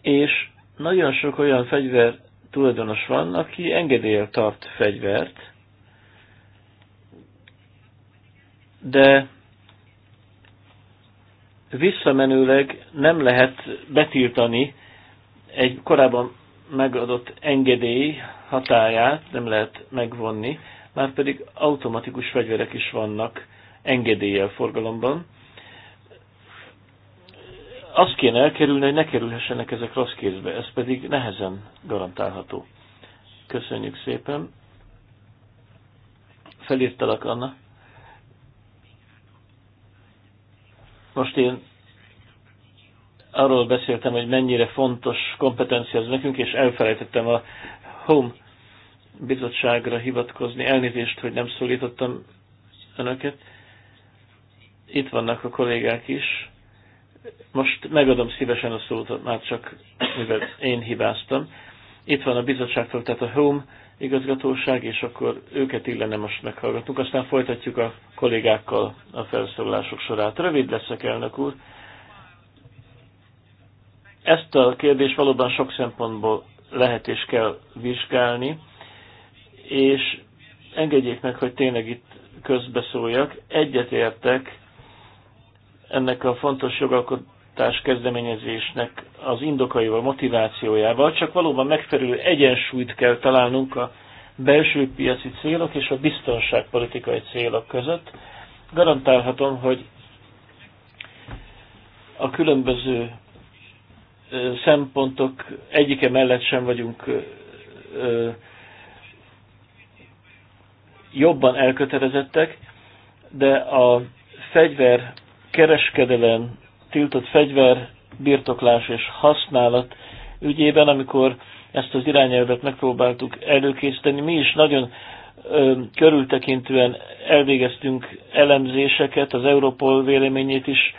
És nagyon sok olyan fegyver tulajdonos van, aki engedélyel tart fegyvert, de visszamenőleg nem lehet betiltani egy korábban megadott engedély hatáját nem lehet megvonni, már pedig automatikus fegyverek is vannak engedéllyel forgalomban. Azt kéne elkerülni, hogy ne kerülhessenek ezek rossz kézbe, ez pedig nehezen garantálható. Köszönjük szépen. Felírtalak, Anna. Most én arról beszéltem, hogy mennyire fontos kompetencia ez nekünk, és elfelejtettem a Home bizottságra hivatkozni. Elnézést, hogy nem szólítottam önöket. Itt vannak a kollégák is. Most megadom szívesen a szót, már csak mivel én hibáztam. Itt van a bizottságtól, tehát a Home igazgatóság, és akkor őket illene most meghallgatunk. Aztán folytatjuk a kollégákkal a felszólalások sorát. Rövid leszek, elnök úr. Ezt a kérdést valóban sok szempontból lehet és kell vizsgálni, és engedjék meg, hogy tényleg itt közbeszóljak. Egyetértek ennek a fontos jogalkotás kezdeményezésnek az indokaival, motivációjával, csak valóban megfelelő egyensúlyt kell találnunk a belső piaci célok és a biztonságpolitikai célok között. Garantálhatom, hogy a különböző szempontok egyike mellett sem vagyunk jobban elkötelezettek, de a fegyver kereskedelem, tiltott fegyver birtoklás és használat ügyében, amikor ezt az irányelvet megpróbáltuk előkészíteni, mi is nagyon körültekintően elvégeztünk elemzéseket, az Europol véleményét is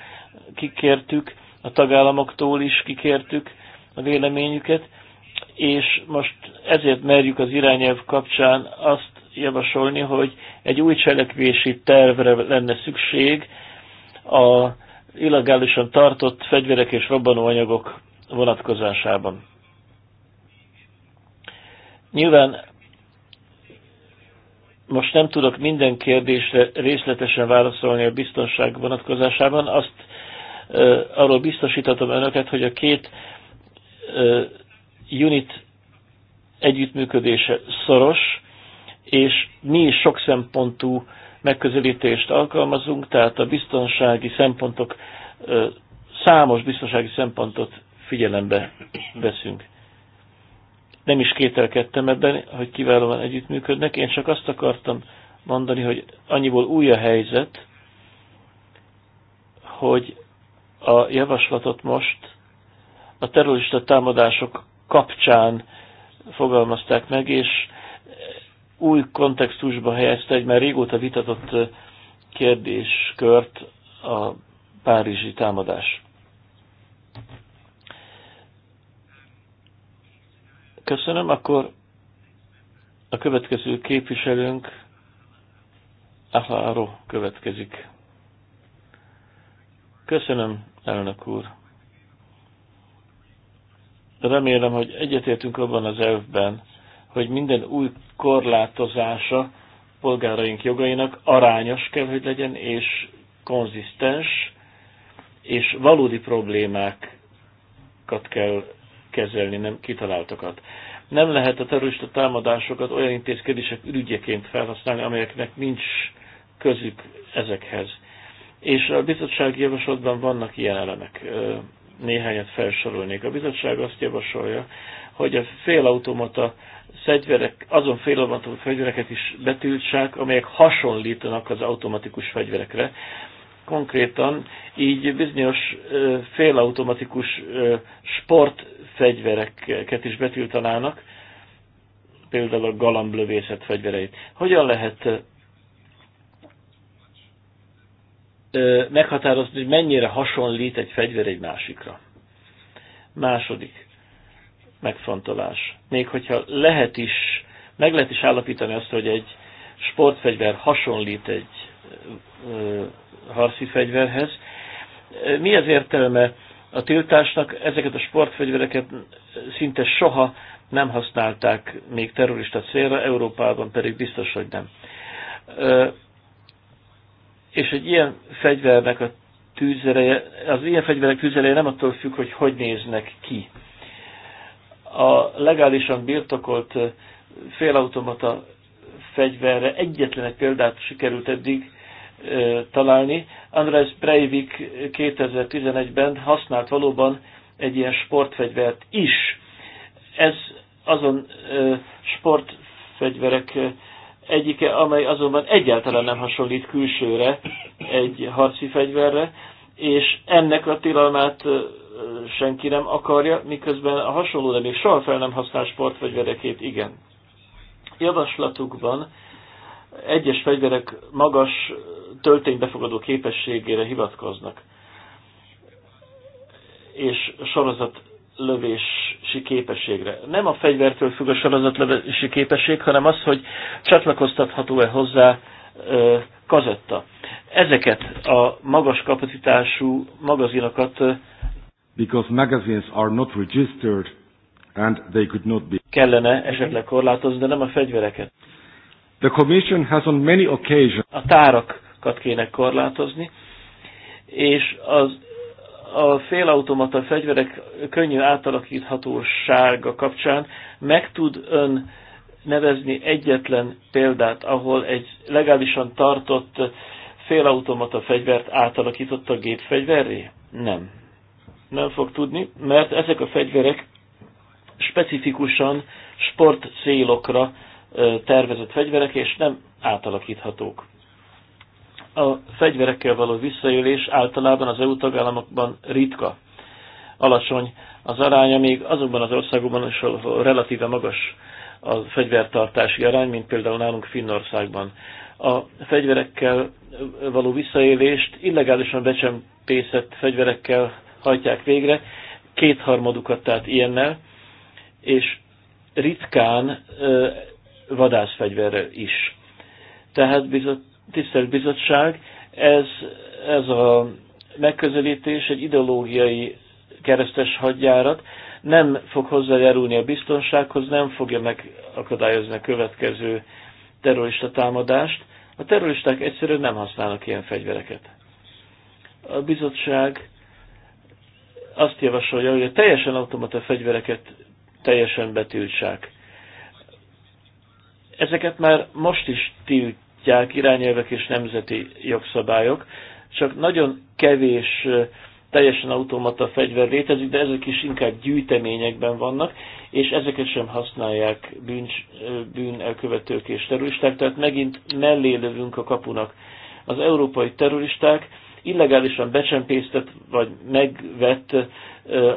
kikértük, a tagállamoktól is kikértük a véleményüket, és most ezért merjük az irányelv kapcsán azt javasolni, hogy egy új cselekvési tervre lenne szükség a illegálisan tartott fegyverek és robbanóanyagok vonatkozásában. Nyilván most nem tudok minden kérdésre részletesen válaszolni a biztonság vonatkozásában, azt arról biztosítatom önöket, hogy a két unit együttműködése szoros, és mi is sok szempontú megközelítést alkalmazunk, tehát a biztonsági szempontok, számos biztonsági szempontot figyelembe veszünk. Nem is kételkedtem ebben, hogy kiválóan együttműködnek, én csak azt akartam mondani, hogy annyiból új a helyzet, hogy a javaslatot most a terrorista támadások kapcsán fogalmazták meg, és új kontextusba helyezte egy már régóta vitatott kérdéskört a párizsi támadás. Köszönöm, akkor a következő képviselőnk Aharo következik. Köszönöm, elnök úr. Remélem, hogy egyetértünk abban az elvben, hogy minden új korlátozása polgáraink jogainak arányos kell, hogy legyen, és konzisztens, és valódi problémákat kell kezelni, nem kitaláltakat. Nem lehet a terrorista támadásokat olyan intézkedések ürügyeként felhasználni, amelyeknek nincs közük ezekhez. És a bizottsági javaslatban vannak ilyen elemek. Néhányat felsorolnék. A bizottság azt javasolja, hogy a félautomata fegyverek, azon félautomata fegyvereket is betiltsák, amelyek hasonlítanak az automatikus fegyverekre. Konkrétan így bizonyos félautomatikus sportfegyvereket is betiltanának, például a galamblövészet fegyvereit. Hogyan lehet meghatározni, hogy mennyire hasonlít egy fegyver egy másikra. Második megfontolás. Még hogyha lehet is, meg lehet is állapítani azt, hogy egy sportfegyver hasonlít egy harci fegyverhez, mi az értelme a tiltásnak? Ezeket a sportfegyvereket szinte soha nem használták még terrorista célra, Európában pedig biztos, hogy nem. És egy ilyen fegyvernek a tűzereje, az ilyen fegyverek tűzereje nem attól függ, hogy hogy néznek ki. A legálisan birtokolt félautomata fegyverre egyetlen egy példát sikerült eddig e, találni. András Breivik 2011-ben használt valóban egy ilyen sportfegyvert is. Ez azon e, sportfegyverek egyike, amely azonban egyáltalán nem hasonlít külsőre egy harci fegyverre, és ennek a tilalmát senki nem akarja, miközben a hasonló, de még soha fel nem használ sportfegyverekét igen. Javaslatukban egyes fegyverek magas tölténybefogadó képességére hivatkoznak, és sorozat lövési képességre. Nem a fegyvertől függ a sorozatlövési képesség, hanem az, hogy csatlakoztatható-e hozzá ö, kazetta. Ezeket a magas kapacitású magazinokat Because magazines are not registered and they could not be. kellene esetleg korlátozni, de nem a fegyvereket. The commission has on many occasions a tárakat kéne korlátozni, és az a félautomata fegyverek könnyű átalakíthatósága kapcsán meg tud ön nevezni egyetlen példát, ahol egy legálisan tartott félautomata fegyvert átalakított a gépfegyverré? Nem. Nem fog tudni, mert ezek a fegyverek specifikusan sport célokra tervezett fegyverek, és nem átalakíthatók a fegyverekkel való visszaélés általában az EU tagállamokban ritka. Alacsony az aránya még azokban az országokban is, ahol relatíve magas a fegyvertartási arány, mint például nálunk Finnországban. A fegyverekkel való visszaélést illegálisan becsempészett fegyverekkel hajtják végre, kétharmadukat tehát ilyennel, és ritkán vadászfegyverrel is. Tehát bizot, Tisztelt Bizottság, ez, ez a megközelítés egy ideológiai keresztes hadjárat, nem fog hozzájárulni a biztonsághoz, nem fogja megakadályozni a következő terrorista támadást. A terroristák egyszerűen nem használnak ilyen fegyvereket. A bizottság azt javasolja, hogy a teljesen automata fegyvereket teljesen betiltsák. Ezeket már most is tilt, irányítják irányelvek és nemzeti jogszabályok, csak nagyon kevés teljesen automata fegyver létezik, de ezek is inkább gyűjteményekben vannak, és ezeket sem használják bűncs, bűnelkövetők és terroristák, tehát megint mellé lövünk a kapunak. Az európai terroristák illegálisan becsempésztett vagy megvett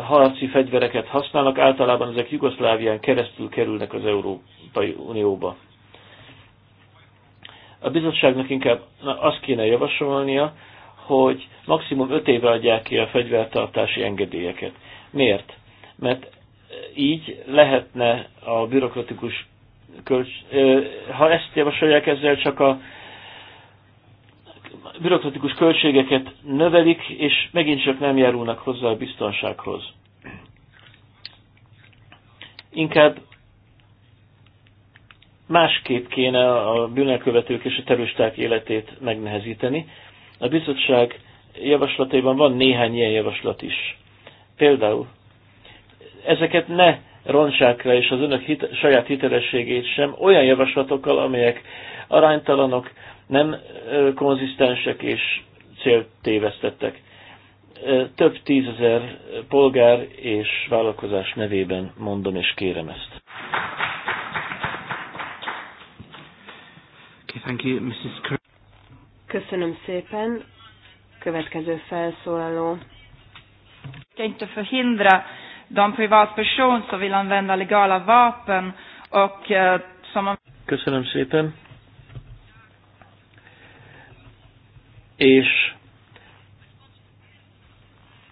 harci fegyvereket használnak, általában ezek Jugoszlávián keresztül kerülnek az Európai Unióba. A bizottságnak inkább azt kéne javasolnia, hogy maximum 5 évre adják ki a fegyvertartási engedélyeket. Miért? Mert így lehetne a bürokratikus kölcs... Ha ezt javasolják, ezzel csak a bürokratikus költségeket növelik, és megint csak nem járulnak hozzá a biztonsághoz. Inkább másképp kéne a bűnelkövetők és a terüsták életét megnehezíteni. A bizottság javaslataiban van néhány ilyen javaslat is. Például ezeket ne roncsákra és az önök hit, saját hitelességét sem olyan javaslatokkal, amelyek aránytalanok, nem konzisztensek és céltévesztettek. Több tízezer polgár és vállalkozás nevében mondom és kérem ezt. thank you, Mrs. Köszönöm szépen. Következő felszólaló. Ska förhindra de person som vill använda legala vapen och eh, som... Köszönöm szépen. És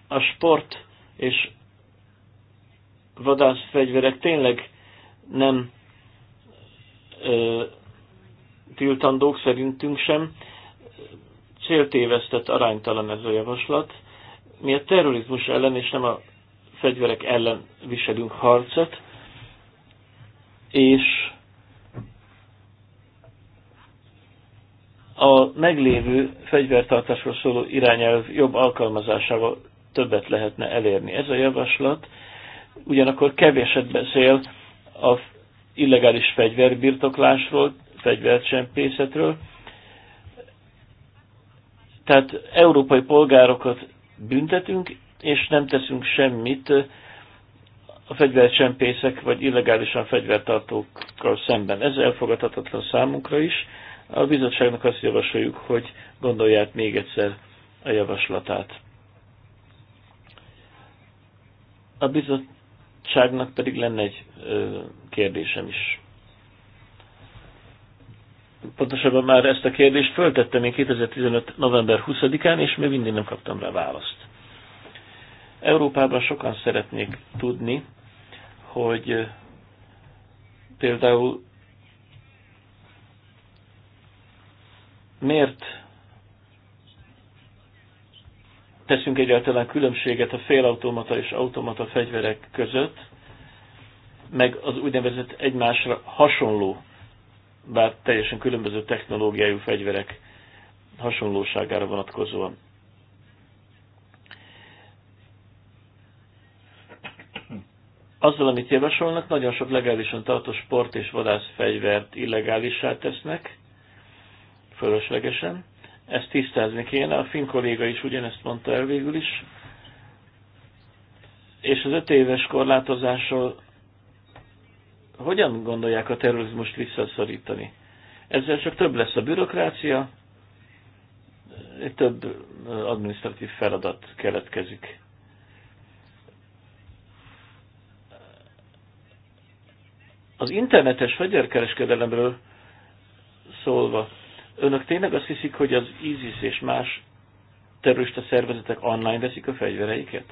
a sport és vadászfegyverek tényleg nem ö, tiltandók, szerintünk sem. Céltévesztett aránytalan ez a javaslat. Mi a terrorizmus ellen és nem a fegyverek ellen viselünk harcot, és a meglévő fegyvertartásról szóló irányelv jobb alkalmazásával többet lehetne elérni. Ez a javaslat ugyanakkor keveset beszél a illegális fegyverbirtoklásról, fegyvercsempészetről. Tehát európai polgárokat büntetünk, és nem teszünk semmit a fegyvercsempészek vagy illegálisan fegyvertartókkal szemben. Ez elfogadhatatlan számunkra is. A bizottságnak azt javasoljuk, hogy gondolják még egyszer a javaslatát. A bizottságnak pedig lenne egy kérdésem is pontosabban már ezt a kérdést föltettem én 2015. november 20-án, és még mindig nem kaptam rá választ. Európában sokan szeretnék tudni, hogy például miért teszünk egyáltalán különbséget a félautomata és automata fegyverek között, meg az úgynevezett egymásra hasonló bár teljesen különböző technológiájú fegyverek hasonlóságára vonatkozóan. Azzal, amit javasolnak, nagyon sok legálisan tartott sport és vadász fegyvert illegálissá tesznek, fölöslegesen. Ezt tisztázni kéne, a finn kolléga is ugyanezt mondta el végül is. És az öt éves korlátozásról hogyan gondolják a terrorizmust visszaszorítani? Ezzel csak több lesz a bürokrácia, több administratív feladat keletkezik. Az internetes fegyverkereskedelemről szólva, önök tényleg azt hiszik, hogy az ISIS és más terrorista szervezetek online veszik a fegyvereiket?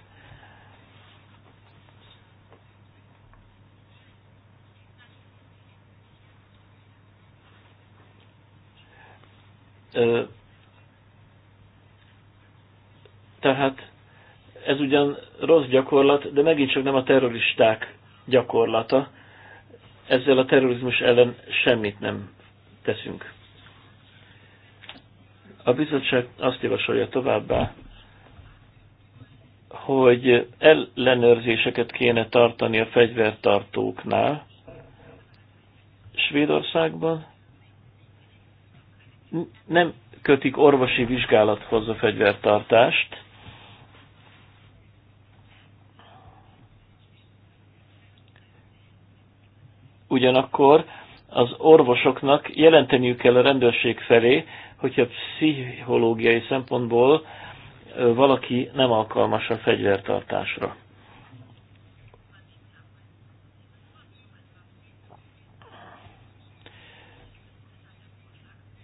Tehát ez ugyan rossz gyakorlat, de megint csak nem a terroristák gyakorlata. Ezzel a terrorizmus ellen semmit nem teszünk. A bizottság azt javasolja továbbá, hogy ellenőrzéseket kéne tartani a fegyvertartóknál Svédországban, nem kötik orvosi vizsgálathoz a fegyvertartást, ugyanakkor az orvosoknak jelenteniük kell a rendőrség felé, hogyha pszichológiai szempontból valaki nem alkalmas a fegyvertartásra.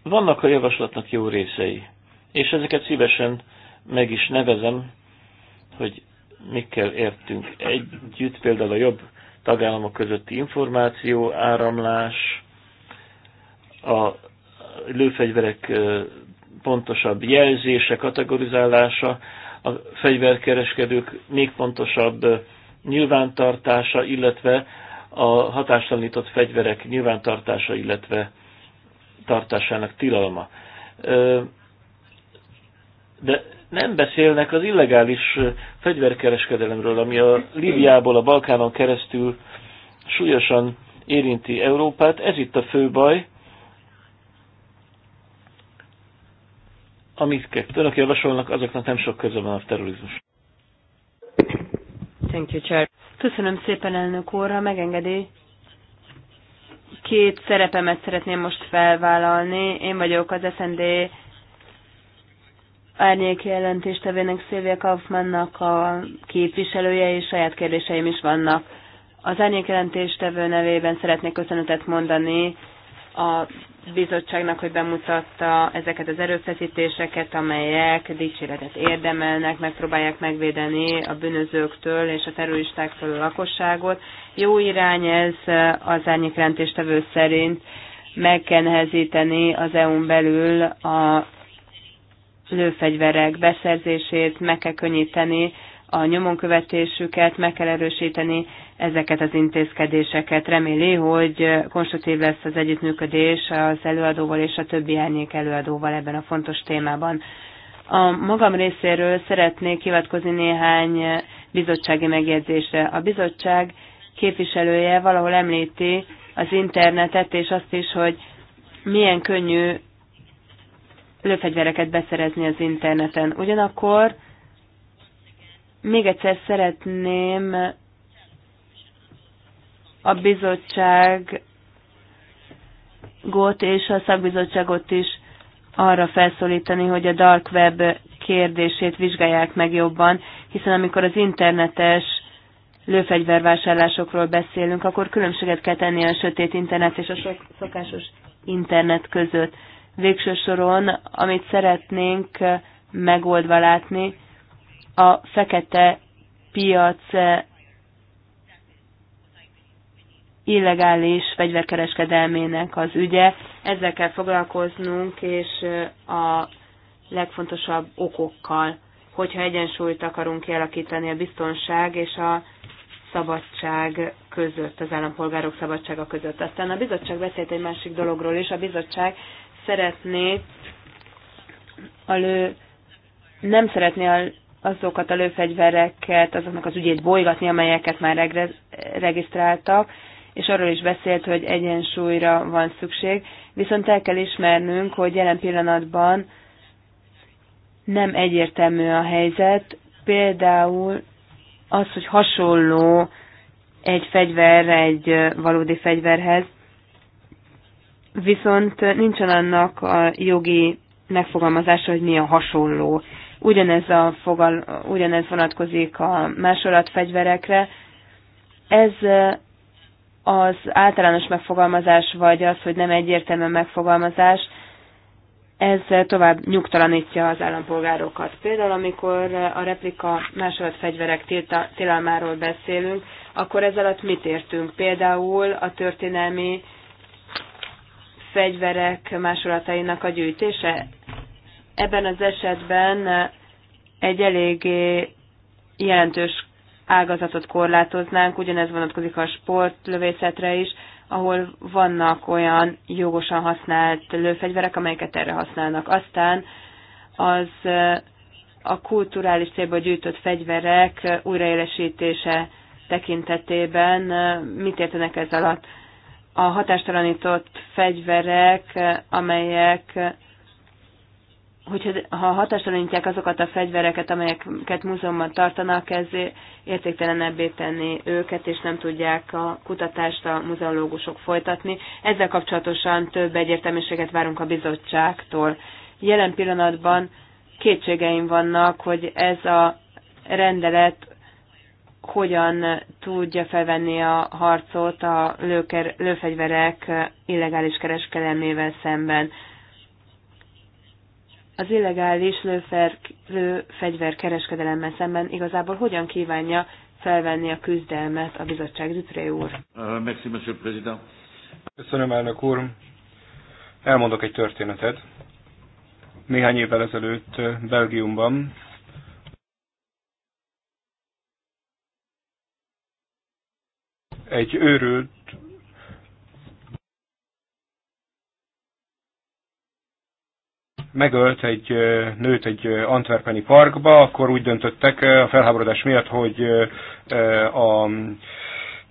Vannak a javaslatnak jó részei, és ezeket szívesen meg is nevezem, hogy mikkel értünk együtt, például a jobb tagállamok közötti információ, áramlás, a lőfegyverek pontosabb jelzése, kategorizálása, a fegyverkereskedők még pontosabb nyilvántartása, illetve a hatástalanított fegyverek nyilvántartása, illetve tartásának tilalma. De nem beszélnek az illegális fegyverkereskedelemről, ami a Líbiából a Balkánon keresztül súlyosan érinti Európát. Ez itt a fő baj, amiket önök javasolnak, azoknak nem sok köze van a terrorizmus. Thank you, Chair. Köszönöm szépen, elnök úr, ha megengedi, két szerepemet szeretném most felvállalni. Én vagyok az SND árnyék jelentéstevének Szilvia Kaufmannnak a képviselője, és saját kérdéseim is vannak. Az árnyék jelentéstevő nevében szeretnék köszönetet mondani a bizottságnak, hogy bemutatta ezeket az erőfeszítéseket, amelyek dicséretet érdemelnek, megpróbálják megvédeni a bűnözőktől és a terroristáktól a lakosságot. Jó irány ez az árnyékrendtéstevő szerint meg kell nehezíteni az EU-n belül a lőfegyverek beszerzését, meg kell könnyíteni a nyomonkövetésüket, meg kell erősíteni ezeket az intézkedéseket. Reméli, hogy konstruktív lesz az együttműködés az előadóval és a többi árnyék előadóval ebben a fontos témában. A magam részéről szeretnék hivatkozni néhány bizottsági megjegyzésre. A bizottság képviselője valahol említi az internetet, és azt is, hogy milyen könnyű lőfegyvereket beszerezni az interneten. Ugyanakkor még egyszer szeretném a bizottságot és a szakbizottságot is arra felszólítani, hogy a dark web kérdését vizsgálják meg jobban, hiszen amikor az internetes lőfegyvervásárlásokról beszélünk, akkor különbséget kell tenni a sötét internet és a sok szokásos internet között. Végső soron, amit szeretnénk megoldva látni, a fekete piac illegális fegyverkereskedelmének az ügye. Ezzel kell foglalkoznunk, és a legfontosabb okokkal, hogyha egyensúlyt akarunk kialakítani a biztonság és a szabadság között, az állampolgárok szabadsága között. Aztán a bizottság beszélt egy másik dologról is. A bizottság szeretné a lő, nem szeretné a azokat a lőfegyvereket, azoknak az ügyét bolygatni, amelyeket már regisztráltak, és arról is beszélt, hogy egyensúlyra van szükség. Viszont el kell ismernünk, hogy jelen pillanatban nem egyértelmű a helyzet. Például az, hogy hasonló egy fegyver egy valódi fegyverhez, viszont nincsen annak a jogi megfogalmazása, hogy mi a hasonló ugyanez, a fogal, ugyanez vonatkozik a másolatfegyverekre. Ez az általános megfogalmazás, vagy az, hogy nem egyértelmű megfogalmazás, ez tovább nyugtalanítja az állampolgárokat. Például, amikor a replika másolatfegyverek tilta, tilalmáról beszélünk, akkor ez alatt mit értünk? Például a történelmi fegyverek másolatainak a gyűjtése? Ebben az esetben egy eléggé jelentős ágazatot korlátoznánk, ugyanez vonatkozik a sportlövészetre is, ahol vannak olyan jogosan használt lőfegyverek, amelyeket erre használnak. Aztán az a kulturális célból gyűjtött fegyverek újraélesítése tekintetében mit értenek ez alatt? A hatástalanított fegyverek, amelyek hogyha ha hatástalanítják azokat a fegyvereket, amelyeket múzeumban tartanak, ez értéktelenebbé tenni őket, és nem tudják a kutatást a muzeológusok folytatni. Ezzel kapcsolatosan több egyértelműséget várunk a bizottságtól. Jelen pillanatban kétségeim vannak, hogy ez a rendelet hogyan tudja felvenni a harcot a lőker, lőfegyverek illegális kereskedelmével szemben az illegális lőfer, kereskedelemmel szemben igazából hogyan kívánja felvenni a küzdelmet a bizottság Dupré úr? Uh, Köszönöm, elnök úr. Elmondok egy történetet. Néhány évvel ezelőtt uh, Belgiumban egy őrült megölt egy nőt egy antwerpeni parkba, akkor úgy döntöttek a felháborodás miatt, hogy a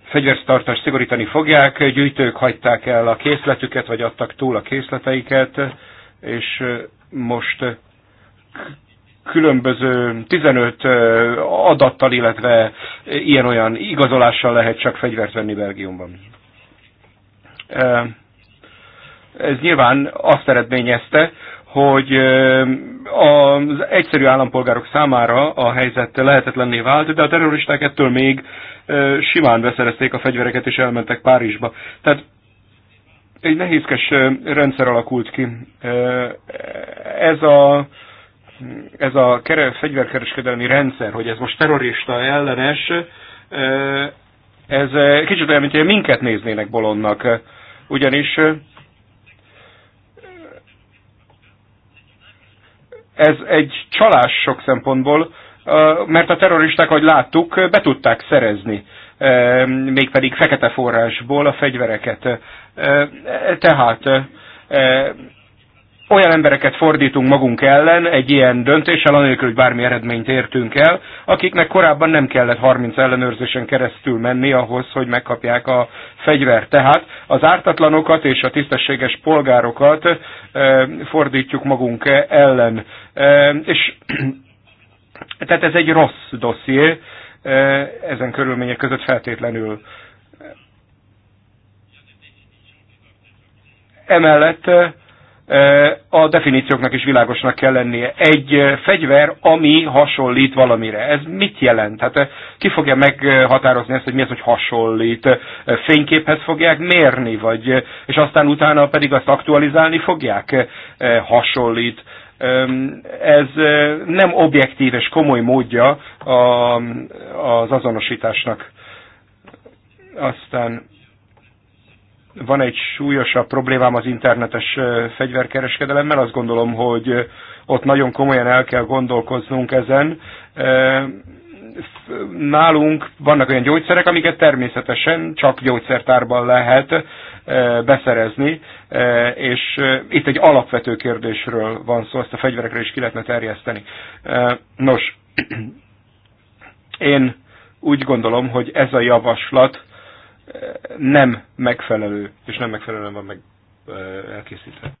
fegyverztartást szigorítani fogják, gyűjtők hagyták el a készletüket, vagy adtak túl a készleteiket, és most különböző 15 adattal, illetve ilyen-olyan igazolással lehet csak fegyvert venni Belgiumban. Ez nyilván azt eredményezte, hogy az egyszerű állampolgárok számára a helyzet lehetetlenné vált, de a terroristák ettől még simán beszerezték a fegyvereket és elmentek Párizsba. Tehát egy nehézkes rendszer alakult ki. Ez a, ez a kere, fegyverkereskedelmi rendszer, hogy ez most terrorista ellenes, ez kicsit olyan, mint hogy minket néznének bolondnak. Ugyanis Ez egy csalás sok szempontból, mert a terroristák, ahogy láttuk, be tudták szerezni mégpedig fekete forrásból a fegyvereket. Tehát olyan embereket fordítunk magunk ellen egy ilyen döntéssel, anélkül, hogy bármi eredményt értünk el, akiknek korábban nem kellett 30 ellenőrzésen keresztül menni ahhoz, hogy megkapják a fegyvert. Tehát az ártatlanokat és a tisztességes polgárokat fordítjuk magunk ellen. és tehát ez egy rossz dosszié, ezen körülmények között feltétlenül. Emellett Eh, a definícióknak is világosnak kell lennie. Egy eh, fegyver, ami hasonlít valamire. Ez mit jelent? Hát eh, ki fogja meghatározni ezt, hogy mi az, hogy hasonlít? Fényképhez fogják mérni, vagy, és aztán utána pedig azt aktualizálni fogják? Hasonlít. Ez nem objektív és komoly módja az azonosításnak. Aztán van egy súlyosabb problémám az internetes fegyverkereskedelemmel, azt gondolom, hogy ott nagyon komolyan el kell gondolkoznunk ezen. Nálunk vannak olyan gyógyszerek, amiket természetesen csak gyógyszertárban lehet beszerezni, és itt egy alapvető kérdésről van szó, ezt a fegyverekre is ki lehetne terjeszteni. Nos, én úgy gondolom, hogy ez a javaslat nem megfelelő, és nem megfelelően van meg elkészítve.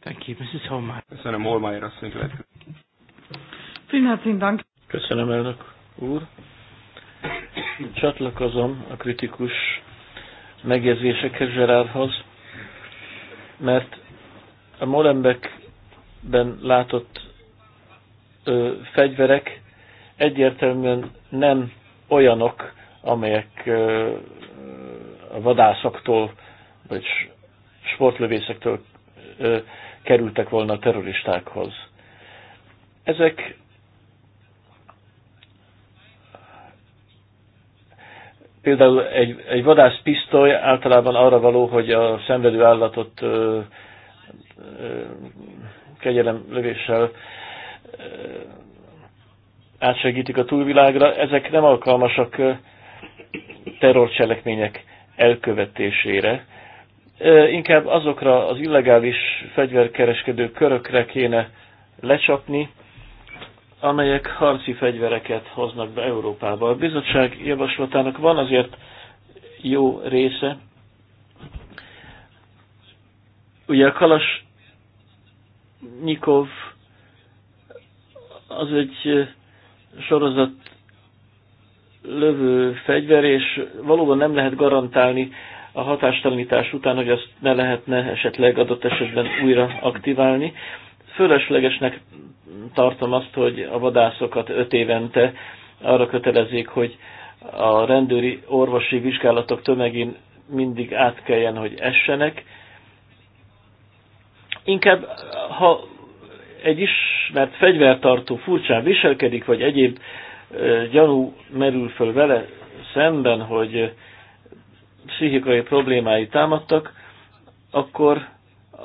Thank you, Mrs. Holmeyer. Köszönöm, Holmeyer asszony következik. Vielen Dank. Köszönöm, elnök úr. Csatlakozom a kritikus megjegyzésekhez Zserárhoz, mert a Molenbekben látott ö, fegyverek egyértelműen nem olyanok, amelyek a vadászoktól vagy sportlövészektől kerültek volna a terroristákhoz. Ezek például egy, egy vadászpisztoly általában arra való, hogy a szenvedő állatot ö, ö, kegyelemlövéssel átsegítik a túlvilágra. Ezek nem alkalmasak terrorcselekmények elkövetésére. Inkább azokra az illegális fegyverkereskedő körökre kéne lecsapni, amelyek harci fegyvereket hoznak be Európába. A bizottság javaslatának van azért jó része. Ugye a Kalas Nikov az egy sorozat lövő fegyver, és valóban nem lehet garantálni a hatástalanítás után, hogy azt ne lehetne esetleg adott esetben újra aktiválni. Fölöslegesnek tartom azt, hogy a vadászokat öt évente arra kötelezik, hogy a rendőri orvosi vizsgálatok tömegén mindig át kelljen, hogy essenek. Inkább, ha egy ismert fegyvertartó furcsán viselkedik, vagy egyéb gyanú merül föl vele szemben, hogy pszichikai problémái támadtak, akkor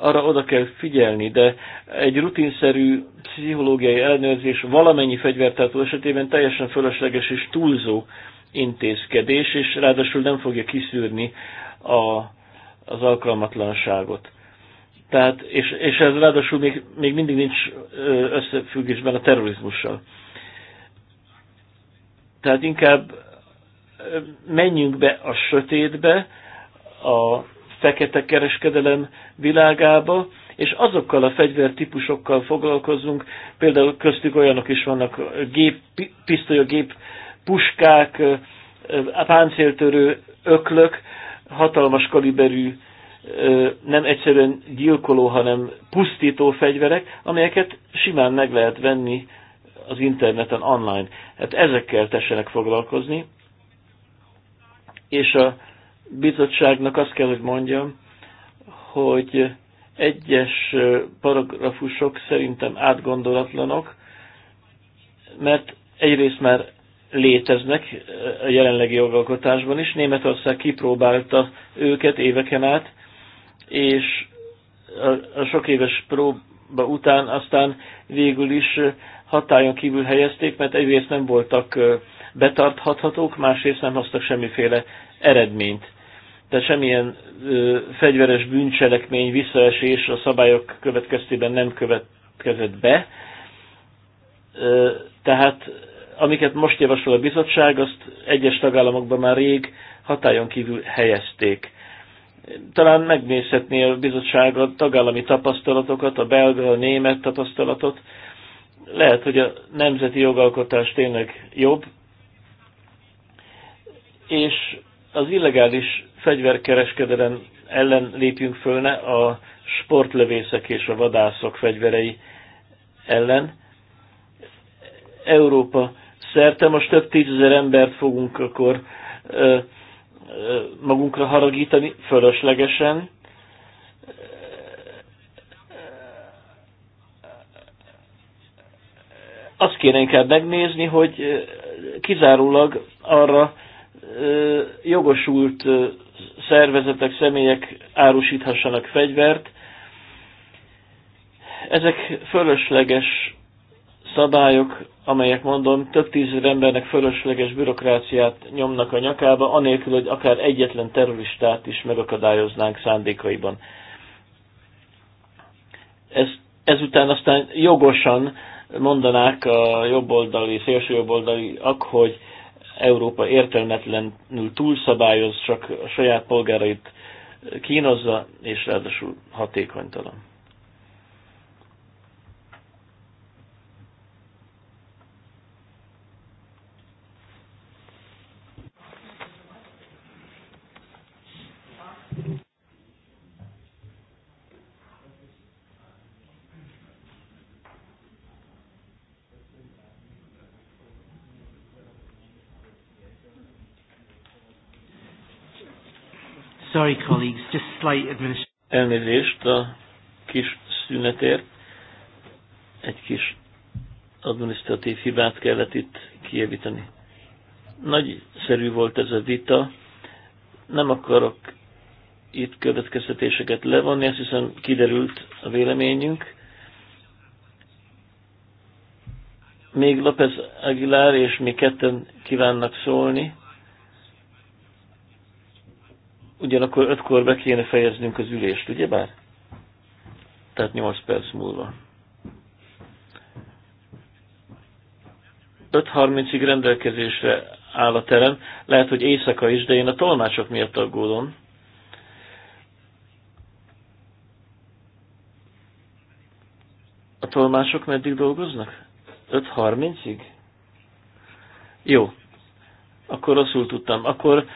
arra oda kell figyelni, de egy rutinszerű pszichológiai ellenőrzés valamennyi fegyvertartó esetében teljesen fölösleges és túlzó intézkedés, és ráadásul nem fogja kiszűrni a, az alkalmatlanságot. Tehát, és, és ez ráadásul még, még mindig nincs összefüggésben a terrorizmussal. Tehát inkább menjünk be a sötétbe, a fekete kereskedelem világába, és azokkal a fegyvertípusokkal foglalkozunk, például köztük olyanok is vannak, gép, pisztolyogép, puskák, páncéltörő öklök, hatalmas kaliberű, nem egyszerűen gyilkoló, hanem pusztító fegyverek, amelyeket simán meg lehet venni az interneten, online. Hát ezekkel tessenek foglalkozni, és a bizottságnak azt kell, hogy mondjam, hogy egyes paragrafusok szerintem átgondolatlanok, mert egyrészt már léteznek a jelenlegi jogalkotásban is. Németország kipróbálta őket éveken át, és a, sok éves próba után aztán végül is hatályon kívül helyezték, mert egyrészt nem voltak betarthatók, másrészt nem hoztak semmiféle eredményt. Tehát semmilyen ö, fegyveres bűncselekmény, visszaesés a szabályok következtében nem következett be. Ö, tehát amiket most javasol a bizottság, azt egyes tagállamokban már rég hatályon kívül helyezték. Talán megnézhetné a bizottság a tagállami tapasztalatokat, a belga, a német tapasztalatot, lehet, hogy a nemzeti jogalkotás tényleg jobb, és az illegális fegyverkereskedelem ellen lépjünk fölne a sportlövészek és a vadászok fegyverei ellen. Európa szerte most több tízezer embert fogunk akkor ö, ö, magunkra haragítani fölöslegesen, azt kéne inkább megnézni, hogy kizárólag arra jogosult szervezetek, személyek árusíthassanak fegyvert. Ezek fölösleges szabályok, amelyek mondom, több tízezer embernek fölösleges bürokráciát nyomnak a nyakába, anélkül, hogy akár egyetlen terroristát is megakadályoznánk szándékaiban. Ez, ezután aztán jogosan mondanák a jobboldali, szélsőjobboldaliak, hogy Európa értelmetlenül túlszabályoz, csak a saját polgárait kínozza, és ráadásul hatékonytalan. Sorry, colleagues, just slight administration. Elnézést a kis szünetért. Egy kis administratív hibát kellett itt kievíteni. Nagyszerű volt ez a vita. Nem akarok itt következtetéseket levonni, azt hiszem kiderült a véleményünk. Még López Aguilar és mi ketten kívánnak szólni ugyanakkor ötkor be kéne fejeznünk az ülést, ugye bár? Tehát nyolc perc múlva. 5.30-ig rendelkezésre áll a terem, lehet, hogy éjszaka is, de én a tolmácsok miatt aggódom. A tolmácsok meddig dolgoznak? 5.30-ig? Jó. Akkor rosszul tudtam. Akkor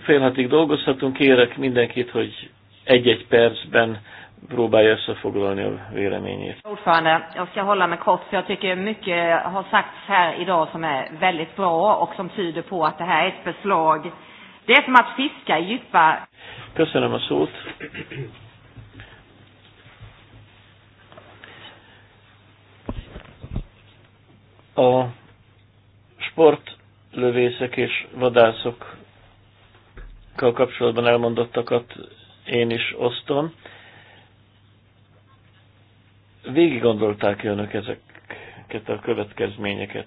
fél hatig dolgozhatunk, kérek mindenkit, hogy egy-egy percben próbálja összefoglalni a véleményét. Ordförande, jag ska hålla mig kort för jag tycker mycket har sagts här idag som är väldigt bra och som tyder på att det här är ett förslag. Det är som att fiska i djupa... Köszönöm a szót. A sportlövészek és vadászok kapcsolatban elmondottakat én is osztom. Végig gondolták önök ezeket a következményeket.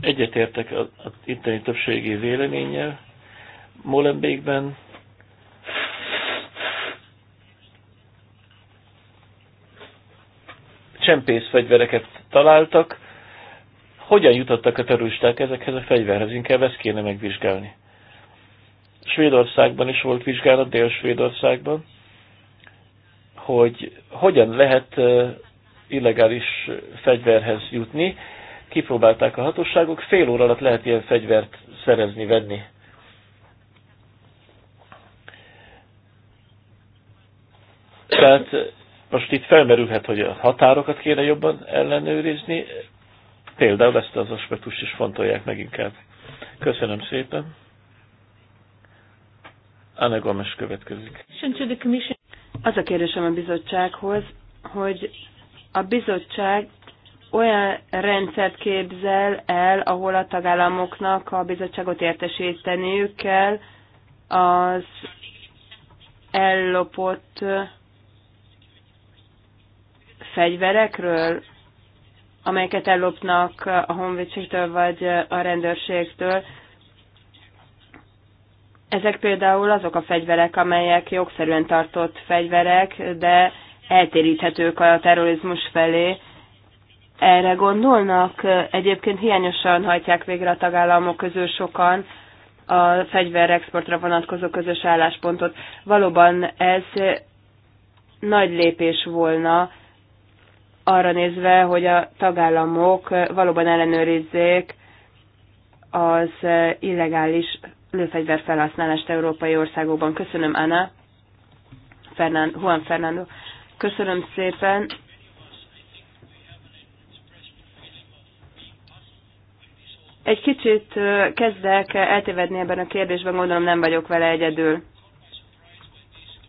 Egyetértek az itteni többségi véleménnyel. Molenbékben csempész fegyvereket találtak. Hogyan jutottak a terroristák ezekhez a fegyverhez? Inkább ezt kéne megvizsgálni. Svédországban is volt vizsgálat, Dél-Svédországban, hogy hogyan lehet illegális fegyverhez jutni. Kipróbálták a hatóságok, fél óra alatt lehet ilyen fegyvert szerezni, venni. Tehát most itt felmerülhet, hogy a határokat kéne jobban ellenőrizni, például ezt az aspektust is fontolják meg inkább. Köszönöm szépen! Anna Gomes következik. Az a kérdésem a bizottsághoz, hogy a bizottság olyan rendszert képzel el, ahol a tagállamoknak a bizottságot értesíteniük kell az ellopott fegyverekről, amelyeket ellopnak a honvédségtől vagy a rendőrségtől, ezek például azok a fegyverek, amelyek jogszerűen tartott fegyverek, de eltéríthetők a terrorizmus felé. Erre gondolnak, egyébként hiányosan hajtják végre a tagállamok közül sokan a fegyverexportra vonatkozó közös álláspontot. Valóban ez nagy lépés volna arra nézve, hogy a tagállamok valóban ellenőrizzék az illegális lőfegyver felhasználást európai országokban. Köszönöm, Anna. Fernan, Juan Fernando. Köszönöm szépen. Egy kicsit kezdek eltévedni ebben a kérdésben, gondolom nem vagyok vele egyedül.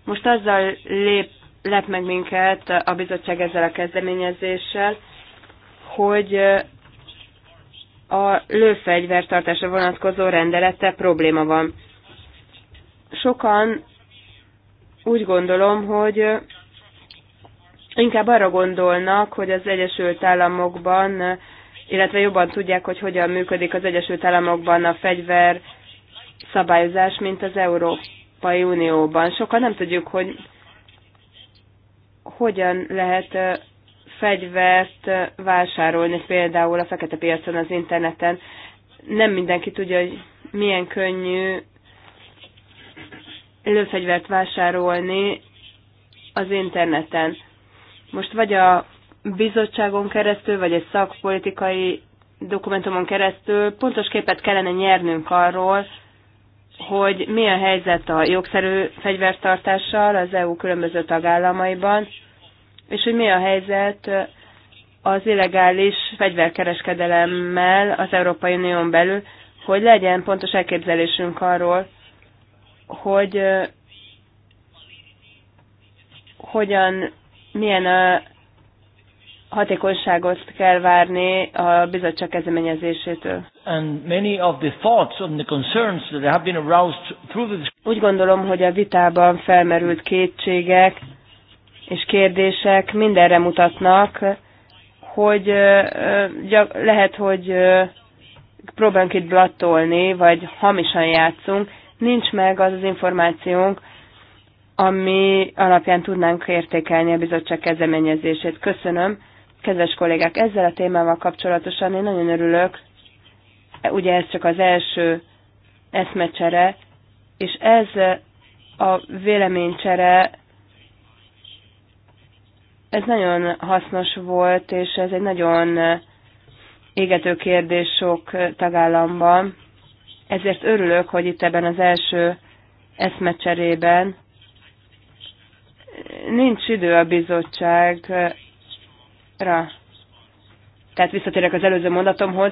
Most azzal lép, lep meg minket a bizottság ezzel a kezdeményezéssel, hogy a lőfegyvertartásra vonatkozó rendelette probléma van. Sokan úgy gondolom, hogy inkább arra gondolnak, hogy az Egyesült Államokban, illetve jobban tudják, hogy hogyan működik az Egyesült Államokban a fegyver szabályozás, mint az Európai Unióban. Sokan nem tudjuk, hogy hogyan lehet fegyvert vásárolni, például a fekete piacon, az interneten. Nem mindenki tudja, hogy milyen könnyű lőfegyvert vásárolni az interneten. Most vagy a bizottságon keresztül, vagy egy szakpolitikai dokumentumon keresztül pontos képet kellene nyernünk arról, hogy mi a helyzet a jogszerű fegyvertartással az EU különböző tagállamaiban, és hogy mi a helyzet az illegális fegyverkereskedelemmel az Európai Unión belül, hogy legyen pontos elképzelésünk arról, hogy hogyan, milyen a hatékonyságot kell várni a bizottság kezdeményezésétől. Úgy gondolom, hogy a vitában felmerült kétségek és kérdések mindenre mutatnak, hogy lehet, hogy próbálunk itt blattolni, vagy hamisan játszunk, nincs meg az az információnk, ami alapján tudnánk értékelni a bizottság kezdeményezését. Köszönöm, kedves kollégák, ezzel a témával kapcsolatosan én nagyon örülök. Ugye ez csak az első eszmecsere, és ez a véleménycsere ez nagyon hasznos volt, és ez egy nagyon égető kérdés sok tagállamban. Ezért örülök, hogy itt ebben az első eszmecserében nincs idő a bizottságra. Tehát visszatérek az előző mondatomhoz,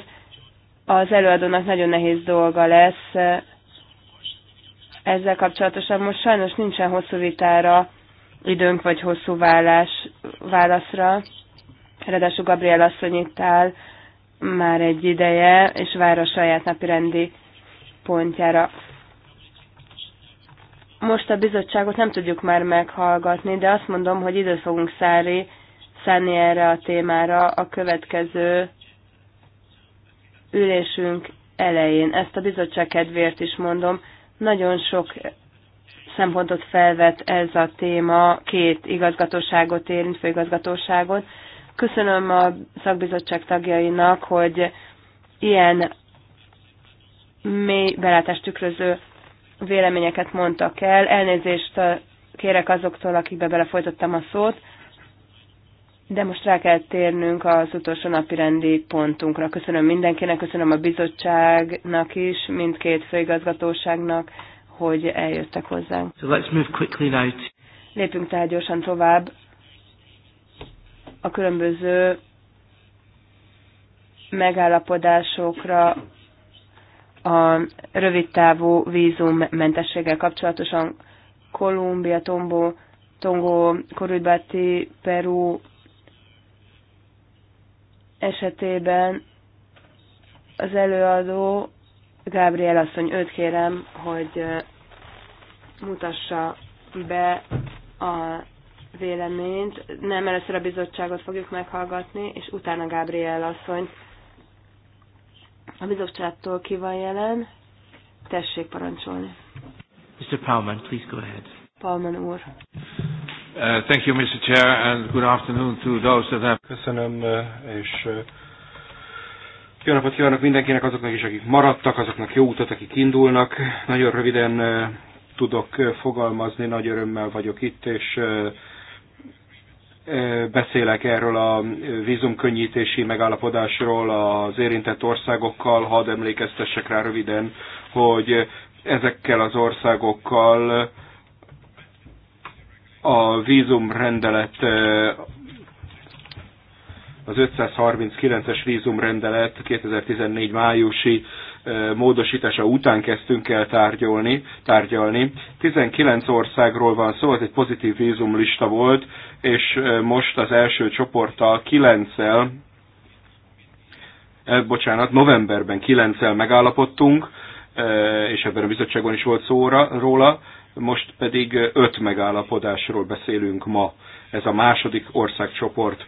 az előadónak nagyon nehéz dolga lesz ezzel kapcsolatosan. Most sajnos nincsen hosszú vitára időnk, vagy hosszú vállás, válaszra. Ráadásul Gabriel asszony itt áll már egy ideje, és vár a saját napi rendi pontjára. Most a bizottságot nem tudjuk már meghallgatni, de azt mondom, hogy időt fogunk szállni, szállni erre a témára a következő ülésünk elején. Ezt a bizottság kedvéért is mondom. Nagyon sok szempontot felvet ez a téma, két igazgatóságot érint, főigazgatóságot. Köszönöm a szakbizottság tagjainak, hogy ilyen mély belátást tükröző véleményeket mondtak el. Elnézést kérek azoktól, akikbe belefolytottam a szót, de most rá kell térnünk az utolsó napi rendi pontunkra. Köszönöm mindenkinek, köszönöm a bizottságnak is, mindkét főigazgatóságnak hogy eljöttek hozzánk. So let's move quickly now. Lépjünk tehát gyorsan tovább a különböző megállapodásokra a rövidtávú mentességgel kapcsolatosan Kolumbia, Tombó, Tongó, Korübati, Peru esetében az előadó Gábriel asszony, őt kérem, hogy mutassa be a véleményt. Nem, először a bizottságot fogjuk meghallgatni, és utána Gábriel asszony. A bizottságtól ki van jelen? Tessék parancsolni. Mr. Palman, please go ahead. Palman úr. Uh, thank you, Mr. Chair, and good afternoon to those that have... Köszönöm, uh, és uh, jó napot kívánok mindenkinek, azoknak is, akik maradtak, azoknak jó utat, akik indulnak. Nagyon röviden tudok fogalmazni, nagy örömmel vagyok itt, és beszélek erről a vízumkönnyítési megállapodásról az érintett országokkal, hadd emlékeztessek rá röviden, hogy ezekkel az országokkal a vízumrendelet az 539-es vízumrendelet 2014 májusi módosítása után kezdtünk el tárgyalni, tárgyalni. 19 országról van szó, ez egy pozitív vízumlista volt, és most az első csoporttal 9-el, bocsánat, novemberben 9-el megállapodtunk, és ebben a bizottságon is volt szó róla, most pedig öt megállapodásról beszélünk ma. Ez a második országcsoport.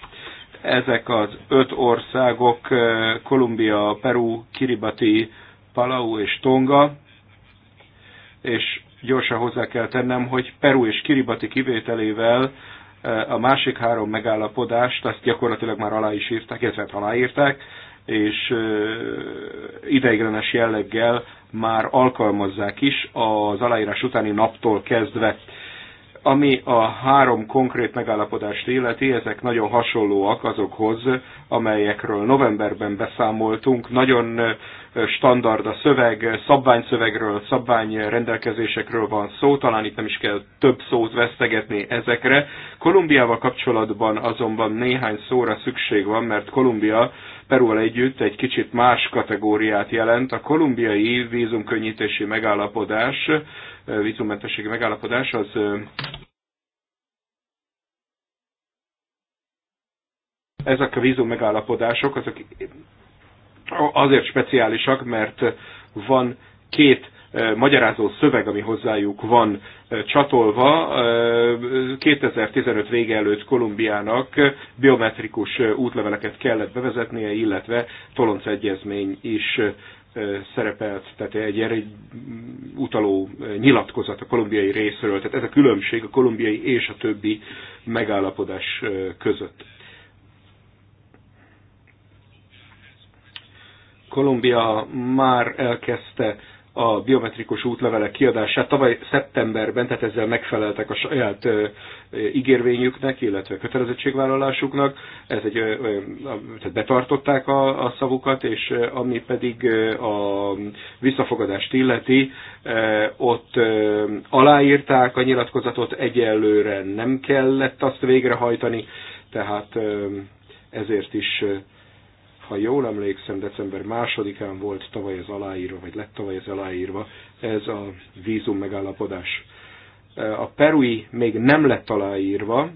Ezek az öt országok, eh, Kolumbia, Peru, Kiribati, Palau és Tonga, és gyorsan hozzá kell tennem, hogy Peru és Kiribati kivételével eh, a másik három megállapodást, azt gyakorlatilag már alá is írták, illetve hát aláírták, és eh, ideiglenes jelleggel már alkalmazzák is az aláírás utáni naptól kezdve. Ami a három konkrét megállapodást illeti, ezek nagyon hasonlóak azokhoz, amelyekről novemberben beszámoltunk. Nagyon standard a szöveg, szabványszövegről, szabványrendelkezésekről van szó, talán itt nem is kell több szót vesztegetni ezekre. Kolumbiával kapcsolatban azonban néhány szóra szükség van, mert Kolumbia Perúval együtt egy kicsit más kategóriát jelent. A kolumbiai vízumkönnyítési megállapodás vízummentességi megállapodás az ezek a vízum megállapodások azok azért speciálisak, mert van két magyarázó szöveg, ami hozzájuk van csatolva. 2015 vége előtt Kolumbiának biometrikus útleveleket kellett bevezetnie, illetve toloncegyezmény is szerepelt, tehát egy ilyen egy utaló nyilatkozat a kolumbiai részről, tehát ez a különbség a kolumbiai és a többi megállapodás között. Kolumbia már elkezdte a biometrikus útlevelek kiadását tavaly szeptemberben, tehát ezzel megfeleltek a saját ígérvényüknek, illetve kötelezettségvállalásuknak, ez egy, tehát betartották a, a szavukat, és ami pedig a visszafogadást illeti, ott aláírták a nyilatkozatot, egyelőre nem kellett azt végrehajtani, tehát ezért is ha jól emlékszem, december másodikán volt tavaly az aláírva, vagy lett tavaly az aláírva, ez a vízum megállapodás. E, a perui még nem lett aláírva,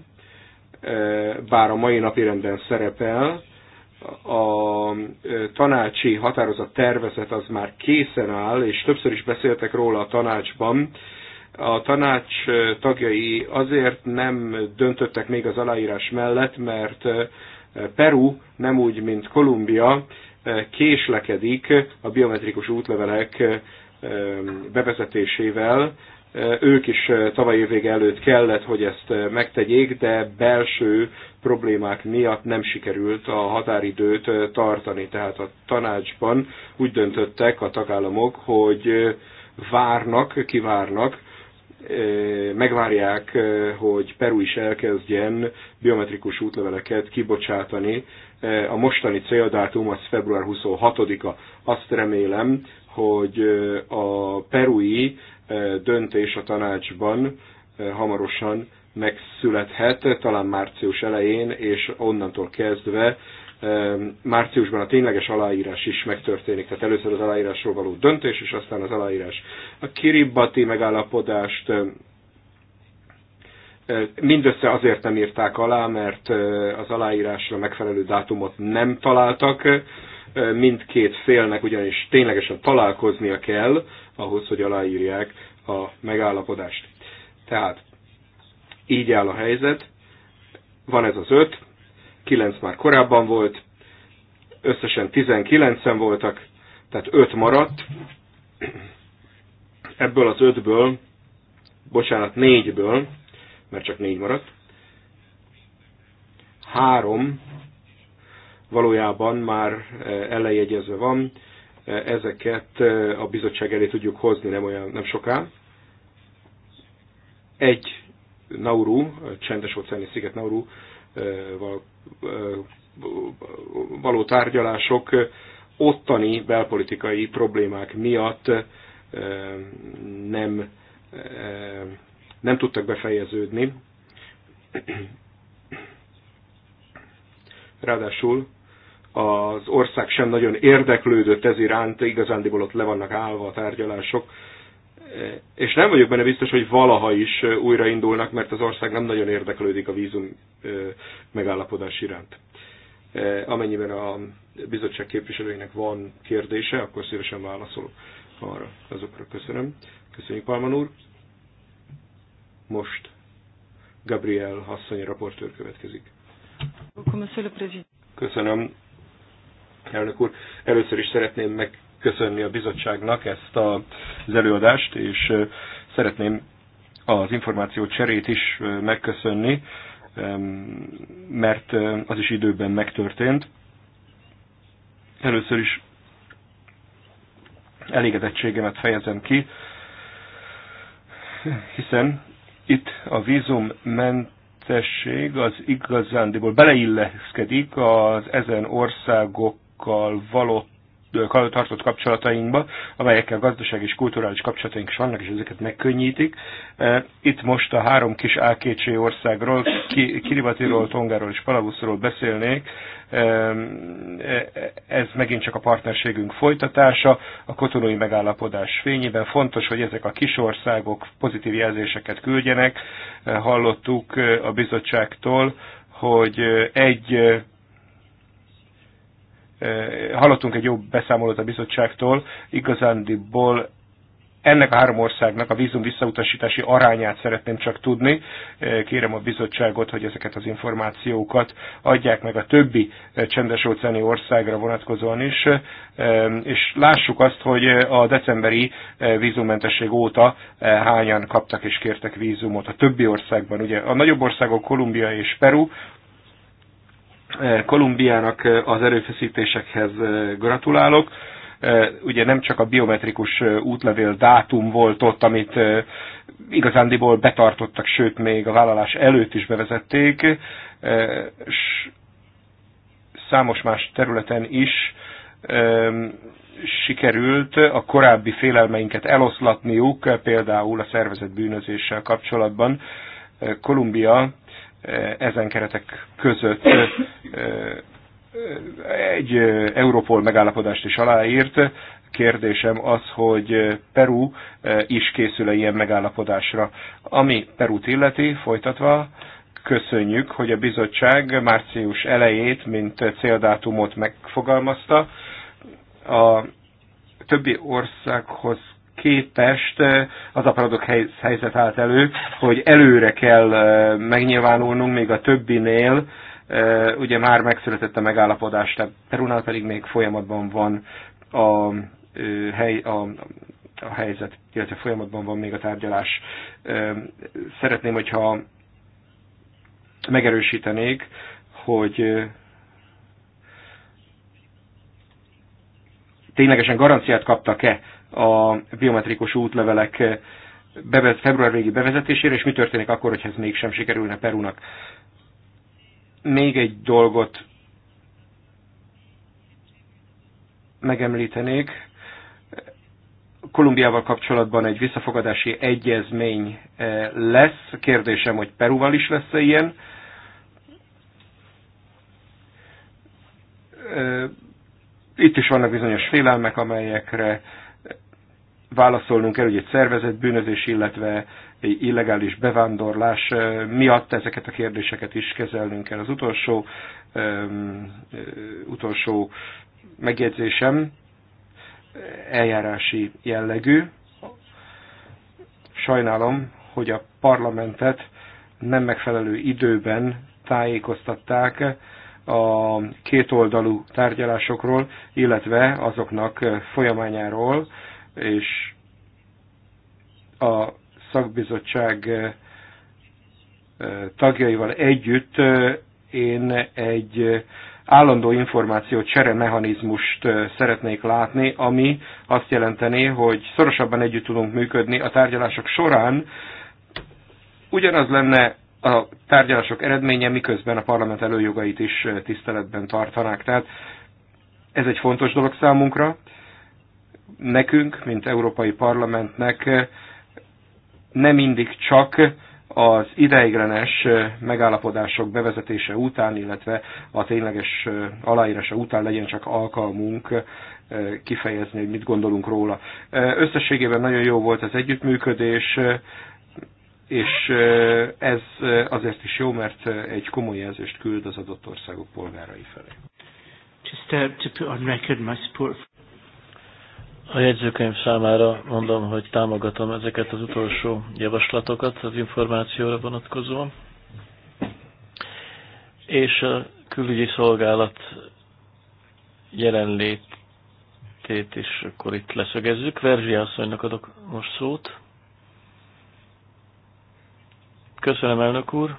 e, bár a mai napirenden szerepel, a e, tanácsi határozat tervezet az már készen áll, és többször is beszéltek róla a tanácsban. A tanács tagjai azért nem döntöttek még az aláírás mellett, mert Peru nem úgy, mint Kolumbia eh, késlekedik a biometrikus útlevelek eh, bevezetésével. Eh, ők is tavaly évvége előtt kellett, hogy ezt megtegyék, de belső problémák miatt nem sikerült a határidőt tartani. Tehát a tanácsban úgy döntöttek a tagállamok, hogy várnak, kivárnak Eh, megvárják, eh, hogy Peru is elkezdjen biometrikus útleveleket kibocsátani. Eh, a mostani céldátum az február 26-a. Azt remélem, hogy a perui döntés a tanácsban hamarosan megszülethet, talán március elején, és onnantól kezdve Ehm, márciusban a tényleges aláírás is megtörténik, tehát először az aláírásról való döntés, és aztán az aláírás. A Kiribati megállapodást ehm, ehm, mindössze azért nem írták alá, mert az aláírásra megfelelő dátumot nem találtak, mindkét félnek ugyanis ténylegesen találkoznia kell ahhoz, hogy aláírják a megállapodást. Tehát így áll a helyzet, van ez az öt, kilenc már korábban volt, összesen 19-en voltak, tehát 5 maradt. Ebből az 5-ből, bocsánat, 4-ből, mert csak 4 maradt, három valójában már e, elejegyezve van, e, ezeket e, a bizottság elé tudjuk hozni nem, olyan, nem soká. Egy Nauru, csendes óceáni sziget Nauru való tárgyalások ottani belpolitikai problémák miatt nem, nem tudtak befejeződni. Ráadásul az ország sem nagyon érdeklődött ez iránt, igazándiból ott le vannak állva a tárgyalások, és nem vagyok benne biztos, hogy valaha is újraindulnak, mert az ország nem nagyon érdeklődik a vízum megállapodás iránt. Amennyiben a bizottság képviselőinek van kérdése, akkor szívesen válaszolok arra. Azokra köszönöm. Köszönjük, Palman úr. Most Gabriel Hasszony raportőr következik. Köszönöm, elnök úr. Először is szeretném meg köszönni a bizottságnak ezt az előadást, és szeretném az információ cserét is megköszönni, mert az is időben megtörtént. Először is elégedettségemet fejezem ki, hiszen itt a vízummentesség az igazándiból beleilleszkedik az ezen országokkal való tartott kapcsolatainkba, amelyekkel gazdasági és kulturális kapcsolataink is vannak, és ezeket megkönnyítik. E, itt most a három kis AKC országról, Kiribatiról, Tongáról és Palavuszról beszélnék. E, e, ez megint csak a partnerségünk folytatása. A kotonói megállapodás fényében fontos, hogy ezek a kis országok pozitív jelzéseket küldjenek. Hallottuk a bizottságtól, hogy egy Eh, hallottunk egy jó beszámolót a bizottságtól, igazándiból ennek a három országnak a vízum visszautasítási arányát szeretném csak tudni. Eh, kérem a bizottságot, hogy ezeket az információkat adják meg a többi eh, csendes óceáni országra vonatkozóan is, és lássuk azt, hogy a decemberi vízummentesség óta hányan kaptak és kértek vízumot a többi országban. Ugye a nagyobb országok Kolumbia és Peru, Eh, Kolumbiának eh, az erőfeszítésekhez eh, gratulálok. Ugye nem csak a biometrikus útlevél dátum volt ott, amit igazándiból betartottak, sőt még a vállalás előtt is bevezették, és számos más területen is sikerült a korábbi félelmeinket eloszlatniuk, például a szervezetbűnözéssel bűnözéssel kapcsolatban. Kolumbia Eh, ezen keretek között eh, eh, egy Europol megállapodást is aláírt. Kérdésem az, hogy Peru is készül-e ilyen megállapodásra. Ami Peru illeti, folytatva, köszönjük, hogy a bizottság március elejét, mint céldátumot megfogalmazta. A többi országhoz képest az a paradox helyzet állt elő, hogy előre kell megnyilvánulnunk még a többinél, ugye már megszületett a megállapodás, tehát Perunál pedig még folyamatban van a, hely, a, a helyzet, illetve folyamatban van még a tárgyalás. Szeretném, hogyha megerősítenék, hogy ténylegesen garanciát kaptak-e a biometrikus útlevelek február végi bevezetésére, és mi történik akkor, hogyha ez mégsem sikerülne Perúnak. Még egy dolgot megemlítenék. Kolumbiával kapcsolatban egy visszafogadási egyezmény eh, lesz. Kérdésem, hogy Perúval is lesz-e ilyen. Eh, itt is vannak bizonyos félelmek, amelyekre válaszolnunk kell, hogy egy szervezet bűnözés, illetve illegális bevándorlás miatt ezeket a kérdéseket is kezelnünk kell. Az utolsó, utolsó megjegyzésem eljárási jellegű. Sajnálom, hogy a parlamentet nem megfelelő időben tájékoztatták a kétoldalú tárgyalásokról, illetve azoknak folyamányáról, és a szakbizottság eh, eh, tagjaival együtt eh, én egy állandó információ csere mechanizmust szeretnék látni, ami azt jelenteni, hogy szorosabban együtt tudunk működni a tárgyalások során. Ugyanaz lenne a tárgyalások eredménye, miközben a parlament előjogait is tiszteletben tartanák. Tehát ez egy fontos dolog számunkra nekünk, mint Európai Parlamentnek nem mindig csak az ideiglenes megállapodások bevezetése után, illetve a tényleges aláírása után legyen csak alkalmunk eh, kifejezni, hogy mit gondolunk róla. Eh, összességében nagyon jó volt az együttműködés, eh, és ez azért is jó, mert egy komoly jelzést küld az adott országok polgárai felé. Just to, to put on record my support. A jegyzőkönyv számára mondom, hogy támogatom ezeket az utolsó javaslatokat az információra vonatkozóan. És a külügyi szolgálat jelenlétét is akkor itt leszögezzük. Verzsi asszonynak adok most szót. Köszönöm, elnök úr.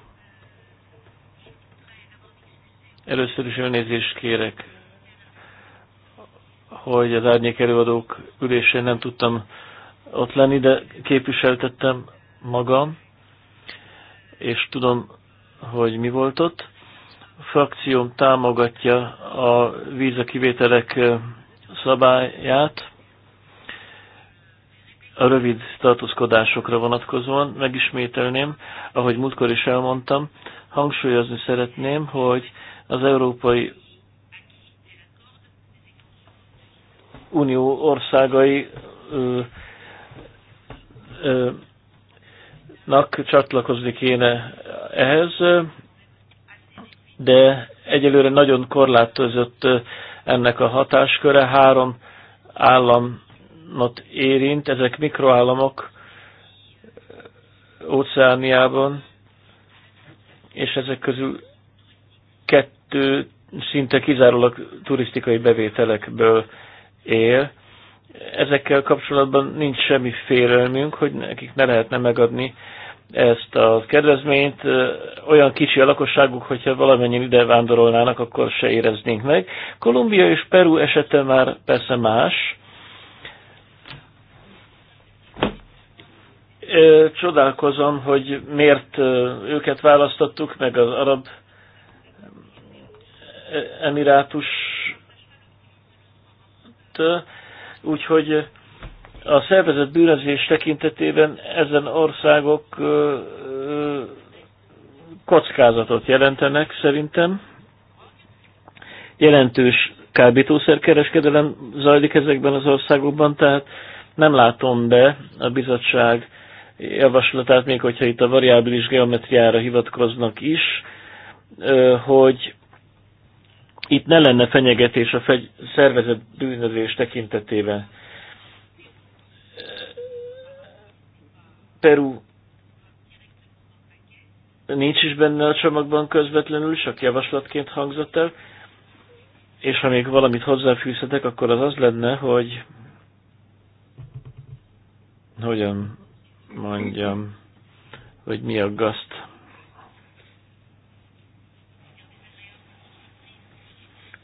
Először is elnézést kérek hogy az árnyék előadók ülésén nem tudtam ott lenni, de képviseltettem magam, és tudom, hogy mi volt ott. A frakcióm támogatja a víza kivételek szabályát, a rövid tartózkodásokra vonatkozóan megismételném, ahogy múltkor is elmondtam, hangsúlyozni szeretném, hogy az Európai Unió országai nak csatlakozni kéne ehhez, de egyelőre nagyon korlátozott ennek a hatásköre. Három államot érint, ezek mikroállamok óceániában, és ezek közül kettő szinte kizárólag turisztikai bevételekből él. Ezekkel kapcsolatban nincs semmi félelmünk, hogy nekik ne lehetne megadni ezt a kedvezményt. Olyan kicsi a lakosságuk, hogyha valamennyien ide vándorolnának, akkor se éreznénk meg. Kolumbia és Peru esete már persze más. Csodálkozom, hogy miért őket választottuk, meg az arab emirátus úgyhogy a szervezett bűnözés tekintetében ezen országok kockázatot jelentenek szerintem. Jelentős kábítószerkereskedelem zajlik ezekben az országokban, tehát nem látom be a bizottság javaslatát, még hogyha itt a variábilis geometriára hivatkoznak is, hogy itt ne lenne fenyegetés a fegy, szervezet bűnözés tekintetében. Peru nincs is benne a csomagban közvetlenül, csak javaslatként hangzott el, és ha még valamit hozzáfűzhetek, akkor az az lenne, hogy hogyan mondjam, hogy mi a aggaszt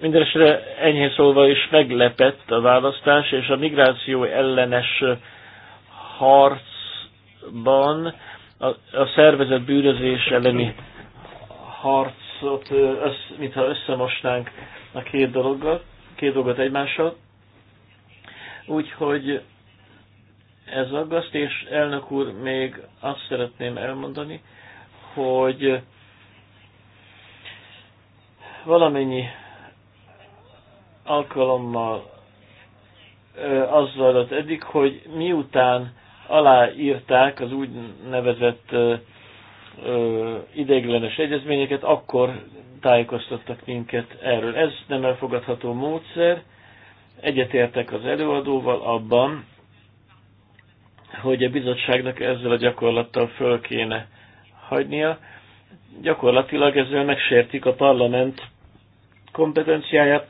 Mindenesetre enyhén szólva is meglepett a választás, és a migráció ellenes harcban a, a szervezet bűnözés elleni harcot, össz, mintha összemosnánk a két, dologgal, két dolgot egymással. Úgyhogy ez aggaszt, és elnök úr, még azt szeretném elmondani, hogy valamennyi alkalommal az zajlott eddig, hogy miután aláírták az úgynevezett ideiglenes egyezményeket, akkor tájékoztattak minket erről. Ez nem elfogadható módszer. Egyetértek az előadóval abban, hogy a bizottságnak ezzel a gyakorlattal föl kéne hagynia. Gyakorlatilag ezzel megsértik a parlament kompetenciáját,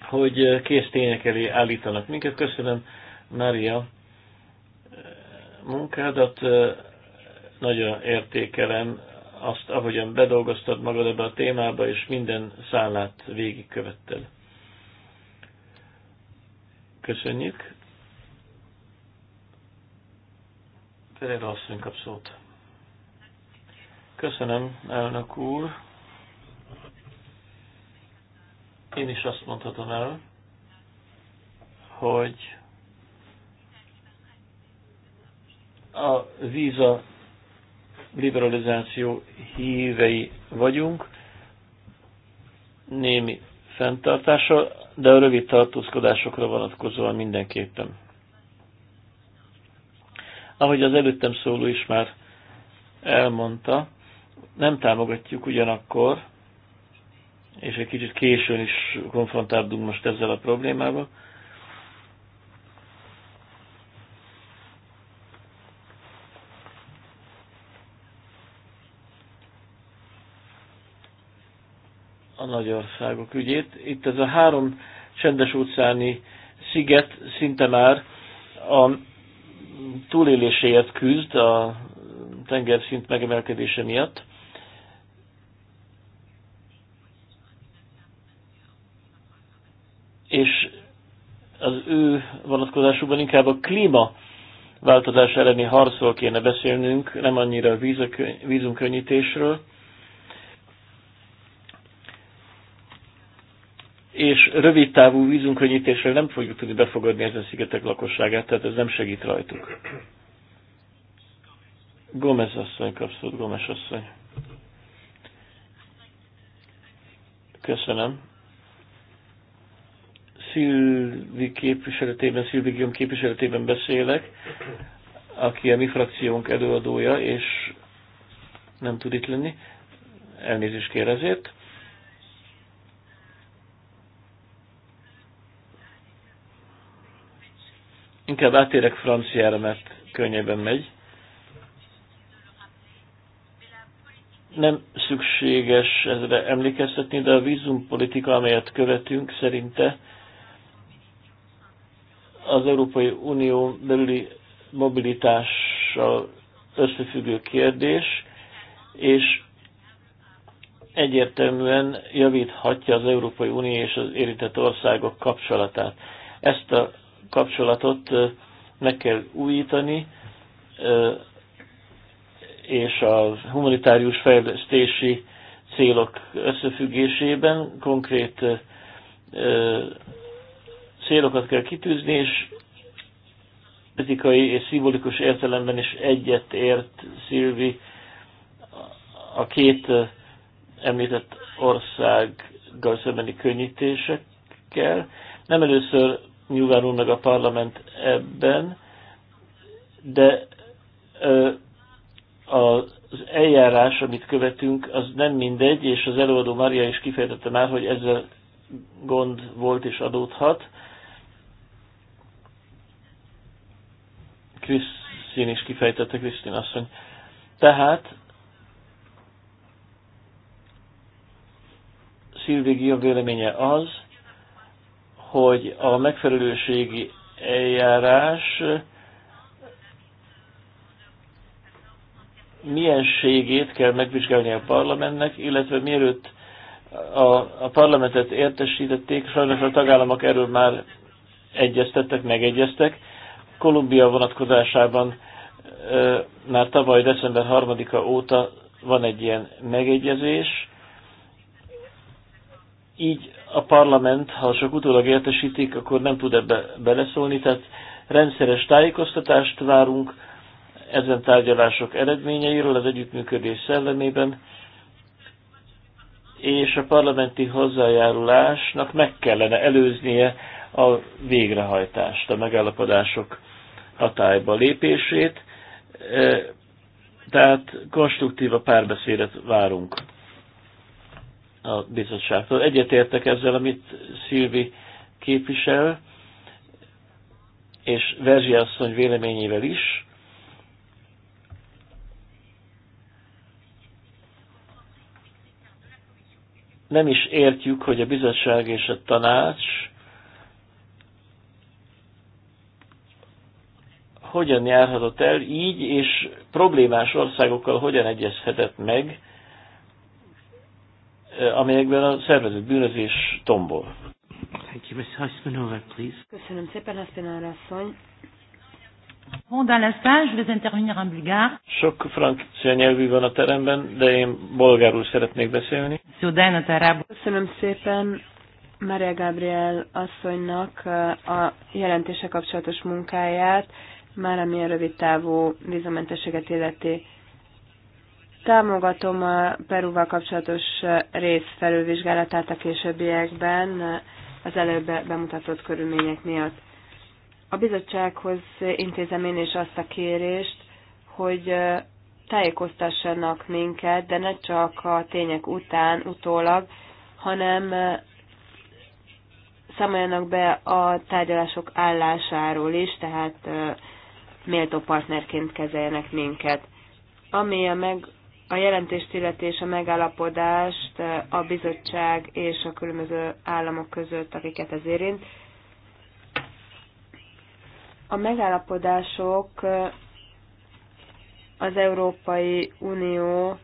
hogy eh, kész tények elé állítanak minket. Köszönöm, Mária, eh, munkádat. Eh, nagyon értékelem azt, ahogyan bedolgoztad magad ebbe a témába, és minden szállát végigkövetted. Köszönjük. Ferreira asszony kap szót. Köszönöm, elnök úr én is azt mondhatom el, hogy a víza liberalizáció hívei vagyunk, némi fenntartása, de a rövid tartózkodásokra vonatkozóan mindenképpen. Ahogy az előttem szóló is már elmondta, nem támogatjuk ugyanakkor és egy kicsit későn is konfrontáltunk most ezzel a problémával. A nagy országok ügyét. Itt ez a három csendes óceáni sziget szinte már a túléléséért küzd a tengerszint megemelkedése miatt. ő vonatkozásukban inkább a klíma változás elleni harcról kéne beszélnünk, nem annyira a vízumkönnyítésről. És rövid távú vízumkönnyítésről nem fogjuk tudni befogadni ezen szigetek lakosságát, tehát ez nem segít rajtuk. Gomez asszony kapszott, Gomez asszony. Köszönöm. Szilvi képviseletében, Szilvi Gion képviseletében beszélek, aki a mi frakciónk előadója, és nem tud itt lenni. Elnézést kér ezért. Inkább átérek franciára, mert könnyebben megy. nem szükséges ezre emlékeztetni, de a vízumpolitika, amelyet követünk, szerinte az Európai Unió belüli mobilitással összefüggő kérdés, és egyértelműen javíthatja az Európai Unió és az érintett országok kapcsolatát. Ezt a kapcsolatot meg kell újítani, és a humanitárius fejlesztési célok összefüggésében konkrét célokat kell kitűzni, és fizikai és szimbolikus értelemben is egyet ért Szilvi a két említett országgal szembeni könnyítésekkel. Nem először nyilvánul meg a parlament ebben, de az eljárás, amit követünk, az nem mindegy, és az előadó Maria is kifejtette már, hogy ezzel gond volt és adódhat. Krisztin is kifejtette, Krisztin asszony. Tehát Szilvi Guillaume véleménye az, hogy a megfelelőségi eljárás mienségét kell megvizsgálni a parlamentnek, illetve mielőtt a, a parlamentet értesítették, sajnos a tagállamok erről már egyeztettek, megegyeztek, Kolumbia vonatkozásában már tavaly december 3-a óta van egy ilyen megegyezés. Így a parlament, ha csak utólag értesítik, akkor nem tud ebbe beleszólni, tehát rendszeres tájékoztatást várunk ezen tárgyalások eredményeiről az együttműködés szellemében, és a parlamenti hozzájárulásnak meg kellene előznie a végrehajtást, a megállapodások hatályba lépését, e, tehát konstruktív a párbeszédet várunk a bizottságtól. Egyetértek ezzel, amit Szilvi képvisel, és Verzsi asszony véleményével is. Nem is értjük, hogy a bizottság és a tanács hogyan járhatott el így, és problémás országokkal hogyan egyezhetett meg, eh, amelyekben a szervezett bűnözés tombol. Köszönöm szépen, Aszpinóra asszony. Sok francia nyelvű van a teremben, de én bolgárul szeretnék beszélni. Köszönöm szépen Maria Gabriel asszonynak eh, a jelentése kapcsolatos munkáját már ami a rövid távú vízamentességet illeti. Támogatom a Perúval kapcsolatos rész felülvizsgálatát a későbbiekben az előbb bemutatott körülmények miatt. A bizottsághoz intézem én is azt a kérést, hogy tájékoztassanak minket, de ne csak a tények után, utólag, hanem számoljanak be a tárgyalások állásáról is, tehát méltó partnerként kezeljenek minket. Ami a, meg, a jelentést illeti és a megállapodást a bizottság és a különböző államok között, akiket ez érint, a megállapodások az Európai Unió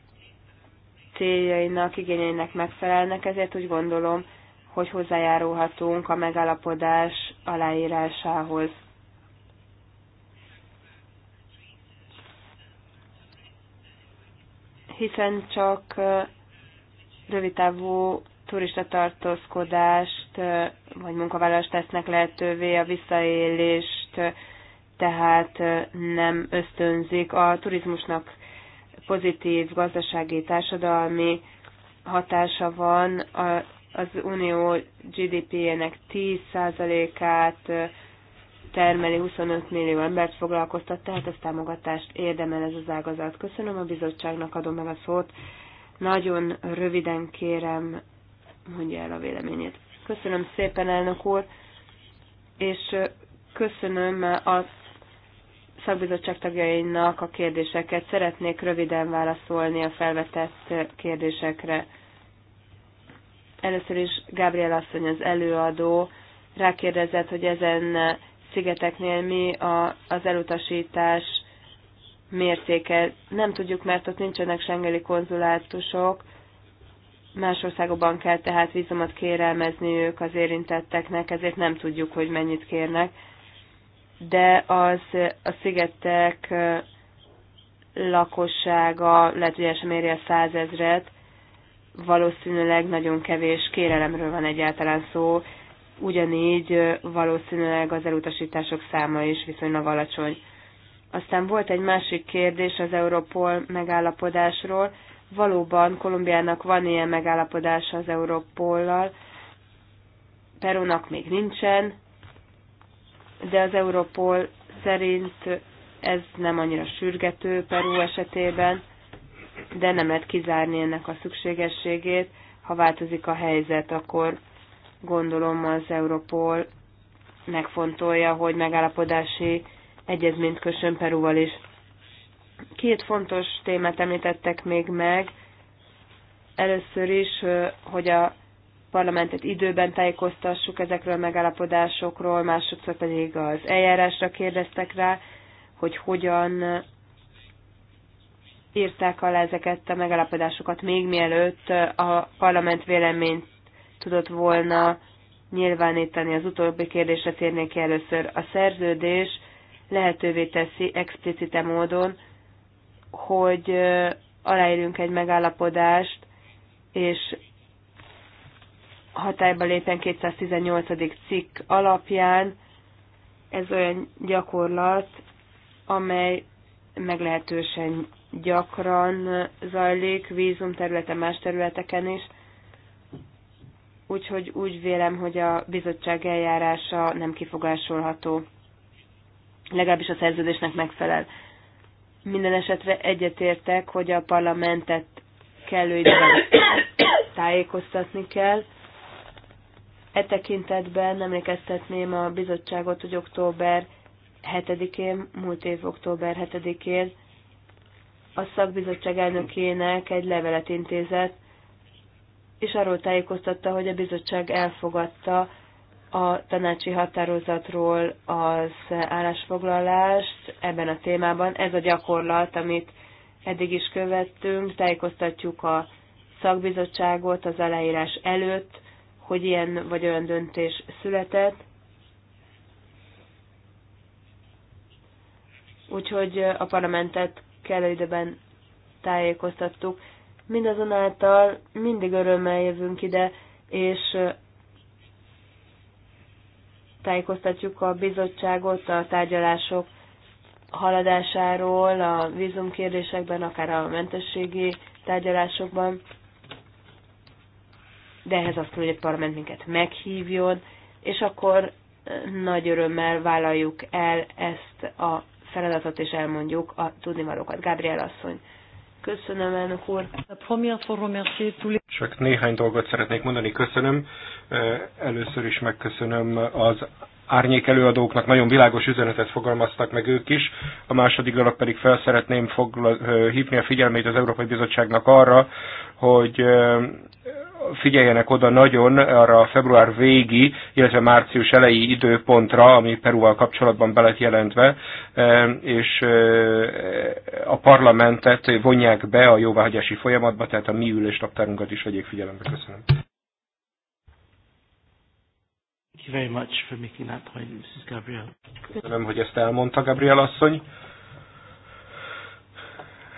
céljainak, igényeinek megfelelnek, ezért úgy gondolom, hogy hozzájárulhatunk a megállapodás aláírásához. hiszen csak rövidtávú turista tartózkodást vagy munkavállalást tesznek lehetővé a visszaélést, tehát nem ösztönzik a turizmusnak pozitív gazdasági, társadalmi hatása van, az unió GDP-jének 10%-át termeli 25 millió embert foglalkoztat, tehát ezt támogatást érdemel ez az ágazat. Köszönöm a bizottságnak, adom meg a szót. Nagyon röviden kérem, mondja el a véleményét. Köszönöm szépen, elnök úr, és köszönöm a szakbizottság tagjainak a kérdéseket. Szeretnék röviden válaszolni a felvetett kérdésekre. Először is Gábriel asszony az előadó rákérdezett, hogy ezen szigeteknél mi a, az elutasítás mértéke. Nem tudjuk, mert ott nincsenek sengeli konzulátusok, más országokban kell tehát vízumot kérelmezni ők az érintetteknek, ezért nem tudjuk, hogy mennyit kérnek. De az a szigetek lakossága lehet, hogy el sem érje a százezret, valószínűleg nagyon kevés kérelemről van egyáltalán szó, ugyanígy valószínűleg az elutasítások száma is viszonylag alacsony. Aztán volt egy másik kérdés az Europol megállapodásról. Valóban Kolumbiának van ilyen megállapodása az Europollal, Perónak még nincsen, de az Europol szerint ez nem annyira sürgető Peru esetében, de nem lehet kizárni ennek a szükségességét. Ha változik a helyzet, akkor gondolom az Europol megfontolja, hogy megállapodási egyezményt kössön Perúval is. Két fontos témát említettek még meg. Először is, hogy a parlamentet időben tájékoztassuk ezekről a megállapodásokról, másodszor pedig az eljárásra kérdeztek rá, hogy hogyan írták alá ezeket a megállapodásokat még mielőtt a parlament véleményt tudott volna nyilvánítani. Az utóbbi kérdésre térnék ki először. A szerződés lehetővé teszi explicite módon, hogy aláírjunk egy megállapodást, és hatályba lépen 218. cikk alapján ez olyan gyakorlat, amely meglehetősen gyakran zajlik vízum területen, más területeken is úgyhogy úgy vélem, hogy a bizottság eljárása nem kifogásolható. Legalábbis a szerződésnek megfelel. Minden esetre egyetértek, hogy a parlamentet kellő időben tájékoztatni kell. E tekintetben emlékeztetném a bizottságot, hogy október 7-én, múlt év október 7-én a szakbizottság elnökének egy levelet intézett, és arról tájékoztatta, hogy a bizottság elfogadta a tanácsi határozatról az állásfoglalást ebben a témában. Ez a gyakorlat, amit eddig is követtünk, tájékoztatjuk a szakbizottságot az aláírás előtt, hogy ilyen vagy olyan döntés született. Úgyhogy a parlamentet kellő időben tájékoztattuk. Mindazonáltal mindig örömmel jövünk ide, és tájékoztatjuk a bizottságot a tárgyalások haladásáról, a vízumkérdésekben, akár a mentességi tárgyalásokban. De ehhez azt kell, hogy a parlament minket meghívjon, és akkor nagy örömmel vállaljuk el ezt a feladatot, és elmondjuk a tudnivalókat. Gabriel asszony. Köszönöm, elnök úr. Csak néhány dolgot szeretnék mondani. Köszönöm. Először is megköszönöm az árnyék előadóknak nagyon világos üzenetet fogalmaztak meg ők is. A második dolog pedig fel szeretném fogla, hívni a figyelmét az Európai Bizottságnak arra, hogy figyeljenek oda nagyon arra a február végi, illetve március elejé időpontra, ami Perúval kapcsolatban be lett jelentve, e, és e, a parlamentet vonják be a jóváhagyási folyamatba, tehát a mi ülésnaptárunkat is vegyék figyelembe. Köszönöm. Köszönöm, hogy ezt elmondta Gabriel asszony.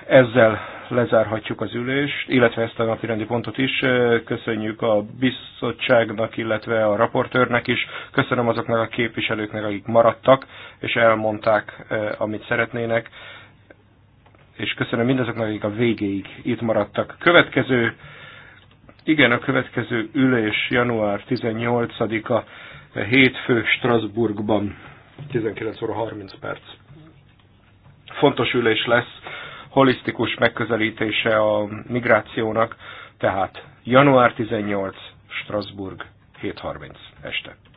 Ezzel lezárhatjuk az ülést, illetve ezt a rendi pontot is. Köszönjük a bizottságnak, illetve a raportőrnek is. Köszönöm azoknak a képviselőknek, akik maradtak, és elmondták, eh, amit szeretnének. És köszönöm mindazoknak, akik a végéig itt maradtak. Következő, igen, a következő ülés január 18-a eh, hétfő Strasbourgban, 19 óra 30 perc. Fontos ülés lesz, holisztikus megközelítése a migrációnak, tehát január 18, Strasbourg, 7.30 este.